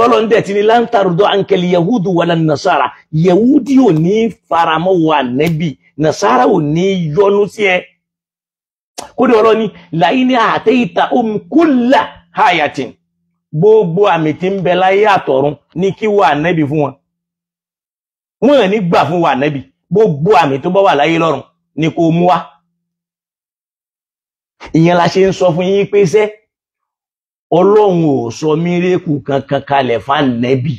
tọ́lọ́ ń dẹ̀ ti ní láńtàrúdọ́ àǹkẹ́lì yahudu wàlà nasara yahudi ò ní faramọ́ wa nẹ́bì nasara ò ní yọnu sí ẹ kódé ọ̀rọ̀ ni láyé ní àtẹ́yìntà omkúlà um hayatin gbogbo àmì tí ń bẹ láyé àtọ̀run ní kí wà nẹ́bì fún wọn wọn ní gbà fún wa nẹ́bì gbogbo àmì tó bá wà láyé lọ́run ni kò mú wa ìyẹn la ṣe ń sọ fún yín pé sẹ́ẹ́ ọlọ́run ò sọ mírèkù kankan kalẹ̀ fánẹ́bì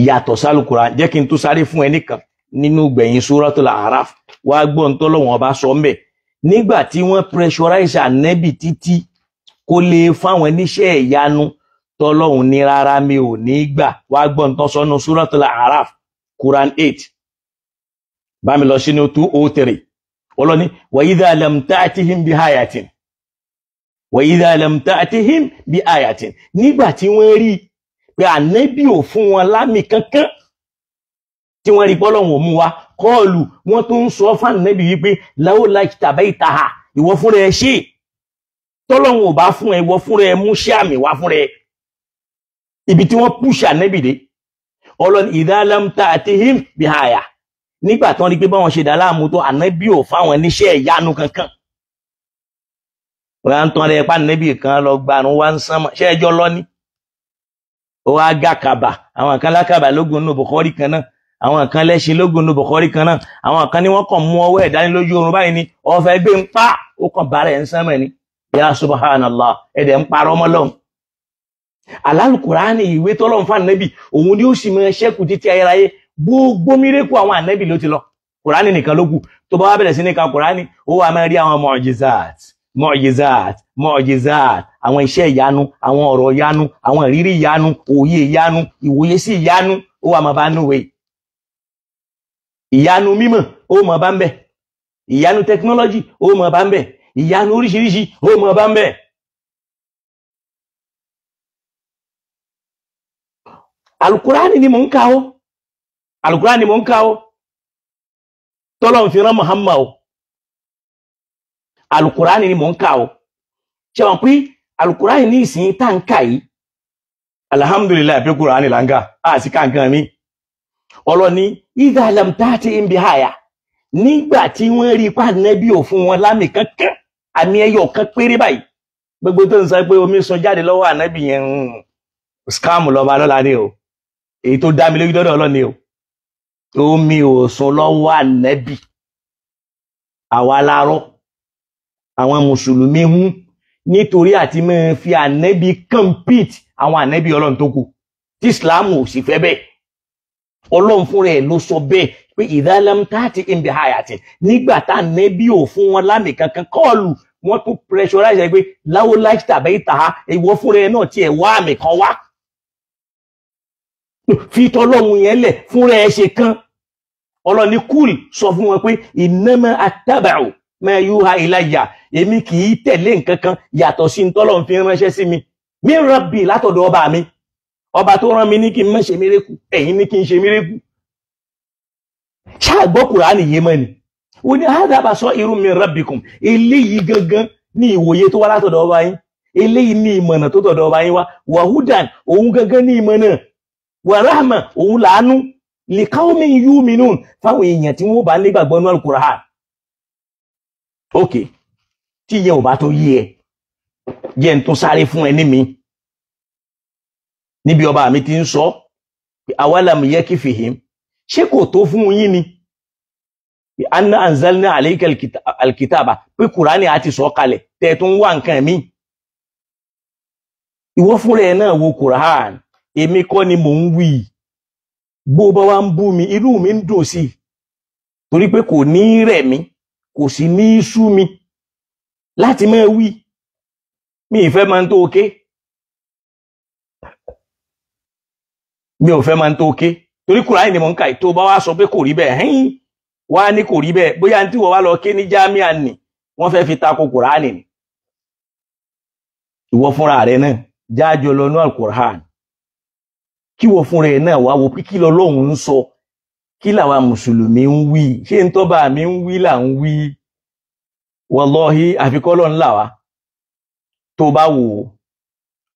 ìyàtọ̀ sálùkùrà jẹ́ kí n tó sáré fún ẹ nìkan nínú gbẹ̀yìn suratul araf wá gbọ́n tọ́lọ́wọ́n ọba sọ mbẹ̀ nígbà tí wọ́n pressurize ànẹ́bì títí kó lè fáwọn oníṣẹ́ ìyanu tọ́lọ́hun ní rárá mi ò ní gbà wá gbọ́n tọ́ sọ́nù suratul araf quran eight bá lọ sínú two oh ọlọ́ni wa idha lam ta'tihim bihayatin wàyídà lẹ́mtà àti him bí ayatin nígbà tí wọ́n rí pé ànábì ò fún wọn lámì kankan tí wọ́n rí pọ́lọ́hún mú wa kọ́ọ̀lù wọ́n tún ń sọ fáànàbì wípé láwọ́ láì tàbá ìta ha ìwọ fúnra ẹ ṣe tọ́lọ́hún ò bá fún ẹ ìwọ fúnra ẹ mú sí àmì wá fúnra ẹ ibi tí wọ́n pùṣà ànábì dé ọlọ́ni ìdá lẹ́mtà àti him bí aya nígbà tán rí pé báwọn ṣe dá láàmú tó ànábì ò fáwọn níṣẹ́ ìyanu ọ̀rá ń tán rẹ̀ pánìlẹ́bì kan lọ gbarun wá ń sánmọ̀ ṣé ẹjọ́ lọ́ní ó wá gà kàbà àwọn kan lákàbà lógun nù bùkọ́rí kan náà àwọn kan lẹ́ṣin lógun nù bùkọ́rí kan náà àwọn kan ní wọ́n kàn mú ọwọ́ ẹ̀dá lójú oorun báyìí ni ọ̀fẹ́ gbé ń pa ó kàn bá rẹ̀ ń sánmọ̀ ni yà subhanallah ẹ̀dẹ̀ ń parọ́ mọ́ lọ́hùn alálùkùránì ìwé tọ́lọ́hún fànẹ́bì òun ni ó sì mọ ṣẹ́kù títí ayérayé gbogbo mírèkù àwọn ànẹ́bì ló ti lọ kùránì nìkan ló kù tó bá wá bẹ̀rẹ̀ sí ní ka kùránì ó wà máa rí àwọn mu'jizat mọ̀jìzáàt mọ̀jìzáàt àwọn iṣẹ́ ìyanu àwọn ọ̀rọ̀ ìyanu àwọn ìrírí ìyanu òye ìyanu ìwòye sí ìyanu ó wà máa bá núwe ìyanu mímọ̀ ó máa bá ń bẹ̀ ìyanu tẹkinọ́lọ́jì ó máa bá ń bẹ̀ ìyanu oríṣiríṣi ó máa bá ń bẹ̀. alukurani ni mò ń kà o alukurani mò ń kà o tọ́lọ́ ń rán Muhammad alukurani ni mò ń kà o ṣe wọn pé alukurani ni ìsìn tá ń kà yìí alhamdulilayi pé kurani là ń kà á sì ká nǹkan mi ọlọ́ni ìdá alamtaati ń bi àyà nígbà tí wọ́n rí ipá nẹ́bí ò fún wọn kankan àmì ẹyọ kan péré báyìí gbogbo tó ń sọ omi sun jáde lọ́wọ́ ànábì yẹn hmm, scam lọ́ba lọ́la ni o èyí tó dá mi lójú dọ́dọ̀ ọlọ́ni o omi ò sun lọ́wọ́ ànábì àwa la àwọn mùsùlùmí hún nítorí àti máa fi ànẹ́bí compete àwọn ànẹ́bí ọlọ́run tó kù tí ìsìláàmù ò sì fẹ́ bẹ́ẹ̀ ọlọ́run fúnra ẹ̀ ló sọ bẹ́ẹ̀ pé ìdálẹ́mtà àti ìbí hayatin nígbà tá ànẹ́bí ò fún wọn lámì kankan kọ́ọ̀lù wọ́n tún pressurize ẹ pé láwo lifestyle bẹ́ẹ̀ tà á ìwọ fúnra ẹ náà tiẹ̀ wá àmì kan wá fi tọ́lọ́run yẹn lẹ̀ fúnra ẹ ṣe kan ọlọ́ni kúl sọ fún wọn pé ìnáma àtàbàrò máa yúha ìlàyà èmi kì í tẹ̀lé nǹkan kan yàtọ̀ sí ntọ́lọ́run fi ránṣẹ́ sí mi mi rabbi látọ̀dọ̀ ọba mi ọba tó rán mi ní kí n má ṣe mérékù ẹ̀yin ní kí n ṣe mérékù ṣáàgbọ́ kùránì yé mọ́ ni wọ́n ní àdàbà sọ irú mi rabbikum eléyìí gangan ní ìwòye tó wá látọ̀dọ̀ ọba yín eléyìí ní ìmọ̀nà tó tọ̀dọ̀ ọba yín wá wàhúdàn òun gangan ní ìmọ̀nà wàràhàmà òun làánú lìkáwọ́mí yúmínú fáwọn èèyàn tí wọ́n bá nígbàgbọ́ nínú Al-Qur'an ok tí ìyẹn ò bá tó yé ẹ jẹ́ n tún sáré fún ẹ mi níbi ọba mi ti ń sọ awalam yẹ kí fihim ṣé kò tó fún yín ni anna anzalna alayka alkitaba pé kùránì àti sọ kalẹ̀ tẹ́ tún wá nǹkan mi ìwọ fúnra ẹ náà wo kùránì èmi kọ́ ni mò ń wí bó bá wá ń bú mi irú mi ń dùn sí torí pé kò ní rẹ̀ mí kò sì ní í sú mi láti máa wí mi ì fẹ́ máa ń tó oké mi ò fẹ́ máa ń tó oké torí kùráì ni mò ń kà tó bá wá sọ pé kò rí bẹ́ẹ̀ hẹ́yìn wá ní kò rí bẹ́ẹ̀ bóyá ní tí wọ́n wá lọ ké ní jámíà nì wọ́n fẹ́ fi tako kùráànì ni ìwọ fúnra rẹ náà jáàjọ lọ ní àlùkùráànì kí wọ́n fúnra rẹ náà wá wo pé kí lọ́lọ́run ń sọ. So kí làwa mùsùlùmí ń wí ṣé n tọ́ba mi ń wí là ń wí wọlọ́hí àfikọ́ ọlọ́run làwa tó bá wò ó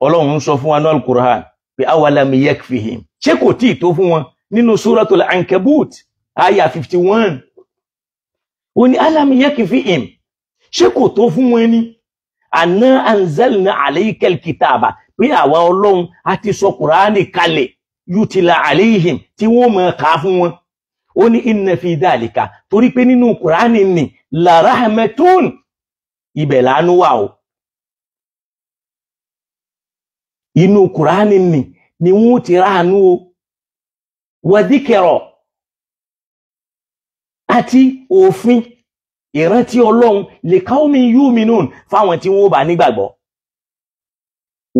ọlọ́run ń sọ fún wa náà kùrán pé awalam yakfihim ṣé kò tí ì tó fún wọn nínú suratul ankabut aya fifty one ó ní alam yakfihim ṣé kò tó fún wọn ni àná anzalna alaykal kitaba pé àwa ọlọ́run a ti sọ kùránì kalẹ̀ yutila alayhim tí wọ́n máa kà fún wọn ó ní inna fi dhalika torí pé nínú kùránì ni la rahmatun ibẹ̀ láánú wà o inú kùránì ni ni wọ́n ti ráàánú o wa dhikra àti òfin ìrántí ọlọ́run lè káwọ́mí yu'minun fáwọn tí wọ́n bá nígbàgbọ́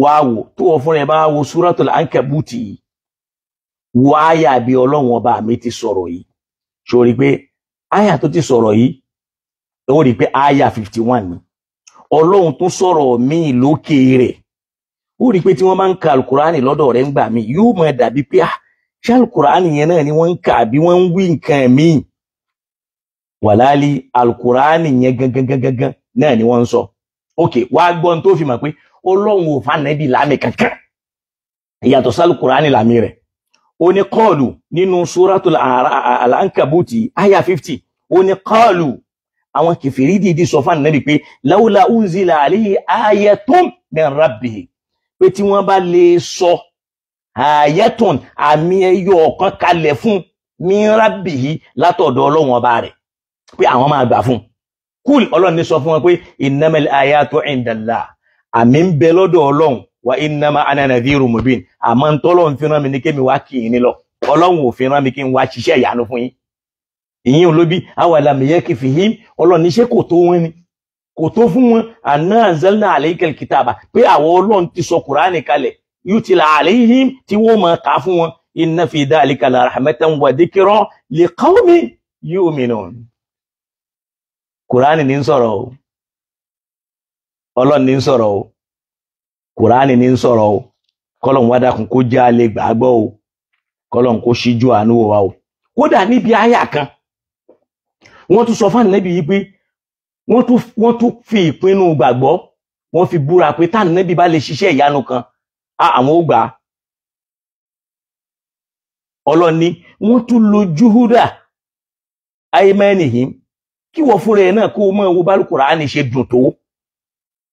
wàá wò tó wọ́n fúnra ẹ̀ bá wo suratul ankabuti yìí wo àyà bí ọlọ́run ọba mi ti sọ̀rọ̀ yìí sórí pé aya tó ti sọ̀rọ̀ yìí ó rí pé àyà fifty one ni ọlọ́run tó sọ̀rọ̀ míì lókè rẹ̀ ó rí i pé tí wọ́n máa ń ka alukurani lọ́dọ̀ rẹ̀ ń gbà mí yóò máa dàbí pé ah ṣé alukurani yẹn náà ni wọ́n ń kà bí wọ́n ń wí nǹkan míì wàláàlì alukurani yẹn gangan gangan gangan náà ni wọ́n ń sọ ok wàá gbọ́n tó fi mọ̀ pé ọlọ́run ò fa nàbì lámì kankan ìyàtọ̀ sí alukurani lámì rẹ̀ ó ní kọ́ọ̀lù nínú suratul al-ankabuti 50. fifty ó ní kọ́ọ̀lù àwọn kẹfìrí dìídì sọ fún ànábì pé láwùlà unzila alayhi ayatun min rabbihi pé tí wọ́n bá lè sọ ayatun àmì ẹyọ ọ̀kan kalẹ̀ fún min rabbihi látọ̀dọ̀ ọlọ́run ọba rẹ̀ pé àwọn máa gbà fún kúl ọlọ́run ní sọ fún wọn pé innamal ayatu indallah àmì ń bẹ lọ́dọ̀ ọlọ́run wa innama ana nadhirun mubin àmọ́ ntọ́lọ́run fi rán mi ní kémi wá kì í ní lọ ọlọ́run ò fi rán mi kí n wá ṣiṣẹ́ ìyanu fún yín ìyín olóbi awalam yakfihim ọlọ́run níṣẹ́ kò tó wọn ni kò tó fún wọn àná anzalna alaykal kitaba pé àwọn ọlọ́run ti sọ kùránì kalẹ̀ yutila alayhim tí wọ́n máa kà fún wọn inna fi dhalika la rahmatan wa dhikra liqawmin yu'minun kùránì ní ń o ọlọ́run ní ń o kùránì ní ń sọ̀rọ̀ o kọ́lọ̀n wá dákun kó já lè gbàgbọ́ o kọ́lọ̀n kó ṣíjú àánú wa o kódà níbi àyà kan wọ́n tún sọ fáwọn nẹ́bí yìí pé wọ́n tún fi ìpinnu gbàgbọ́ wọ́n fi búra pé táwọn nẹ́bí bá lè ṣiṣẹ́ ìyanu kan àwọn ó gbà á ọlọ́ni wọ́n tún lo júhúdà aimanihim kí wọ́n fúnra ẹ̀ náà kó o mọ̀ bálùkùránì ṣe dùn tó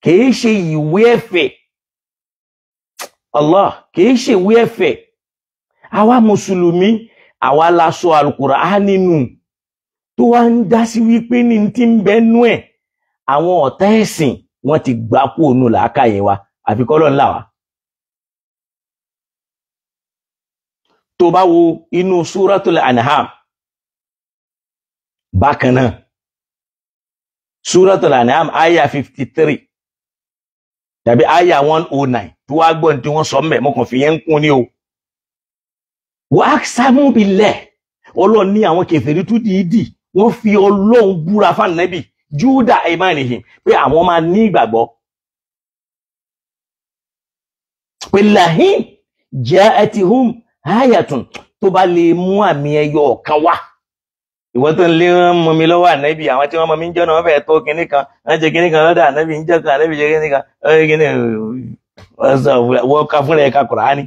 kì í ṣe ìwé ẹ̀fẹ̀ Allah kìí ṣe ìwé ẹ̀fẹ̀ àwa mùsùlùmí àwa la sọ Al-Qur'ani nù tó wá ń dá sí wípé ní ti ń bẹ́nu ẹ̀ àwọn ọ̀tá ẹ̀sìn wọ́n ti gbá kú ònú làákàyè wa àfi kọ́ lọ́nà làwà. tó bá wo inú Suratul An'am bákan náà Suratul An'am àyà fifty three tàbí àyà one oh nine tó wá gbọ́n tí wọ́n sọ mẹ́ mo kàn fi yẹn ń kún ni o. wàá sámú bilẹ̀ ọlọ́run ní àwọn kẹfẹ́rí tó dìídì wọ́n fi ọlọ́run búra fáànẹ́bì júdà ìmánìhìn pé àwọn máa ní ìgbàgbọ́. pé lahim jẹ́ ẹtì hum hayatun tó bá lè mú àmì ẹyọ ọ̀kan wá ìwọ tó ń lé wọn mú mi lọ́wọ́ ànábì àwọn tí wọ́n mọ mi ń jọ náà wọ́n fẹ́ẹ̀ tó kinní kan wọ́n jẹ kinní kan lọ́dọ̀ ànábì ń jẹ kan ànábì jẹ kinní kan ó yẹ kinní wọ́n ka fúnra ẹ̀ka kùránì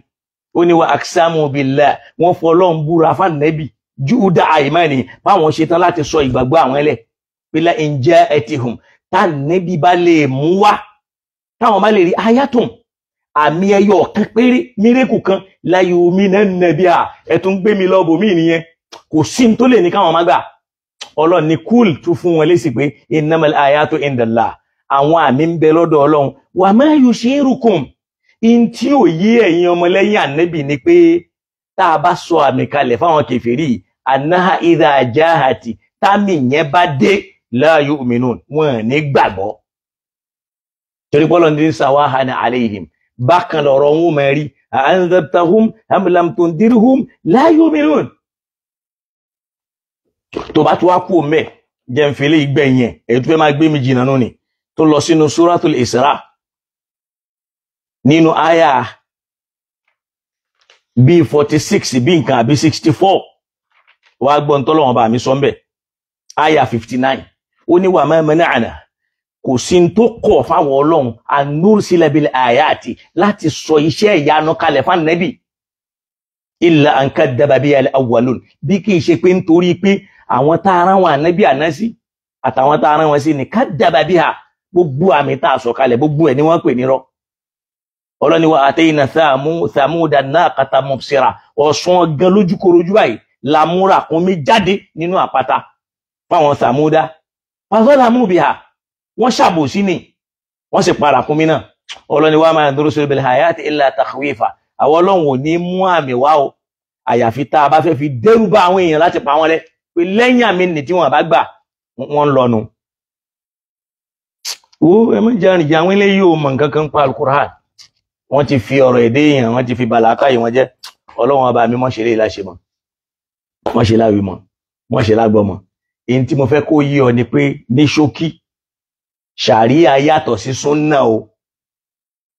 ó ní wa aksamu billah wọ́n fọ ọlọ́run búra fánàbì júdà àìmáàní báwọn ṣe tán láti sọ ìgbàgbọ́ àwọn ẹlẹ̀ pẹ̀lá in ja'atihum tánàbì bá lè mú wá táwọn bá lè rí ayatun àmì ẹyọ ọ̀kan péré mírèkù kan la yu'minanna biha ẹ̀tún gbé mi lọ bòmí nìyẹn kò sí ní tó lè ní káwọn má gbà ọlọ́run ní kúl tún fún wọn lésì àwọn àmì ń bẹ lọ́dọ̀ ọlọ́run wa ma yushirukum in tí ò yé ẹ̀yin ọmọlẹ́yìn ànábì ni pé tá a bá sọ àmì kalẹ̀ fáwọn kẹfìrí ànáhà ìdá ajá àti támì yẹn bá dé láàyò òmìnú wọn ní gbàgbọ́ torí pọ́lọ́ ní sàwáhà ní alayhim bákan lọ̀rọ̀ wọn máa rí àánzẹ́tàhùm amlamtundirhum láàyò òmìnú tó bá tó wá kú mẹ́ jẹ́ ń fẹ́lẹ́ ìgbẹ̀yìn ẹ̀ tó fẹ́ máa gbé mi jìnnà nù ni tó lọ sínú suratul Isra nínú àyà bíi 46 six bíi nǹkan àbí sixty four wàá gbọ́ ntọ́lọ́wọ́n bá mi sọ ń bẹ̀ àyà fifty nine ó ní wà máa mẹ́nà àná kò sí tó kọ̀ fáwọn ọlọ́run anúrúsílẹ̀bílẹ̀ àyà àti láti sọ iṣẹ́ ìyanu kalẹ̀ fún ilà àǹkà dábàbí awwalun bí kì í ṣe pé nítorí pé àwọn tá a rán wọn ànábì àná sí àtàwọn tá a wọn sí ni ká dábàbí ha gbogbo àmì tá a sọ kalẹ̀ gbogbo ẹ̀ ni wọ́n pè nírọ́ ọlọ́ni wa àtẹ́yìn sàmú sàmúdà náà kàtà mọ̀síra ọ̀sán gan lójúkorojú báyìí làmúra kún mi jáde nínú àpáta fáwọn sàmúdà pàṣọ́làmú bìhà wọ́n ṣàbòsí ni wọ́n sì para kún mi náà ọlọ́ni wa máa dúró sórí bẹ̀rẹ̀ hayat ilà takhwifa àwọn ọlọ́run ò ní mú àmì wá o àyàfi tá a bá fẹ́ fi dẹ́rù bá àwọn èèyàn láti pa wọ́n rẹ́ pé lẹ́yìn àmì nì tí wọ́n bá gbà wọ́n ń lọnu. wo ẹ mọ̀ jẹ́ àrìnjẹ́ àwọn eléyìí ò mọ̀ nǹkan kan pa alukur'an wọ́n ti fi ọ̀rọ̀ èdè èèyàn wọ́n ti fi bàlákà yìí wọ́n jẹ́ ọlọ́wọ́n ọba mi mọ̀ṣẹ́lẹ̀ ìlàṣẹ mọ̀ mọ̀ṣẹ́ láwí mọ̀ mọ̀ṣẹ́ lágbọ̀mọ̀ èyí tí mo fẹ́ kó yí ọ ni pé ní ṣókí ṣàríà yàtọ̀ sí súnà o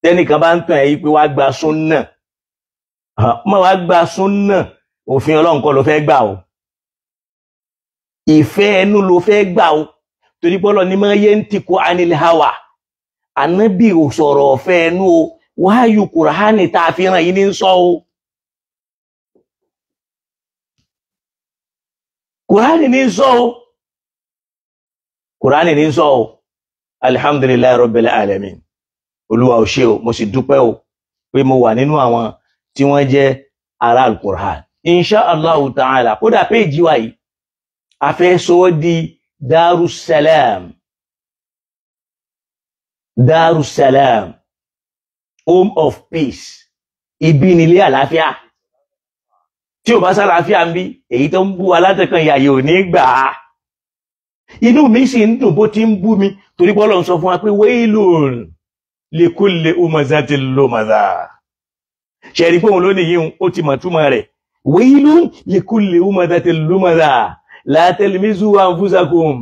tẹ́nìkan bá ń tàn ẹ́ yí pé wá gba súnà mọ̀ wá gba súnà òfin ọlọ́run kọ́ ló fẹ́ gbà o ìfẹ́ ẹnu ló fẹ́ gbà o torí pé ọlọ́run ní mọ̀ yé ń tìkú anil hawa ànábì ò sọ̀rọ̀ ọ̀fẹ́ ẹnu o wáyù kùránì tá a fi ràn yín ní sọ o kùránì ní sọ o kùránì ní sọ o alihamdulilayi rabbil alamin olúwa ò ṣe o mo sì dúpẹ́ o pé mo wà nínú àwọn tí wọ́n jẹ́ ará alukur'an insha allah ta'ala kódà péèjì wa yìí a fẹ́ sọ di darussalam darussalam home of peace ibi nílé àlàáfíà tí ò bá sálàáfíà ń bí èyí tó ń bú alátẹ̀kàn ìyàyè ò ní gbà á inú mi sì ń dùn bó ti ń bú mi torí pé Ọlọ́run sọ fún wa pé wailun likulli humazatil lumaza ṣẹ̀rí pé òun ló nìyí ó ti mọ̀ túmọ̀ rẹ̀ wailun likulli humazatil lumaza la telmizu anfusakum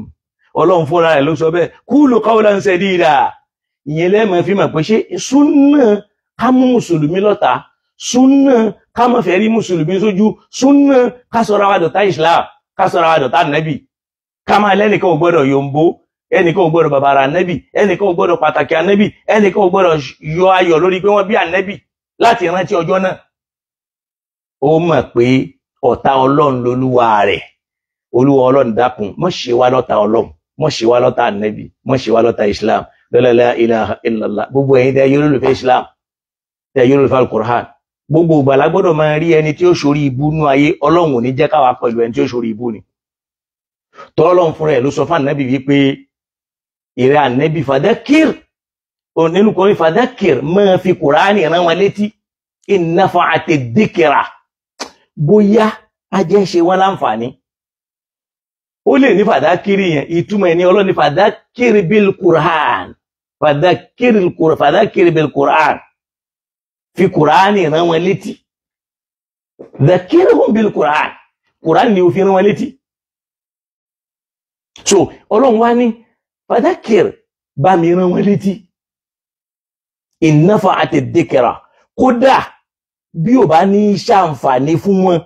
Ọlọ́run fúnra rẹ̀ ló sọ bẹ́ẹ̀ kulu qawlan sadida ìyẹn lẹ́mọ̀ fi mọ̀ pé ṣé súnà ká mú mùsùlùmí lọ́ta súnà ká mọ̀ fẹ́ rí mùsùlùmí sójú súnà ká sọra wa dọ̀tá islam ká sọra wa dọ̀tá nẹ́bì ká máa lẹ́nìkan ò gbọ́dọ̀ yòǹbó ẹnìkan ò gbọ́dọ̀ bàbàrà nẹ́bì ẹnìkan ò gbọ́dọ̀ pàtàkì anẹ́bì ẹnìkan ò gbọ́dọ̀ yọ ayọ̀ lórí pé wọ́n bí anẹ́bì láti rántí ọjọ́ náà ó mọ̀ pé ọ̀tá ọlọ́run lolúwa rẹ̀ olúwa ọlọ́run dákun mọ̀ ṣe wá lọ́tá ọlọ́run mọ̀ ṣe wá lọ́tá anẹ́bì mọ̀ ṣe wá lọ́tá islam lọ́lọ́lá ilaha illallah gbogbo ẹ̀yin tẹ́ yóò lùfẹ́ islam tẹ́ yóò lùfẹ́ alukur'an gbogbo ìgbàlá gbọ́dọ̀ máa rí ẹni tí ó ṣorí ibú nú ayé ọlọ́run ò ní jẹ́ káwa pẹ̀lú ẹni tí ó ṣorí ibú ni tọ́lọ́run fúnra ẹ̀ ló sọ fún ànábì wípé ìrẹ́ ànábì fàdákìr nínú kan fàdákìr máa fi kùránì rán wọn létí ìnáfà àti dìkìrà bóyá ajẹ́ ṣe wọn láǹfààní ó lè ní fàdákìrì yẹn ìtumọ̀ ẹni ọlọ́ni fàdákìrì bíl kùrán fàdákìrì bíl kùrán fi kùránì rán wọn létí dàkírìhùn bíl kùrán kùrán ni ó fi rán wọn létí so ọlọ́run wá ní fàdákìrì bá mi rán wọn létí ìnáfà àti dìkìrà kódà bí ò bá ní ṣàǹfààní fún wọn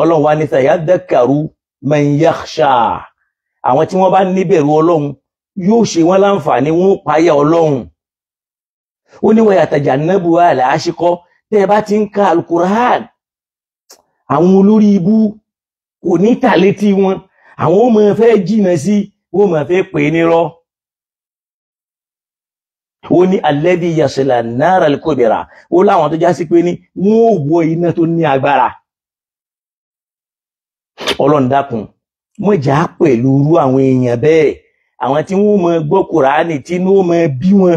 ọlọ́run wá ní sàyà dàkàrú man yakhsha àwọn tí wọ́n bá níbẹ̀rù ọlọ́run yóò ṣe wọ́n láǹfààní wọn ó páyà ọlọ́run ó ní wọ́n yàtàjà nẹ́bù àlẹ́ àṣekọ́ tẹ́ ẹ bá ti ń ka alukur'an àwọn olórí ibú kò ní tàlé tí wọn àwọn ó máa fẹ́ jìnnà sí wọ́n máa fẹ́ pè é alladhi yasla an-nar al-kubra ó láwọn tó já sí pé ní wọ́n ò wọ iná tó ní agbára ọlọ́run dákun mọ̀ já pẹ̀lú irú àwọn èèyàn bẹ́ẹ̀ àwọn tí wọ́n mọ gbọ́ kùránì tí wọ́n mọ bí wọn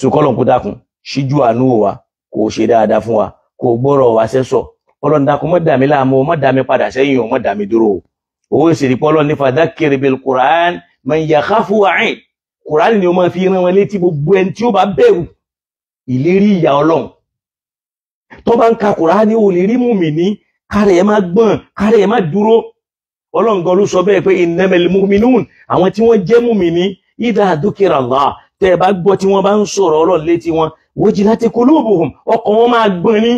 sùkọ́lọ̀ kó dákun ṣíjú àánú wa kò ṣe dáadáa fún wa kò gbọ́rọ̀ wa sẹ́sọ̀ ọlọ́run dákun mọ̀ dà mí láàmú mọ̀ dà mí padà sẹ́yìn o mọ̀ dà mí dúró o owó ìsìnkú ọlọ́run ní fadhakkir bil Qur'an man yakhafu wa'id kùránì ni o máa fi rán wọn létí gbogbo ẹni tí ó bá bẹ̀rù ìlérí ìyà ọlọ́run tó bá ń ka kùránì ò lè rí mùmí ní kárẹ̀ ẹ̀ máa gbọ̀n kárẹ̀ ẹ̀ máa dúró ọlọ́run gan ló sọ bẹ́ẹ̀ pé innamal mu'minun àwọn tí wọ́n jẹ́ mùmìnì idha dhukira Allah tẹ́ ẹ bá gbọ́ tí wọ́n bá ń sọ̀rọ̀ ọlọ́run létí wọn wajilat qulubuhum ọkàn wọn máa gbọ̀n ni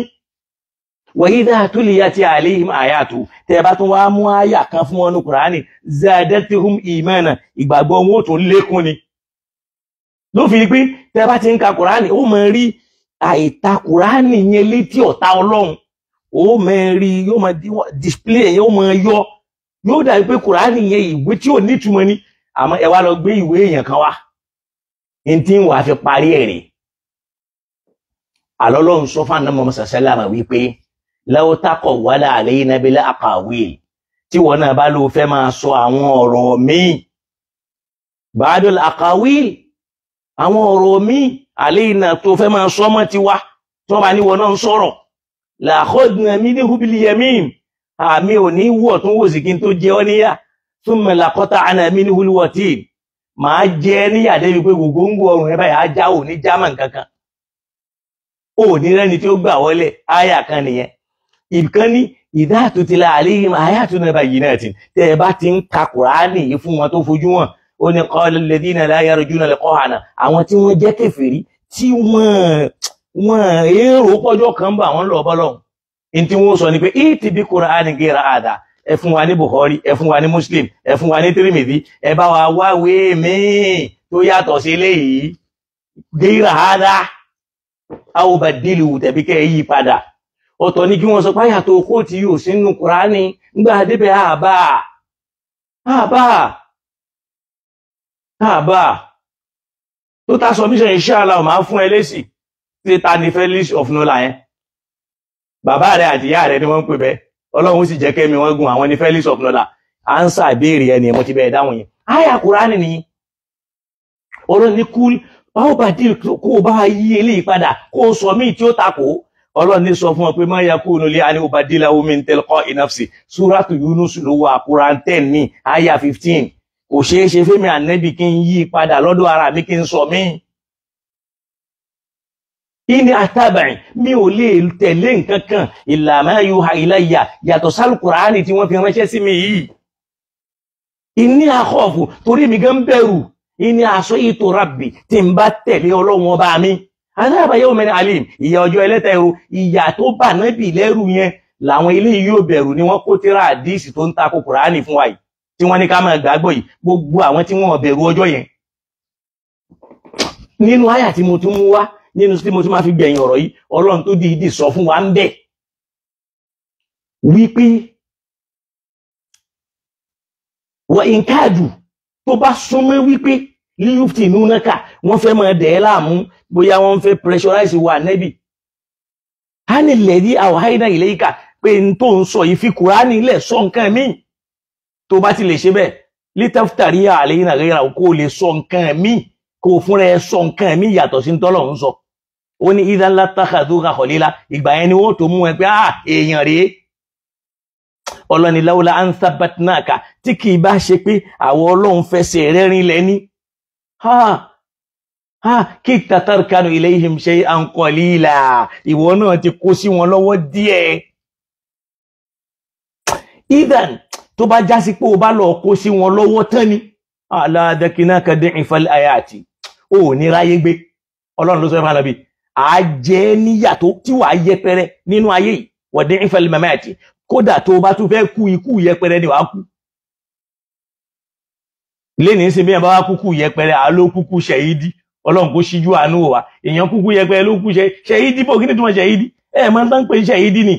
wa idha tuliyat alayhim ayatu tẹ́ ẹ bá tún wá mú àyà kan fún wọn kùránì zadatuhum imana ìgbàgbọ́ wọn ò tún lékún ni ló fi pín tẹ́ ẹ bá ti ń ka kùránì ó máa rí àìta kùránì yẹn létí ọ̀tá ọlọ́run ó mẹ́rin yóò máa display yẹn ó máa yọ yóò dàbí pé kùránì yẹn ìwé tí ò nítumọ̀ ni àmọ́ ẹ wá lọ gbé ìwé èèyàn kan wá n tí ń wà fi parí ẹ̀ rè àlọ́lọ́run sọ fún àná mọ́mọ́sà sẹ́lámà wípé law taqawwala alayna bil aqawil tí wọn náà bá ló fẹ́ máa sọ àwọn ọ̀rọ̀ míì ba'dul aqawil àwọn ọ̀rọ̀ míì alayna tó fẹ́ máa sọ mọ́ tiwa tí wọ́n bá ní wọn náà ń sọ̀rọ̀ làkọ́dùnà mi ní hubili yamin àmì ò ní wọ̀ tún wò sí kí n tó jẹ ọ́ níyà tún mẹ́la kọ́ta àná mi ní hulu wọ̀tí màá jẹ níyà débi pé gògóńgò ọrùn ẹ báyìí ajá ò ní german kankan ò ní rẹ́ni tí ó gbà wọlé àyà kan nìyẹn ìkan ní ìdá àtútìlà àlẹ́yìn àyà àtúnà báyìí náà tì tẹ́ ẹ bá ti ń ka kùránì yìí fún wọn tó fojú wọn ó ní kọ́ lẹ́dínà láyà rẹ̀ júnà lẹ́kọ́ àná àwọn tí wọ́n jẹ́ kẹfìrí tí wọ́n wọn èrò pọjọ kan bá wọn lọ bọ́lọ́hùn ní tí wọ́n sọ ni pé ìtì bí Kùránì gẹ́ra àdá ẹ fún wa ní Bukhari ẹ fún wa ní Muslim ẹ fún wa ní Tirmidhi ẹ bá wa wá wéé míì tó yàtọ̀ sí eléyìí gẹ́ra àdá àwọn bá dìlù tẹ̀bí kẹ́ ẹ yí padà ọ̀tọ̀ ni kí wọ́n sọ páyà tó kó tí yóò sínú Kùránì ńgbà débẹ̀ àbá àbá àbá total submission inshallah máa fún ẹ lésì tí ta ni Felix of Nola yẹn bàbá rẹ àti ìyá rẹ ni wọ́n ń pè bẹ́ẹ̀ Ọlọ́run sì jẹ́ kẹ́mi wọ́n gùn àwọn ni Felix of Nola ansa ìbéèrè ẹni mo ti bẹ́ẹ̀ dáhùn yẹn àyà Kùránì nìyí Ọlọ́run ní kú báwo bá dé kó o bá yí eléyìí padà kó o sọ míì tí ó takò Ọlọ́run ní sọ fún ọ pé má yà kúrò nílé àní ọba dílà omi ń tẹlẹkọ ìnáfsì súrátù Yunus ló wà Kùránì ten ní àyà fifteen kò ṣeé ṣe fẹmi ànẹbì kí n yí padà lọ́dọ̀ ara mi kí n sọ míì ìní àtàbàrìn mi ò lè tẹ̀lé nǹkan kan ìlàmà yuha ilayya yàtọ̀ sálùkùránì tí wọ́n fi ránṣẹ́ sí mi yìí ìní àkọ́ọ̀fù torí mi gan bẹ̀rù ìní àṣọ ìtò rabbi tí n bá tẹ̀lé ọlọ́wọ́n bá mi adáàbà yóò mẹ́rin alim ìyà ọjọ́ ẹlẹ́tẹ̀ ẹ̀rù ìyà tó bà nábì lẹ́rù yẹn làwọn ilé yìí yóò bẹ̀rù ni wọ́n kó tíra àdíìsì tó ń takò kùránì fún wa yìí tí wọ́n ní ká máa gbàgbọ́ yìí gbogbo àwọn tí wọ́n bẹ̀rù ọjọ́ yẹn nínú àyà tí mo tún mú nínú tí mo tún máa fi gbẹ̀yìn ọ̀rọ̀ yìí ọlọ́run tó dìídì sọ fún wa ń bẹ̀ wípé wọ ìǹkáàdù tó bá súnmọ́ wípé lílùfì núnáka wọ́n fẹ́ máa dẹ̀ ẹ́ láàmú bóyá wọ́n fẹ́ pressurize wa nẹ́bì á ní lẹ́dí àwáhídà ìlẹ́yìká pé n tó ń sọ yìí fi kùránì lẹ̀ sọ nǹkan míì tó bá ti lè ṣe bẹ́ẹ̀ lítẹ́fítàrí àlẹ́yìn àgẹ́yìn kó lè sọ nǹkan míì kó fúnra ẹ sọ nǹkan míì yàtọ̀ sí ń tọ́lọ̀ ń sọ ó ní ìdánlá tàkàdúrà kọ̀lélá ìgbà yẹn ni wọ́n tó mú ẹ pé à ah, èèyàn rèé ọlọ́nilawula ansa batnaka tí kì í bá ṣe pé àwọn ọlọ́run fẹsẹ̀ rẹ̀ rinlẹ̀ ní kí tatar kanu ilayhim shay'an qalila ìwọ náà ti kó sí wọn lọ́wọ́ díẹ̀ idan tó bá já pé o bá lọ kó sí wọn lọ́wọ́ tán ni aláàdákiná kadé ìfẹ́lẹ́ ayati ò ní ráyé gbé ọlọ́run ló sọ fún alábì àjẹ́ níyà tó tí wàá yẹpẹrẹ nínú ayé yìí wọ̀dẹ́ ìfẹ́lẹ́ mẹ́mẹ́ àti kódà tó bá tún fẹ́ kú ikú yẹpẹrẹ ni wàá kú lẹ́ni ń sin bí ẹ̀ bá wá kúkú yẹpẹrẹ àló kúkú ṣẹ̀yídí ọlọ́run kó ṣíjú àánú wa èèyàn kúkú yẹpẹrẹ ló kú ṣẹ̀yídí bò kí ni tí wọ́n ṣẹ̀yídí ẹ̀ máa ń tán pé ṣẹ̀yídí ni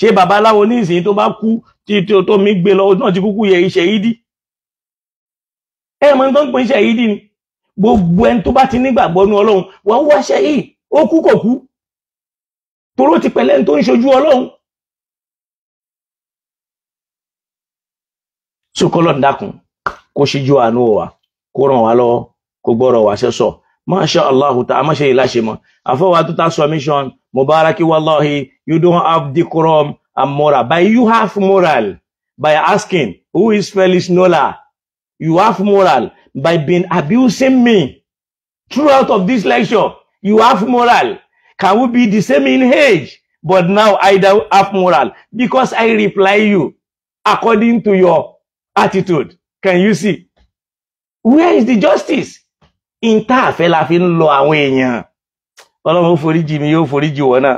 ṣé babaláwo ní ìsìn tó bá kú tó mi gbé lọ náà ti kúkú yẹ ṣẹ̀yídí ẹ̀ máa ń tán pé ṣẹ̀yídí ni gbogbo ẹni tó bá ti nígbàgbọ́ ní ọlọ́run wọ́n wáṣẹ́ yìí ó kú kò kú toró ti pẹ̀lẹ́ tó ń ṣojú ọlọ́run sókọ́lọ̀ ń dákun kó ṣíjú àánú wa kó ràn wá lọ́wọ́ kó gbọ́rọ̀ wá sẹ́sọ̀ masha allah ta amáṣe yìí láṣẹ mọ́ àfọwà tó ta submission mubaraki wallahi you don't have decorum and moral by you have moral by asking who is Felix Nola You have moral by being abusing me. Throughout of this lecture, you have moral. Can we be the same in age? But now I don't have moral because I reply you according to your attitude. Can you see? Where is the justice? In ta fẹ́ la fi ń lọ àwọn èèyàn. Ọlọ́run ó foríjì mi yóò foríjì wọ́n náà.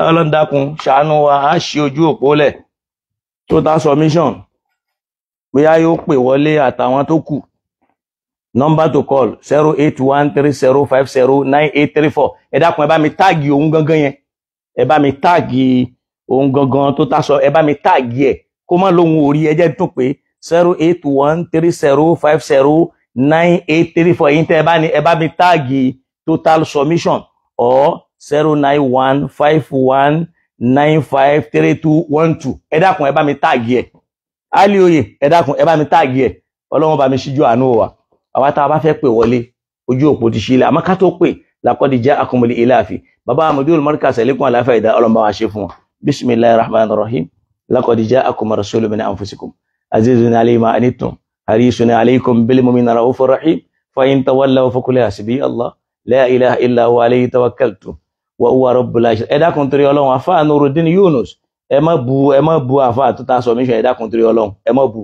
Ọlọ́run dákun ṣàánú wa á ṣe ojú òpó lẹ̀. Total submission bóyá yóò pè wọlé àtàwọn tó kù nọ́mbà tó call zero eight one three zero five zero nine eight three four ẹ dákun ẹ bá mi táàgì ohun gangan yẹn ẹ bá mi táàgì ohun gangan tó tásọ ẹ bá mi táàgì ẹ kó má lóhun orí ẹ jẹ́ pé zero eight one three zero five zero nine eight three four èyí tẹ ẹ bá ní ẹ bá mi táàgì total submission or zero nine one five one nine five three two one two ẹ dákun ẹ bá mi táàgì ẹ ali oyè ẹ dákun ẹ bá mi táàgì ẹ ọlọ́run bá mi ṣíjú àánú wa àwa tá a bá fẹ́ pè wọlé ojú òpó ti ṣílẹ̀ àmọ́ ká tó pè làkọ́dí já akumuli iláàfin bàbá amadu olùmọ́ríkà sẹ́lẹ̀kùn àlàáfíà ìdá ọlọ́run bá wa ṣe fún wa bisimilayi rahman rahim làkọ́dí já akumar rasulun min anfusikum azizun alayhi ma anittum harisun alaykum bil mu'minina raufur rahim fa in tawallaw fa qul hasbi allah la ilaha illa huwa alayhi tawakkaltu wa huwa rabbul alamin ẹ dákun torí afa nuruddin yunus ẹ má bu ẹ má bu àfa tó ta submission ẹ dákun torí Ọlọ́run ẹ má bu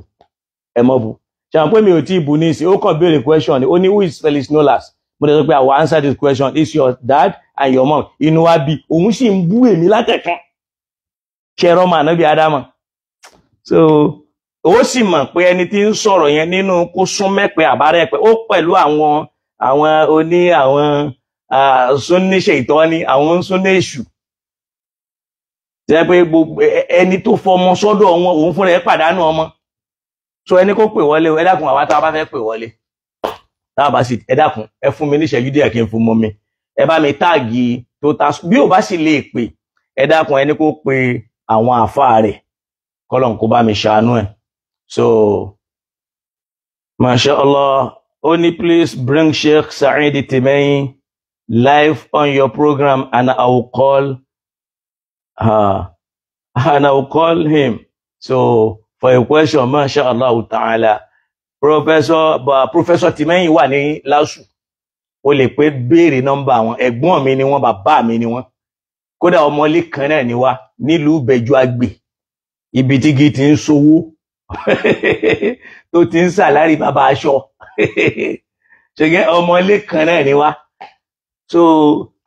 ẹ má bu ṣàǹpé mi ò tí ì bu ní ìsìn ó kàn béèrè question ó ní who is Felix Nolas mo dẹ̀ sọ pé I answer this question it's your dad and your mom inú wa bí òun sì ń bú èmi látẹ̀kàn ṣẹ̀rọ mà náà bí ádámà so ó sì mọ̀ pé ẹni tí ń sọ̀rọ̀ yẹn nínú kó sún mẹ́pẹ́ àbárẹ́pẹ́ ó pẹ̀lú àwọn àwọn oní àwọn ah, súnníṣe ìtọ́ni àwọn súnníṣù jẹ́ pé gbogbo ẹni tó fọmọ sọ́dọ̀ wọn òun fúnra ẹ̀ pàdánù ọmọ so ẹni kó pè wọlé ẹ àwa tá a bá fẹ́ pè wọlé tá a bá sì ẹ dákun ẹ fún mi níṣẹ́jú díẹ̀ kí n fún mọ́ mi ẹ bá mi táàgì tó ta bí ò bá sì lè pè ẹ dákun ẹni kó pe àwọn àáfàá rẹ̀ kọ́lọ̀ kó bá mi ṣàánú ẹ̀ so masha allah ó ní please bring Sheikh Saidi Timehin live on your program and I will call. Uh, and I will call him. So for a question, mashallah ta'ala, Professor, but Professor Timehin wà ní LASU. O lè pé béèrè nọ́mbà wọn, ẹ̀gbọ́n mi ni wọ́n, bàbá mi ni wọ́n. Kódà ọmọlé kan náà ni wá nílùú Ìbẹ̀jú Àgbè, ibi tí igi ti ń sowó, tó ti ń sàlárì bàbá aṣọ. Ṣègẹ́ ọmọlé kan náà ni wá. So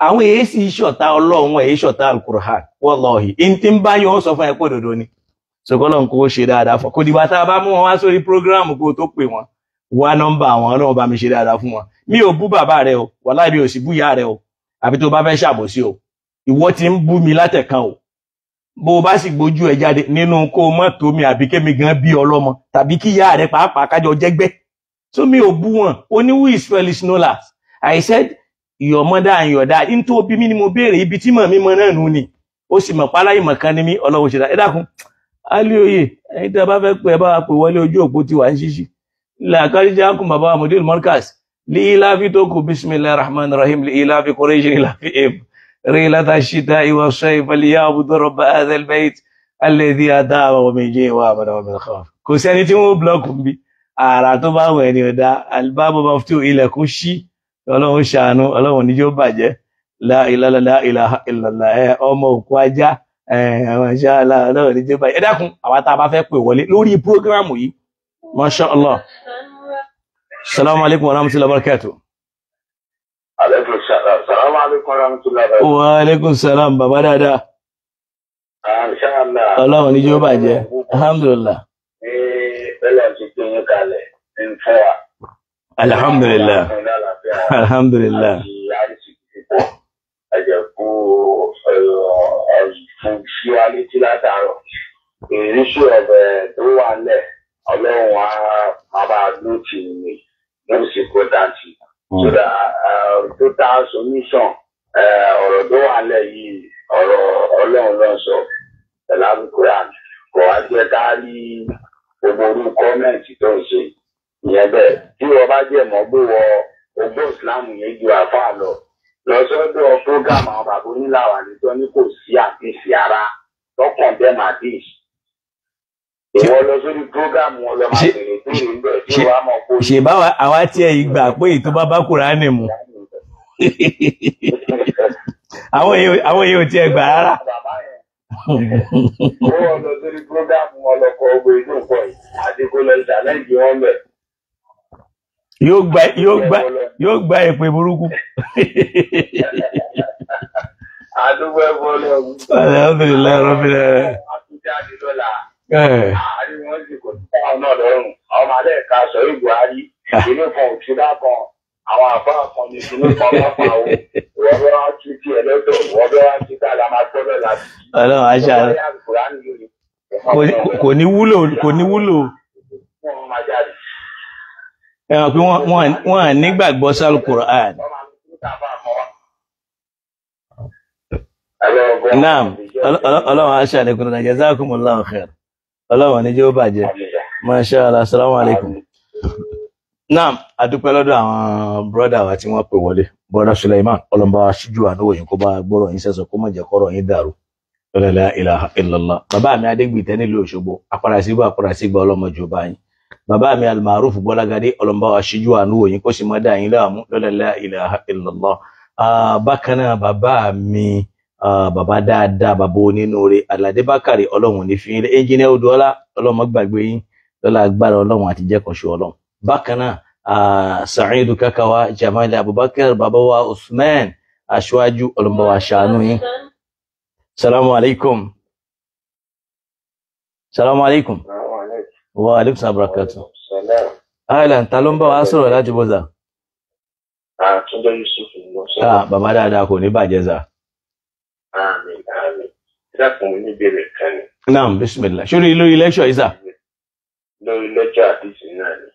àwọn èsì ìṣọ̀tá ọlọ́run èyí ṣọ̀tá alukurhan wallahi in ti ń bá yọ sọ fún ẹ̀pọ̀ òdodo ni ṣòkọ́lọ́n kó ṣe dáadáa fún kò dìgbà tá a bá mú wọn wá sórí prógráàmù kó tó pè wọn wá nọ́mbà àwọn ọlọ́run bá mi ṣe dáadáa fún wọn mi ò bú bàbá rẹ o wallahi mi ò sì bú ìyá rẹ o àbí tó bá fẹ́ ṣàbòsí o ìwọ ti ń bú mi látẹ̀kan o bó o bá sì gbójú ẹ jáde nínú kó mọ́ tómi àbí kémi gan bí ọlọ́mọ tàbí kíyá rẹ pàápàá kájọ jẹ́gbẹ́ so mi ò bú wọn oníwú is felix nolas I said your mother and your dad in tó bí mi ni mo béèrè ibi tí mọ̀ mi mọ̀ náà nù ni ó sì mọ̀ pálá ìmọ̀ kan ni mí ọlọ́wọ́ ṣe dá ẹ dákun alíoyè ẹ̀yin tí a bá fẹ́ pẹ́ bá pè wọlé ojú òpó ti wà ń ṣíṣí làkàríjà kùn bàbá mọ̀díl mọ́rkàs lè láfi tó kù bismillah rahman rahim lè láfi kọ́rẹ́ ṣe láfi eb rẹ̀ látà ṣíta ìwà sọ ìfẹ̀lẹ̀ yà àbúdó rọ̀bà azelbeit alẹ́dí adá àwọn ọmọ ìjẹ́ ìwà àbàdà ọmọ ìkọ́ kò sẹ́ni tí wọ́n blọ́ọ̀kù bí ààrà tó bá wẹ̀ ni ọ̀dà albábọ̀ bá fi tó ilẹ̀kùn ṣí ọlọ́run ṣàánú ọlọ́run ní yóò bàjẹ́ láìláìláìláìlá ẹ ọmọ òkú ajá ẹ ṣáàlá ọlọ́run ní yóò bàjẹ́ ẹ dákun àwa tá a bá fẹ́ pè wọlé lórí prógíráàmù yìí masha allah salamu alaykum wa rahmatullahi wa barakatuh. salamu alaykum wa rahmatullahi wa barakatuh. wa alaykum salam baba dáadáa. ọlọ́run ní yóò bàjẹ́ alhamdulillah. ẹ bẹ́ẹ̀ lọ́ọ́ ti gbé yín kalẹ̀ ń fẹ́ wa alhamdulilah alhamdulilah. àjẹkù fúnṣíálítì tó wà lẹ̀ ọlọ́run á máa bá a lù tì mí lọ́sì kó dàtì. sódà total solution ọ̀rọ̀ tó wà lẹ̀ yìí ọ̀rọ̀ ọlọ́run ló sọ pẹ̀lú àbúkúrà kò wá jẹ́ ká rí gbogbo orú kọ́mẹ̀ntì tó ń ṣe yìí ìyẹn bẹ́ẹ̀ tí wọ́n bá jẹ́ mọ́ bó wọ ogbó ìsìláàmù yẹn ju àfa lọ lọ sọ́dọ̀ program àwọn bàbá onílàwà nìjọ́ ní kò sí àdìsí ara lọ́kàn bẹ́ẹ̀ máa dìs. ìwọ lọ sórí program wọn lọ máa bèrè bèrè ń bẹ̀ tí wàá mọ̀ kó. ṣèbá àwa tiẹ̀ ìgbà pé ètò bàbá kùránì mu àwọn èèyàn ò tiẹ̀ gbà rárá ó lọ sórí program ọlọkọ ogun inú pọ yìí àti kó lọ ṣàlẹ́jì wọn bẹ̀ yóò gba yóò gba yóò gba èpè burúkú. àdúgbò ẹ̀fọ́ ọlọ́run. alhamdulilayi rabbil alamin. àtúntí àdìlọ́là. àríwọ̀n sì kò tí àwọn náà lọ́rùn ọmọ alẹ́ ẹ̀ka sọ̀rọ̀ buhari ah. ìpínlẹ̀ kan òṣìlá kan àwọn àbá kan ní ìpínlẹ̀ kan lọ́pàá o wọ́n bẹ́ wá ti ti ẹlẹ́dọ̀ wọ́n bẹ́ wá ti dáadáa máa tọ́ bẹ́ẹ̀ láti. ọlọ́run aṣa kò ní wúlò kò ní wúlò ẹ̀wọ̀n pé wọ́n nígbàgbọ́ sálù Qur'an. naam ọlọ́run aṣọ àlékún náà jazakumullahu khair ọlọ́run níjẹ́ ó bàjẹ́ masha Allah assalamu alaikum. naam adúpẹ́ lọ́dọ̀ àwọn bọ́dà wa tí wọ́n pè wọlé bọ́dà Suleiman ọlọ́mọba aṣíjú àdúgbò yìí kó bá gbọ́rọ̀ yín sẹ́sọ kó má jẹ́ kọ́rọ̀ yín dàrú la ilaha illallah bàbá mi adégbìtẹ́ nílùú Òṣogbo apárasígbò apárasígbò ọlọ́mọ jù báyìí bàbá mi almaruf bọ́lágadé ọlọ́mbà aṣíjú àánú òyìn kó sì má dá yín láàmú lọ́lọ́lá ilaha illallah bákan náà bàbá mi bàbá dáadáa bàbá onínúure aládé bákàrè ọlọ́run ní fiyín ẹnjìnìá odòọ́lá ọlọ́mọ gbàgbé yín lọ́lá agbára ọlọ́run àti jẹ́kọ̀ọ́ṣù ọlọ́run bákan náà sa'idu kakawa jamal abubakar bàbá wa usman aṣáájú ọlọ́mbà wa yín salamu alaikum salamu alaikum wa aleykum abrakatu. Ireland ta ló ń bá wa sọ̀rọ̀ láti bọ́sà. Àtúndé Yusuf ló sọ. Bàbá dáadáa kò ní bàjẹ́ sà. Àmín àmín. Ìjà kò ní ìbéèrè kan ni. Naam bisimilah. Ṣé lórí lẹ́ṣọ̀ yìí sà? Lórí lẹ́ṣọ̀ àdìsí náà ni.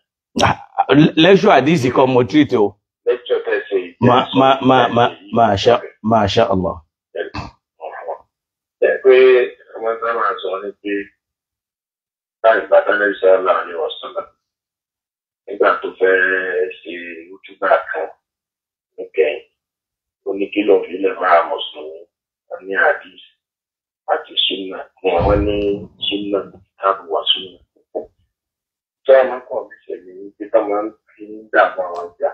Lẹ́ṣọ̀ àdìsí kan mo treat o. Lẹ́ṣọ̀ tẹ̀sẹ̀ yìí. Ma ma ma ma ma masha Allah. Ẹ pé ọmọ sábà sọ ni pé láì bàtà lẹ́yìn sọ́ọ́lá ní ọ̀sánlá nígbà tó fẹ́ ṣe ojúgbà kan níkẹyìn ó ní kí lọ́ọ̀fù ilẹ̀ máa mùsùlùmí ní àdìs àti súnà ní àwọn ní súnà tábùwà súnà. tí wọ́n máa ń kọ́ mi sẹ́yìn ní pé tá máa ń fi ń dààmú àwọn ọjà.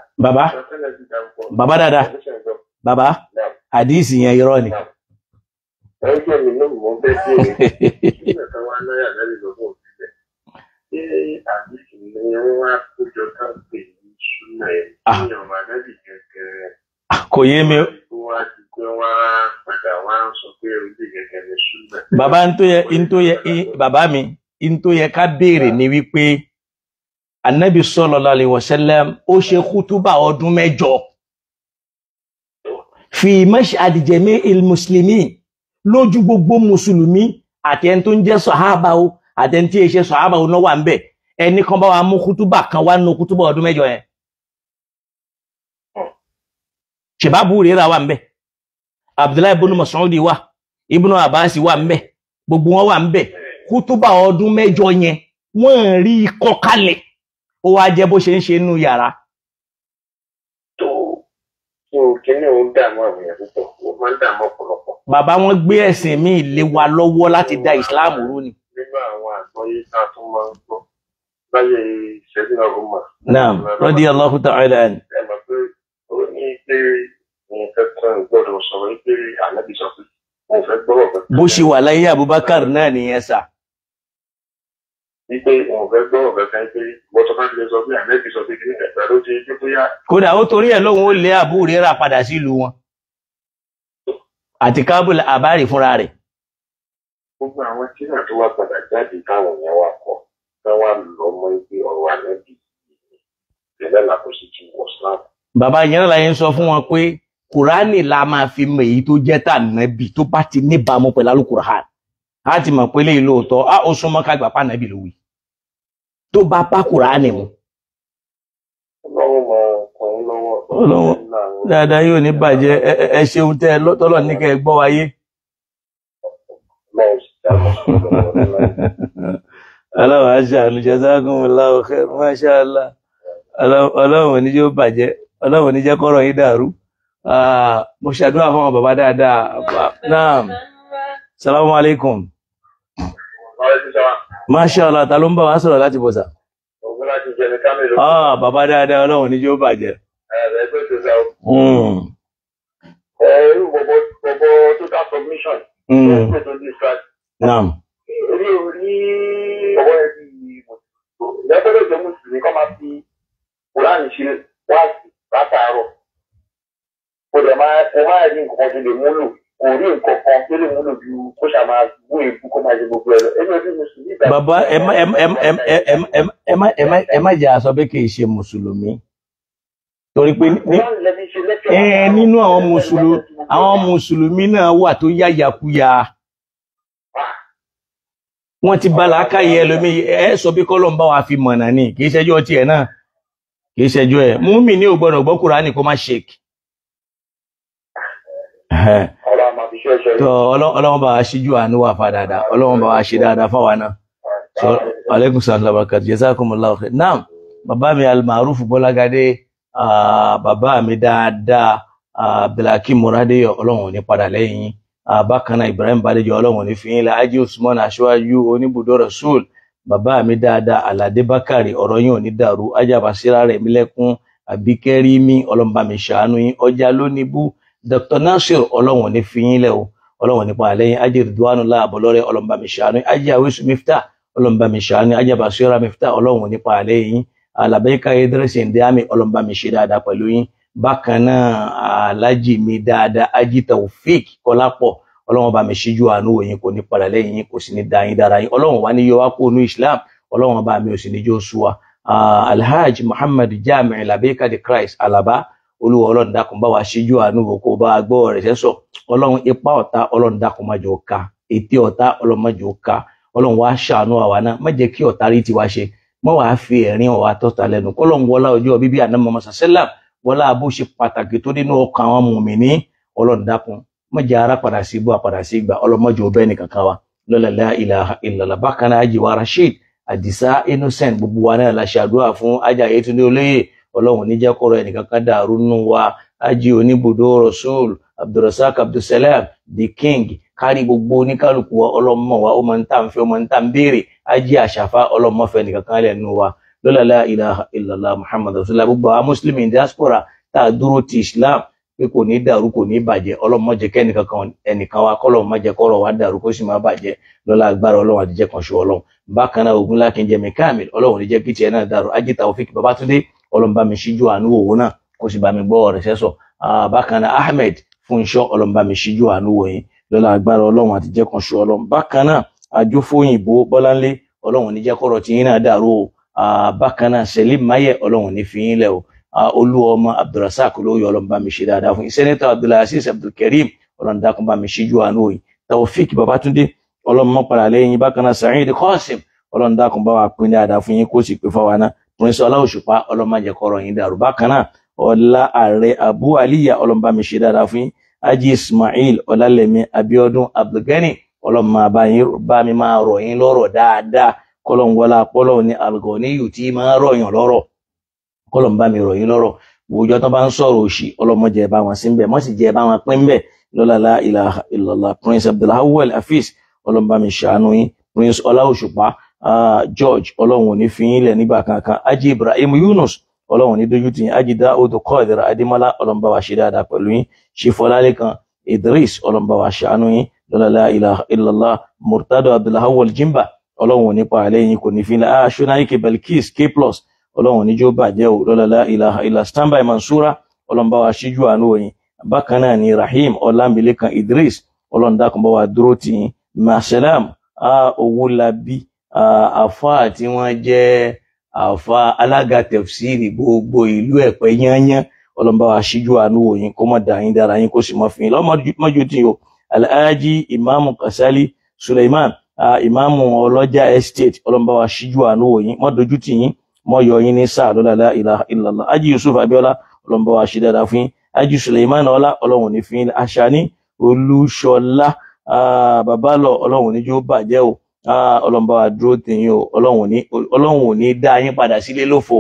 ni ṣé àdìsí ni wọ́n wá kójọ ká pè ní ṣúná ẹ̀ ní bàbá bàbá mi ń yẹ ká béèrè ni wípé anabi sallallahu alaihi wasallam ó ṣe kútúbà ọdún mẹ́jọ fi mash'ad jami'il muslimin lójú gbogbo mùsùlùmí àti ẹni tó ń jẹ́ sàhábà àtẹni tí èṣe sọ̀hábà oná wà ń bẹ̀ ẹni kan bá wa mú kútúbà kan wá nínú kútúbà ọdún mẹ́jọ yẹn ṣèbábù rírà wà ń bẹ̀ abdullahi ibn mas'udi wà ibn abbas wà ń bẹ̀ gbogbo wọn wà ń bẹ̀ kútúbà ọdún mẹ́jọ yẹn wọ́n rí ikọ́ kalẹ̀ ó wá jẹ́ bó ṣe ń ṣe nínú yàrá. tó o kíní òun dààmú àwọn èèyàn púpọ̀ ó máa ń dààmú ọ̀pọ̀lọpọ̀. bàbá wọn gbé ẹ̀sìn míì lé wa lọ́wọ́ láti da ìsìláàmù rú ni nínú àwọn àgbọ́yé tá a máa ń gbọ́ láyé ìṣẹ́jú náà rúmà. naam radiyallahu ta'ala an. ẹ mọ̀ pé ó ní pé nǹkan kan gbọ́dọ̀ sọ̀rọ̀ pé ànábì sọ pé mo fẹ́ gbọ́rọ̀ kan. bó ṣe wà láyé Abubakar náà nìyẹn sà. wípé òun fẹ́ gbọ́rọ̀ kankan pé bọ́tọ́ bá tilẹ̀ sọ pé ànábì sọ pé kìnìún ṣe pé bóyá. kódà ó torí ẹ̀ lóun ó lé àbúrò rẹ̀ padà sílùú wọn àti kábùl gbogbo àwọn tí náà tó wá padà jáde táwọn yẹn wá kọ táwọn lọ mọ ibi ọ̀rọ̀ ànábì yìí ìrẹ̀lẹ̀ ti wọ sáàpù. bàbá yẹn la yẹn sọ fún wọn pé kùránì la máa fi mọ èyí tó jẹ́ tà nàbì tó bá ti níbàámu pẹ̀lú alukùránì á ti mọ̀ pé léyìn lóòótọ́ á ó súnmọ́ ká gbà pa nàbì lówì tó bá pa kùránì mu. ọlọ́wọ́ ọkùnrin lọ́wọ́. ọlọ́wọ́ dáadáa yóò ní bàjẹ́ ẹ ṣeun tẹ́ ẹ lọ́tọ́lọ́ ní kẹ́ ẹ gbọ́ wáyé ọlọ́run aṣọ jazakumullahu khair masha Allah ọlọ́run oníjẹ́ ó bàjẹ́ ọlọ́run oníjẹ́ kọ́rọ̀ yín dàrú ah, mo ṣàdúrà fún àwọn bàbá dáadáa náà salamu alaikum masha Allah ta ló ń bá wa sọ̀rọ̀ láti bọ̀sà ah, bàbá dáadáa ọlọ́run oníjẹ́ ó bàjẹ́ ẹ̀rù gbogbo total submission hmm. tó ń pè tó distract Naam. Èmi ò ní ọwọ́ ẹbí mùsùlùmí. Lẹ́gbẹ́rẹ́ jẹ́ mùsùlùmí kọ́ máa fi Kùránì ṣe wáàsì látàárọ̀. Kò dẹ̀ máa ẹ máa rí nǹkan tó lè múlò. Kò rí nǹkan kan tó lè múlò ju kó ṣà máa wú èkú kó máa ṣe gbogbo ẹ lọ. Èmi ò ní mùsùlùmí ìgbà. Bàbá ẹ má jẹ́ àṣọ pé kì ṣe mùsùlùmí torí pé nínú àwọn mùsùlùmí náà wà tó yáyàkúyà wọ́n ti bá làákàyè ẹlòmí ẹ sọ bí kọ́lọ́n bá wa fi mọ̀nà ni kì í ṣẹjọ́ tiẹ̀ náà kì í ṣẹjọ́ ẹ̀ múmi ní ògbọ́dọ̀ gbọ́ Kùránì kó má ṣèk. ọlọ́wọ́n bá wa ṣíjú àánú wà fa dáadáa ọlọ́wọ́n bá wa ṣe dáadáa fáwa náà. aleykum salaam alabakat jazakumullahu khair naam bàbá mi almaruf bọ́lágadé bàbá mi dáadáa abdulhakeem muradeyo ọlọ́wọ́n ò ní padà lẹ́yìn yín bákannáà Ibrahim Bádéjọ ọlọ́run ní fìyín la ajé Usman aṣáájú oníbùdó Rasul bàbá mi dáadáa Aládé Bákàrè ọ̀rọ̀ yín ò ní dàrú ajába síra rẹ̀ mi lẹ́kún àbíkẹ́rí mi ọlọ́mọba mi ṣàánú yín ọjà lónìbù Dr Nasir ọlọ́run ní fìyín lẹ́ o ọlọ́run nípa àlẹ́yìn ajé ridwanu láàbọ̀ lọ́rẹ́ ọlọ́mọba mi ṣàánú yín ajé àwísù mifta ọlọ́mọba mi ṣàánú yín ajába síra mifta ọlọ́run nípa àlẹ́yìn alàbẹ́yíká idris ndiami ọlọ́mọba mi ṣe dáadáa pẹ̀lú yín bákan náà aláàjì mi dáadáa ají taofik kọlápọ̀ ọlọ́run bá mi ṣíjú àánú òyìn kò ní padà lẹ́yìn yín kò sì ní dáyín dára yín ọlọ́run wá ní yọ kó nu islam ọlọ́run bá mi ò sì ní jó sú wa alhaji muhammad jami labeka the christ alaba olúwa ọlọ́run dákun bá wa ṣíjú àánú kó bá a gbọ́ rẹ̀ sẹ́sọ̀ ọlọ́run ipa ọ̀tá ọlọ́run dákun má jò ká ètè ọ̀tá ọlọ́run má jò ká ọlọ́run wá ṣàánú àwa náà má jẹ́ kí ọ̀tá rí tiwa ṣe mọ́ wàá fi ẹ̀rín ọ̀wá tọ́ta lẹ́nu kọ́lọ́run wọlá ọjọ́ bíbí àná mọ́mọ́ sàṣẹ́lá wọlá bó ṣe pàtàkì tó nínú ọkàn àwọn mùmíní ọlọ́run dákun mọ̀jẹ̀ ara padà sí ibú àpadà sí ìgbà ọlọ́mọjọ bẹ́ẹ̀ nìkan kan wa lọ́lọ́lá ìlàlá ìlàlá bákan náà àjẹwà rasheed àdìsá innocent gbogbo wa náà la ṣàdúrà fún ajá yẹtúndé olóyè ọlọ́run níjẹ́ kọ́rọ̀ ẹnìkan kan dàrú nù wa ajé oníbùdó rasul abdulrasaq abdulsalam the king kárí gbogbo oníkálukú wa ọlọ́mọ wa ó máa ń tà ń fẹ́ ó máa ń tà ń béèrè ajé àṣàfà ọlọ́mọfẹ́ nìkan kan lẹ́nu wa lọ́la la ilaha illallah muhammad rasulullah gbogbo àwọn mùsùlùmí diaspora tá a dúró ti islam pé kò ní dàrú kò ní bàjẹ́ ọlọ́run má jẹ́ kẹ́nìkan ẹnìkan wa kọ́lọ́run má jẹ́ kọ́rọ̀ wa dàrú kó sì má bàjẹ́ lọ́la agbára ọlọ́run àtijẹ́ kan ṣo ọlọ́run bákan náà ogun lákin jẹ́mi káàmì ọlọ́run ní jẹ́ kí tiẹ̀ náà dàrú ajé Taofik Babatunde ọlọ́run bá mi ṣíjú àánú òwò náà kó sì bá mi gbọ́ ọ̀rẹ́ sẹ́sọ̀ agbára ọlọ́run àtijẹ́ kan ṣo ọlọ́run bákan náà Àjòfóyìnbó Bọ́láńlé ọlọ́run ní jẹ́ kọ́rọ̀ náà dàrú o bákan náà Selim Maye ọlọ́run ní fi yín lẹ̀ o olú ọmọ Abdulrasaq olóyè ọlọ́run bá mi ṣe dáadáa fún yín sẹ́nẹ́tọ̀ Abdulaziz Abdulkareem ọlọ́run dákun bá mi ṣíjú àánú yìí Taofik Babatunde ọlọ́run mọ́pàdà lẹ́yìn bákan náà Saheed Kọ́sìm ọlọ́run dákun bá wa pín dáadáa fún yín kó sì pé fáwa náà prince ọláòṣùpá ọlọ́mọjẹkọrọ yín dàrú bákan náà ọlá ààrẹ abu aliya ọlọ́mọba mi ṣe dáadáa fún yín ají ismail ọlálẹmí abiodun abdulgani ọlọ́mọba mi máa rọ̀ yín lọ́rọ̀ dáadáa kọ́lọ́n wọlá pọ́lọ́ ní algoniyu tí máa rọ̀yàn lọ́rọ̀ kọ́lọ́n bá mi rọ̀yìn lọ́rọ̀ wòjọ́ tán bá ń sọ̀rọ̀ òṣì ọlọ́mọjẹ bá wọn sí bẹ́ẹ̀ mọ́sí jẹ bá wọn pín bẹ́ẹ̀ lọ́làlá ilaha prince abdulhawel afis ọlọ́run mi ṣàánú yín prince ọláòṣùpá george ọlọ́run ò ní fi yín lẹ̀ nígbà kankan ajé ibrahim yunus ọlọ́run ní dojú tìyín ajé dáhùn kọ́ọ̀dẹ̀rẹ̀ adémọ́lá ọlọ́run bá wa ṣe dáadáa pẹ̀lú yín ṣífọlálẹ́kan idris ọlọ́run bá wa ṣàánú yín lọ́làlá ilaha illallah murtado abdulhawel jimba ọlọ́run ò ní pa àlẹ́ yín kò ní fi ah ṣúnáyíkì belkis k plus ọlọ́run ò ní jó bàjẹ́ o lọ́lọ́lá ilaha illa standby mansura ọlọ́run bá wa ṣíjú àánú òyìn bákan náà ni rahim ọlámilẹ́kan idris ọlọ́run dákun bá wa dúró tì yín masalam owólabí àfa tí wọ́n jẹ́ àfa alága tẹ̀fsíìrì gbogbo ìlú ẹ̀pẹ́ yányán ọlọ́run bá wa ṣíjú àánú òyìn kó mọ̀ dà yín dára yín kó sì mọ̀ fi yín lọ́mọdé o alhaji imam ìmáàmù ọlọ́jà estate ọlọ́mbàwá ṣíjú àánú òyìn mọ́ dojú tì yín mọ́ yọ yín ní sáà lọ́dàdà ilaha illallah ájì yusuf abiola ọlọ́mbàwá ṣí dáadáa fún yín ájì suleiman ọlá ọlọ́run ní fún yín aṣáni olúṣọlá babalọ ọlọ́run ní jó bàjẹ́ o wa dúró tì yín o ọlọ́run ò ní dá yín padà sílé lófo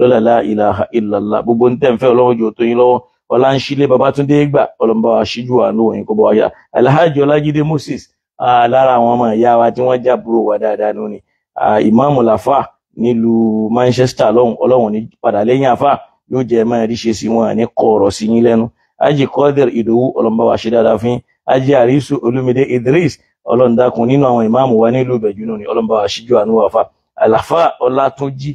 lọ́dàdà ilaha illallah gbogbo ń tẹ̀ǹfẹ́ ọlọ́run jò tó yín lọ́wọ́ ọlá ń ṣílé babatunde gbà ọlọ́mbàwá ṣíjú àánú òyìn kó bọ́ moses lára àwọn ọmọ ìyá wa tí wọ́n jábúrò wa dáadáa lónìí ìmáàmù làfà nílùú Manchester lọ́hùn ọlọ́hùn ní padà lẹ́yìn àfà yóò jẹ́ máa ríṣe sí wọn ní kọ̀ọ̀rọ̀ sí yín lẹ́nu Haji Qadir Ìdòwú ọlọ́mọba wa ṣe dáadáa fún Haji Àrísù Olúmídé Idris ọlọ́ndàkùn nínú àwọn ìmáàmù wa nílùú ìbẹ̀jú náà ni ọlọ́mọba wa ṣíjú àánú wà fà àlàfà Ọlátúnjí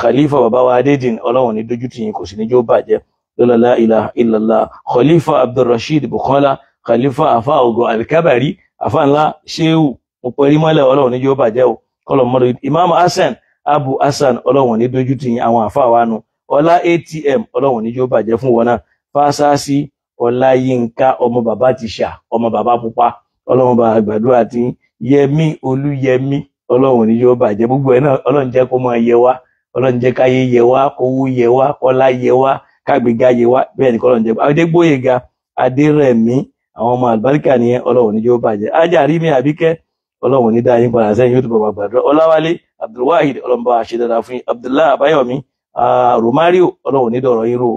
Khalifa bàbá wa Adédìn ọlọ́hùn ní dójú tìyìn kò sì ní jó bàjẹ́ lọ́lọ́lá ilaha illallah Khalifa Abdulrasheed Bukola Khalifa afa ogo Alkabari àfànlá ṣéwù mo pẹ̀rí mọ́lẹ̀ ọlọ́run níjọ́ bàjẹ́ o kọlọ̀ mọ́lẹ̀ imam hasan abu hasan ọlọ́run ní dojú ti àwọn àfa wa nu ọlá atm ọlọ́run níjọ́ bàjẹ́ fún wọn náà fásásí ọláyínká ọmọ bàbá ti ṣà ọmọ bàbá pupa ọlọ́run bá gbàdúrà ti yẹmí olúyẹmí ọlọ́run níjọ́ bàjẹ́ gbogbo ẹ̀ náà ọlọ́run jẹ́ kó máa yẹ wá ọlọ́run jẹ́ káyé yẹ wá kówó yẹ wá kọ́lá yẹ wá kágbègá yẹ wá bẹ́ẹ̀ ni kọ́lọ́run jẹ́ adégbóyèga adérẹ̀mí àwọn ọmọ àlùbáríkà ni ọlọ́run ní yóò bàjẹ́ ájà rí mi àbíkẹ́ ọlọ́run ní dáyín padà sẹ́yìn yóò túbọ̀ máa gbàdúrà ọláwálé abdulwahid ọlọ́mọba àṣẹ dáadáa fún Abdullah abdullahi abayomi romario ọlọ́run ní dọ̀rọ̀ yín ro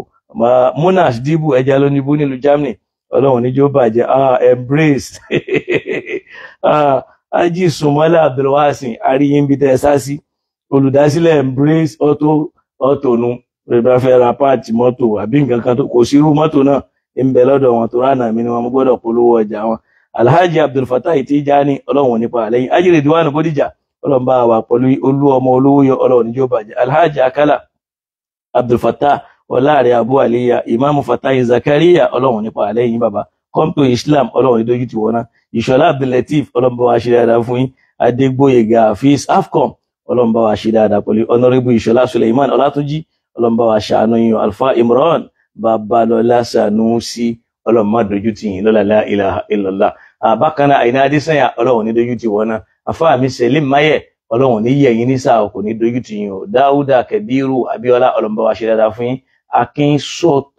munas dibu ẹja ló níbú nílùú germany ọlọ́run ní yóò bàjẹ́ embrace ají sùnmọ́lá abdulwasin àríyìnbí tẹ́ sásí olùdásílẹ̀ embrace auto auto nu bẹ́ẹ̀ bá fẹ́ ra páàtì mọ́tò àbí nǹkan kan tó kò sí irú mọ́tò náà ń bẹ lọ́dọ̀ wọn tó ránà mi ni wọn gbọ́dọ̀ polówó ọjà wọn alhaji abdulfatah tijani ọlọ́run nípa àlẹ́yìn ajiri diwani bodijà ọlọ́run bá wà pẹ̀lú olú ọmọ olówó yọ ọlọ́run níjó bàjẹ́ alhaji akala abdulfatah ọláàrẹ abu aliya imaamu fatah zakariya ọlọ́run nípa àlẹ́yìn bàbá kọ́ńtò islam ọlọ́run ní dójú ti wọ́n náà ìṣọ̀lá abdulateef ọlọ́run bá wà ṣe dáadáa fún yín adégbòyega hafiz afcom ọlọ́run bá wà ṣe dáadáa pẹ̀lú honorable ìṣọ̀lá suleiman ọlátúnjì ọlọ́run bá wà ṣàánú yín alfa imran babalọlá sanusi ọlọ́run má dojú tì yín lọ́làlá ilaha illallah àbákanáà àyìnà adésànyà ọlọ́run ní dojú tì wọ́n náà afáàmì sẹ́lẹ̀m máyẹ̀ ọlọ́run ní yẹ̀ yín nísà kò ní dojú tì yín o dáúdà kẹbíru abíọ́lá ọlọ́run wa ṣe dáadáa fún yín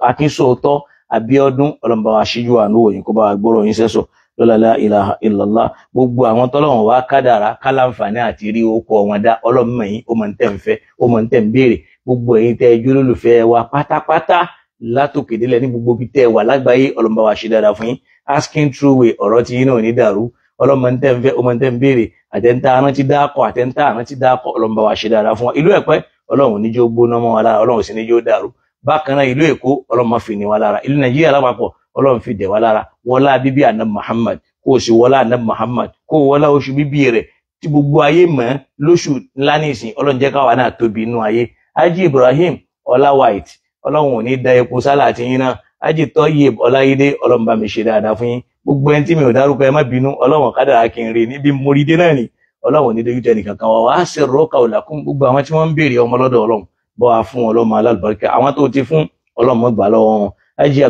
akínsóòtọ́ abíọ́dún ọlọ́run bá wa ṣíjú àánú òyìn kó bá wa gbọ́rọ̀ yín sẹ́sọ̀ lọ́làlá ilaha illallah gbogbo àwọn tọ́lọ́run wá kádàrá kálàǹfààní àti rí okò wọn dá ọlọ́run mọ̀ ó mọ̀ ń tẹ̀ ń fẹ́ ó mọ̀ ń tẹ̀ ń béèrè gbogbo ẹ̀yin tẹ́ ẹjú lólùfẹ́ wa pátápátá látòkè délẹ̀ ní gbogbo bí tẹ́ wà lágbàáyé ọlọ́mọba wa ṣe dáadáa fún yín asking true way ọ̀rọ̀ tí yín náà ní dàrú ọlọ́mọ ń tẹ́ ń fẹ́ ọmọ ń tẹ́ ń béèrè àtẹ́ńtà arántí dáàkọ̀ àtẹ́ńtà arántí dáàkọ̀ ọlọ́mọba wa ṣe dáadáa fún wa ìlú ẹ̀pẹ́ ọlọ́run ní jó gbóná mọ́ wa lára ọlọ́run sì ní jó dàrú bákan náà ìlú èkó ọlọ́mọ fi ní wa lára ìlú nàìjíríà lápapọ̀ ọlọ́run fi dẹ̀ wa lára wọlá bíbí àná muhammad kó o wọlá àná muhammad kó o wọlá oṣù bíbí rẹ̀ tí gbogbo ayé mọ̀ lóṣù ńlá nísìn ọlọ́run jẹ́ káwa náà tóbi inú ayé Haji Ibrahim ọlá white ọlọ́run ò ní da epo sálà àti yín náà ájì tọ́ yé ọláyédè ọlọ́run bá mi ṣe dáadáa fún yín gbogbo ẹni tí mi ò dárúkọ ẹ má bínú ọlọ́run kádàrá kí n rí níbi morídé náà ni ọlọ́run ò ní dojú tẹ nìkankan wà wàá ṣe rọ́ọ̀kà òlàkùn gbogbo àwọn tí wọ́n ń béèrè ọmọ lọ́dọ̀ ọlọ́run bọ́ wa fún ọlọ́mọ alálùbáríkà àwọn tó ti fún ọlọ́mọ gbà lọ́wọ́ wọn ájì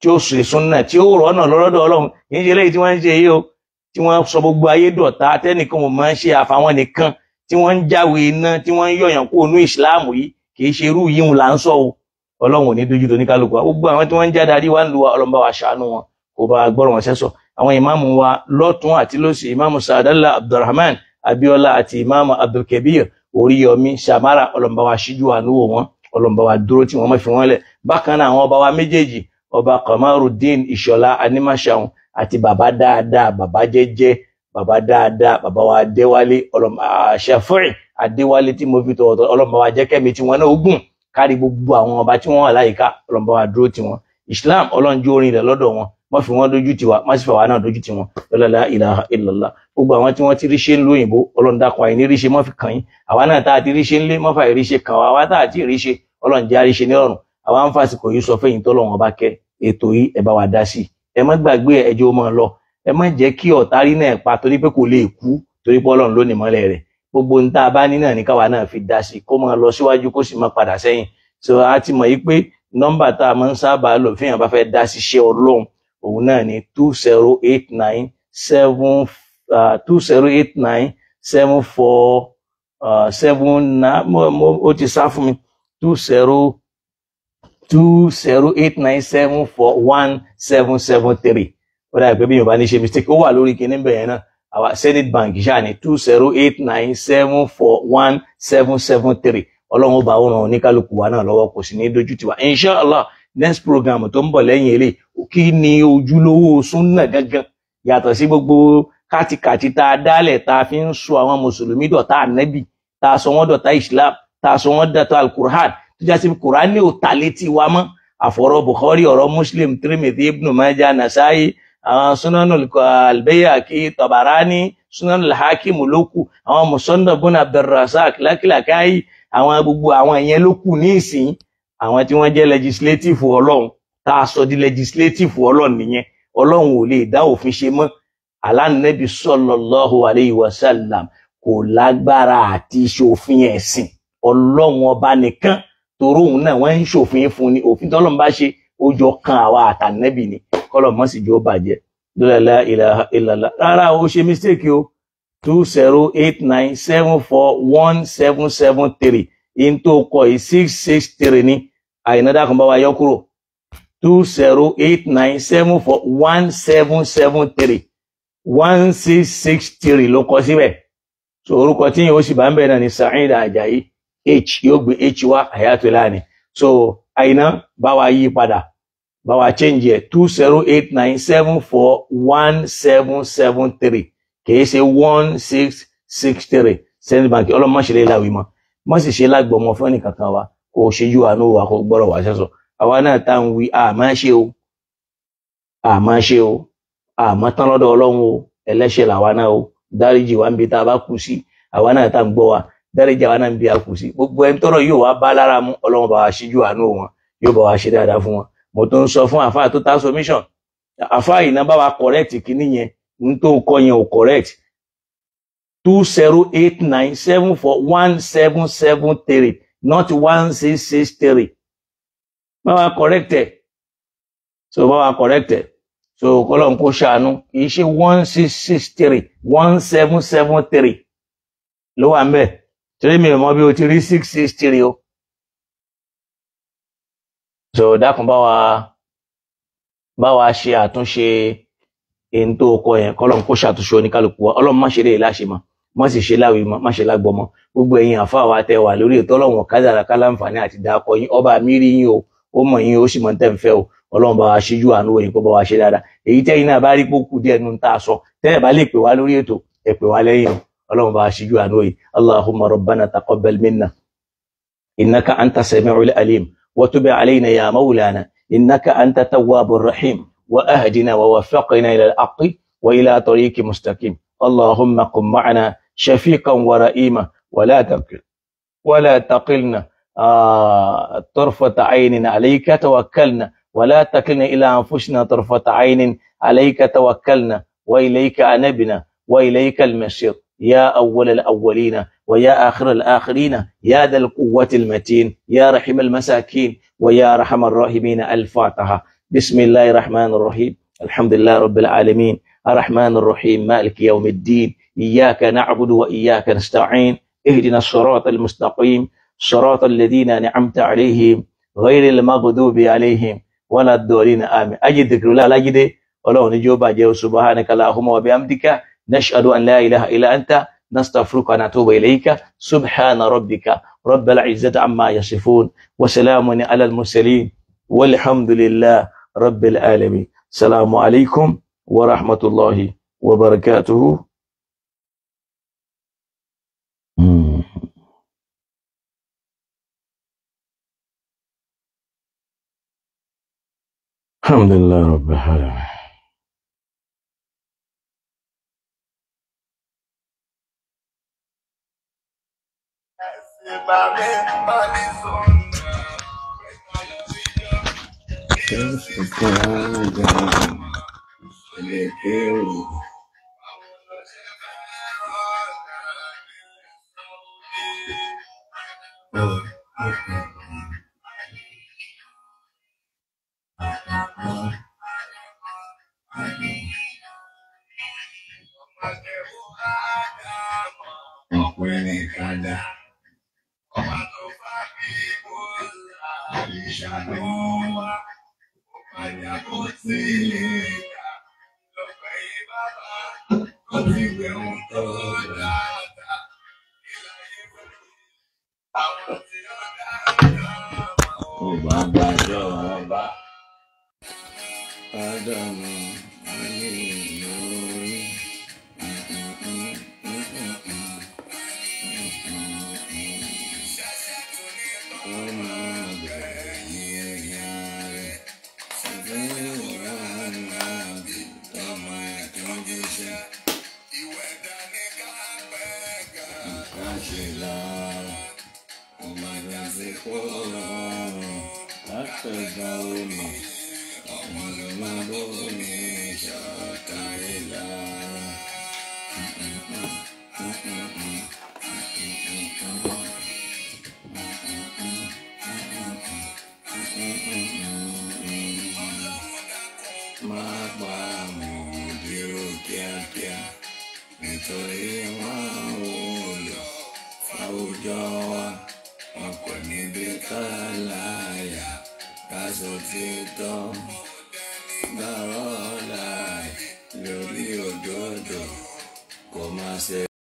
tí ó ṣe súnà tí ó rọ́nà lọ́rọ́dọ̀ ọlọ́run kì í ṣe eléyìí tí wọ́n ń ṣe yìí o tí wọ́n sọ gbogbo ayé dọ̀tá tẹ́nìkan ò máa ń ṣe àfàwọn nìkan tí wọ́n ń jáwé iná tí wọ́n ń yọ̀yàn kó inú ìsìláàmù yìí kì í ṣe irú yìí là ń sọ o ọlọ́run ò ní dojú tó ní kálukú wa gbogbo àwọn tí wọ́n ń já darí wa ń lu ọlọ́run bá wa ṣàánú wọn kò bá gbọ́rọ̀ wọn sẹ́sọ àwọn samara ọlọ́run bá wa ṣíjú àánú wò wọn ọlọ́run bá wa dúró ọba Kamarudeen Ìṣọ̀lá Animashaun àti bàbá dáadáa bàbá jẹ́jẹ́ bàbá dáadáa bàbá wa Adéwálé Ṣàfùrì Adéwálé tí mo fi tọ̀ ọ̀tọ̀ ọlọ́mọ wa jẹ́kẹ́mi tí wọ́n náà ogun kárí gbogbo àwọn ọba tí wọ́n wà láyìíká ọlọ́mọ wa dúró tiwọn Islam ọlọ́njú orin ilẹ̀ lọ́dọ̀ wọn wọ́n fi wọ́n dójú tiwa má sì fà wá náà dójú tiwọn lọ́lọ́lá ilaha illallah gbogbo àwọn tí wọ́n ti ríṣe ń lóyìnbó ọlọ́ndàkọ̀ àìní ríṣe mọ́ fi kàn yín àwa náà tá a ti ríṣe ńlé mọ́fà ìríṣe kàn wá àwa tá a ti ríṣe ọlọ́njẹ́ àríṣe nírọ̀rùn àwa ń fàsìkò yìí sọ fẹ̀yìn tó lọ́wọ́n bá kẹ́ ètò yìí ẹ bá wa dá sí ẹ má gbàgbé ẹjọ́ mọ́ ọ lọ ẹ má jẹ́ kí ọ̀tá rí náà pa torí pé kò lè kú torí pé ọlọ́run ló ní mọ́lẹ̀ gbogbo ní tá a bá ní náà ní káwa náà fi dá sí kó máa lọ síwájú kó sì máa padà sẹ́yìn so a ti mọ̀ yí pé nọ́mbà tá a máa ń sábà lò fi hàn bá fẹ́ dá síṣẹ́ ọlọ́run òun náà ni two zero eight nine seven two zero eight nine seven four seven nine ó ti sá fún mi two zero two zero eight nine seven four one seven seven three ó dàbí pé bí yorùbá ní ṣe mistake ó wà lórí kinní bẹ̀yẹn náà àwa Zenith Bank ṣáà ní two zero eight nine seven four one seven seven three ọlọ́run ó bá òun ràn oníkálukú wa náà lọ́wọ́ kò sì ní dojú tiwa inshallah next program tó ń bọ̀ lẹ́yìn eré kí ni ojúlówó súnà gangan yàtọ̀ sí gbogbo kátikàti tá a dálẹ̀ tá a fi ń sọ àwọn mùsùlùmí dọ̀tá ànábì tá a sọ wọ́n dọ̀tá islam tá a sọ wọ́n dọ̀tá alukur'an tó já sí kùránì ò létí wa mọ́ àfọ̀rọ̀ bukhari ọ̀rọ̀ muslim tirimidi ibnu maja nasai àwọn sunanul albayaki tabarani sunanul hakim lókù àwọn musonda buna abdulrasaq lákìlákàyí àwọn gbogbo àwọn ìyẹn lókù ní ìsìn àwọn tí wọ́n jẹ́ legislative ọlọ́run tá a sọ di legislative ọlọ́run nìyẹn ọlọ́run ò lè dá òfin ṣe mọ́ alánàbí sallallahu alayhi wa sallam kò lágbára àti ṣòfin ẹ̀sìn ọlọ́run ọba nìkan torí òun náà wọ́n ń ṣòfin fún ni òfin tọ́lọ́run bá ṣe ó jọ kan àwa àtànẹ́bì ni kọ́lọ̀ mọ́ sì jọ bàjẹ́ lọ́lá ìlàlá ìlàlá rárá o ṣe mistake o two zero eight nine seven four one seven seven three in tó kọ yìí six six three ni àyìnádà kan bá wa yọ kúrò two zero eight nine seven four one seven seven three one six six three ló kọ síbẹ̀ so orúkọ tí yìí ó sì bá ń bẹ̀rẹ̀ náà ni Saheed Ajayi h yóò gbé h wá àyàtúlá ni so àyìnà bá wa yí padà bá wa change ẹ̀ two zero eight nine seven four one seven seven three kìí ṣe one six six three send Bank ọlọ́mọṣẹ́lẹ̀ ìlàwí mọ́ má sì ṣe lágbọ̀mọ́ fún ẹnì kankan wa kò ṣíjú àánú wa kò gbọ́rọ̀ wá sẹ́sọ̀ àwa náà tá à ń wí àmọ́ ṣe o àmọ́ ṣe o àmọ́ tán lọ́dọ̀ ọlọ́run o ẹlẹ́ṣẹ̀ làwa náà o dáríjì wa ń bi tá a bá kú sí àwa náà tá à ń gbọ́ wa dárẹ́jà wa náà ń bí akùsí gbogbo ẹni tọ́rọ̀ yóò wá bá lára mú Ọlọ́run bá wa ṣíjú àánú wọn yóò bá wa ṣe dáadáa fún wọn mo tó ń sọ fún àfáà tó transformation àfáà yìí náà bá wa correct kíní yẹn n tó kọ yẹn ò correct two zero eight nine seven four one seven seven three not one six six three bá wa correct ẹ so bá wa correct ẹ so kọlọ́n kó ṣàánú kì í ṣe one six six three one seven seven three ló wà ń bẹ́ẹ̀ torí mi ò mọ bí o ti rí six six three o so dákun bá wa bá wa ṣe àtúnṣe èyí tó kọ yẹn kọlọ́n kó ṣàtúnṣe oníkálukú wa ọlọ́run má ṣe lè láṣẹ mọ́ má sì ṣe láwìí mọ́ má ṣe lágbọ́ mọ́ gbogbo ẹ̀yin àfáà wa tẹ́ wà lórí ètò ọlọ́run kádàrá kálàǹfààní àti dáàkọ yín ọba mi rí yín o ó mọ̀ yín ó sì mọ̀ tẹ́ ń fẹ́ o ọlọ́run bá wa ṣíjú àánú òyìn kó bá wa ṣe dáadáa èyí tẹ́yìn náà bá rí pókù díẹ̀ nu ta sọ tẹ́lẹ̀ bá lè pè wá lórí ètò ẹ pè wá lẹ́yìn o اللهم باشي جوانوي اللهم ربنا تقبل منا إنك أنت سميع الأليم وتب علينا يا مولانا إنك أنت تواب الرحيم وأهدنا ووفقنا إلى الحق وإلى طريق مستقيم اللهم قم معنا شفيقا ورئيما ولا تقل ولا تقلنا طرفة عين عليك توكلنا ولا تكلنا إلى أنفسنا طرفة عين عليك توكلنا وإليك أنبنا وإليك المسير يا أول الأولين ويا آخر الآخرين يا ذا القوة المتين يا رحم المساكين ويا رحم الراحمين الفاتحة بسم الله الرحمن الرحيم الحمد لله رب العالمين الرحمن الرحيم مالك يوم الدين إياك نعبد وإياك نستعين اهدنا الصراط المستقيم صراط الذين نعمت عليهم غير المغضوب عليهم ولا الضالين آمين أجد ذكر الله لا أجد ولو نجوب سبحانك اللهم وبحمدك نشهد أن لا إله إلا أنت نستغفرك ونتوب إليك سبحان ربك رب العزة عما يصفون وسلام على المرسلين والحمد لله رب العالمين السلام عليكم ورحمة الله وبركاته الحمد لله رب العالمين Just the power the find out. àìṣàlùwà àyàkótì ìlà lọ́pẹ́ yìí bàbá ó ti gauni Amalumabuni Shataila Magbamu diru kíákíá nítorí wọn ò lọ sòtítọ́ gbàrọ̀ ọ̀la lórí òdodo kò má ṣe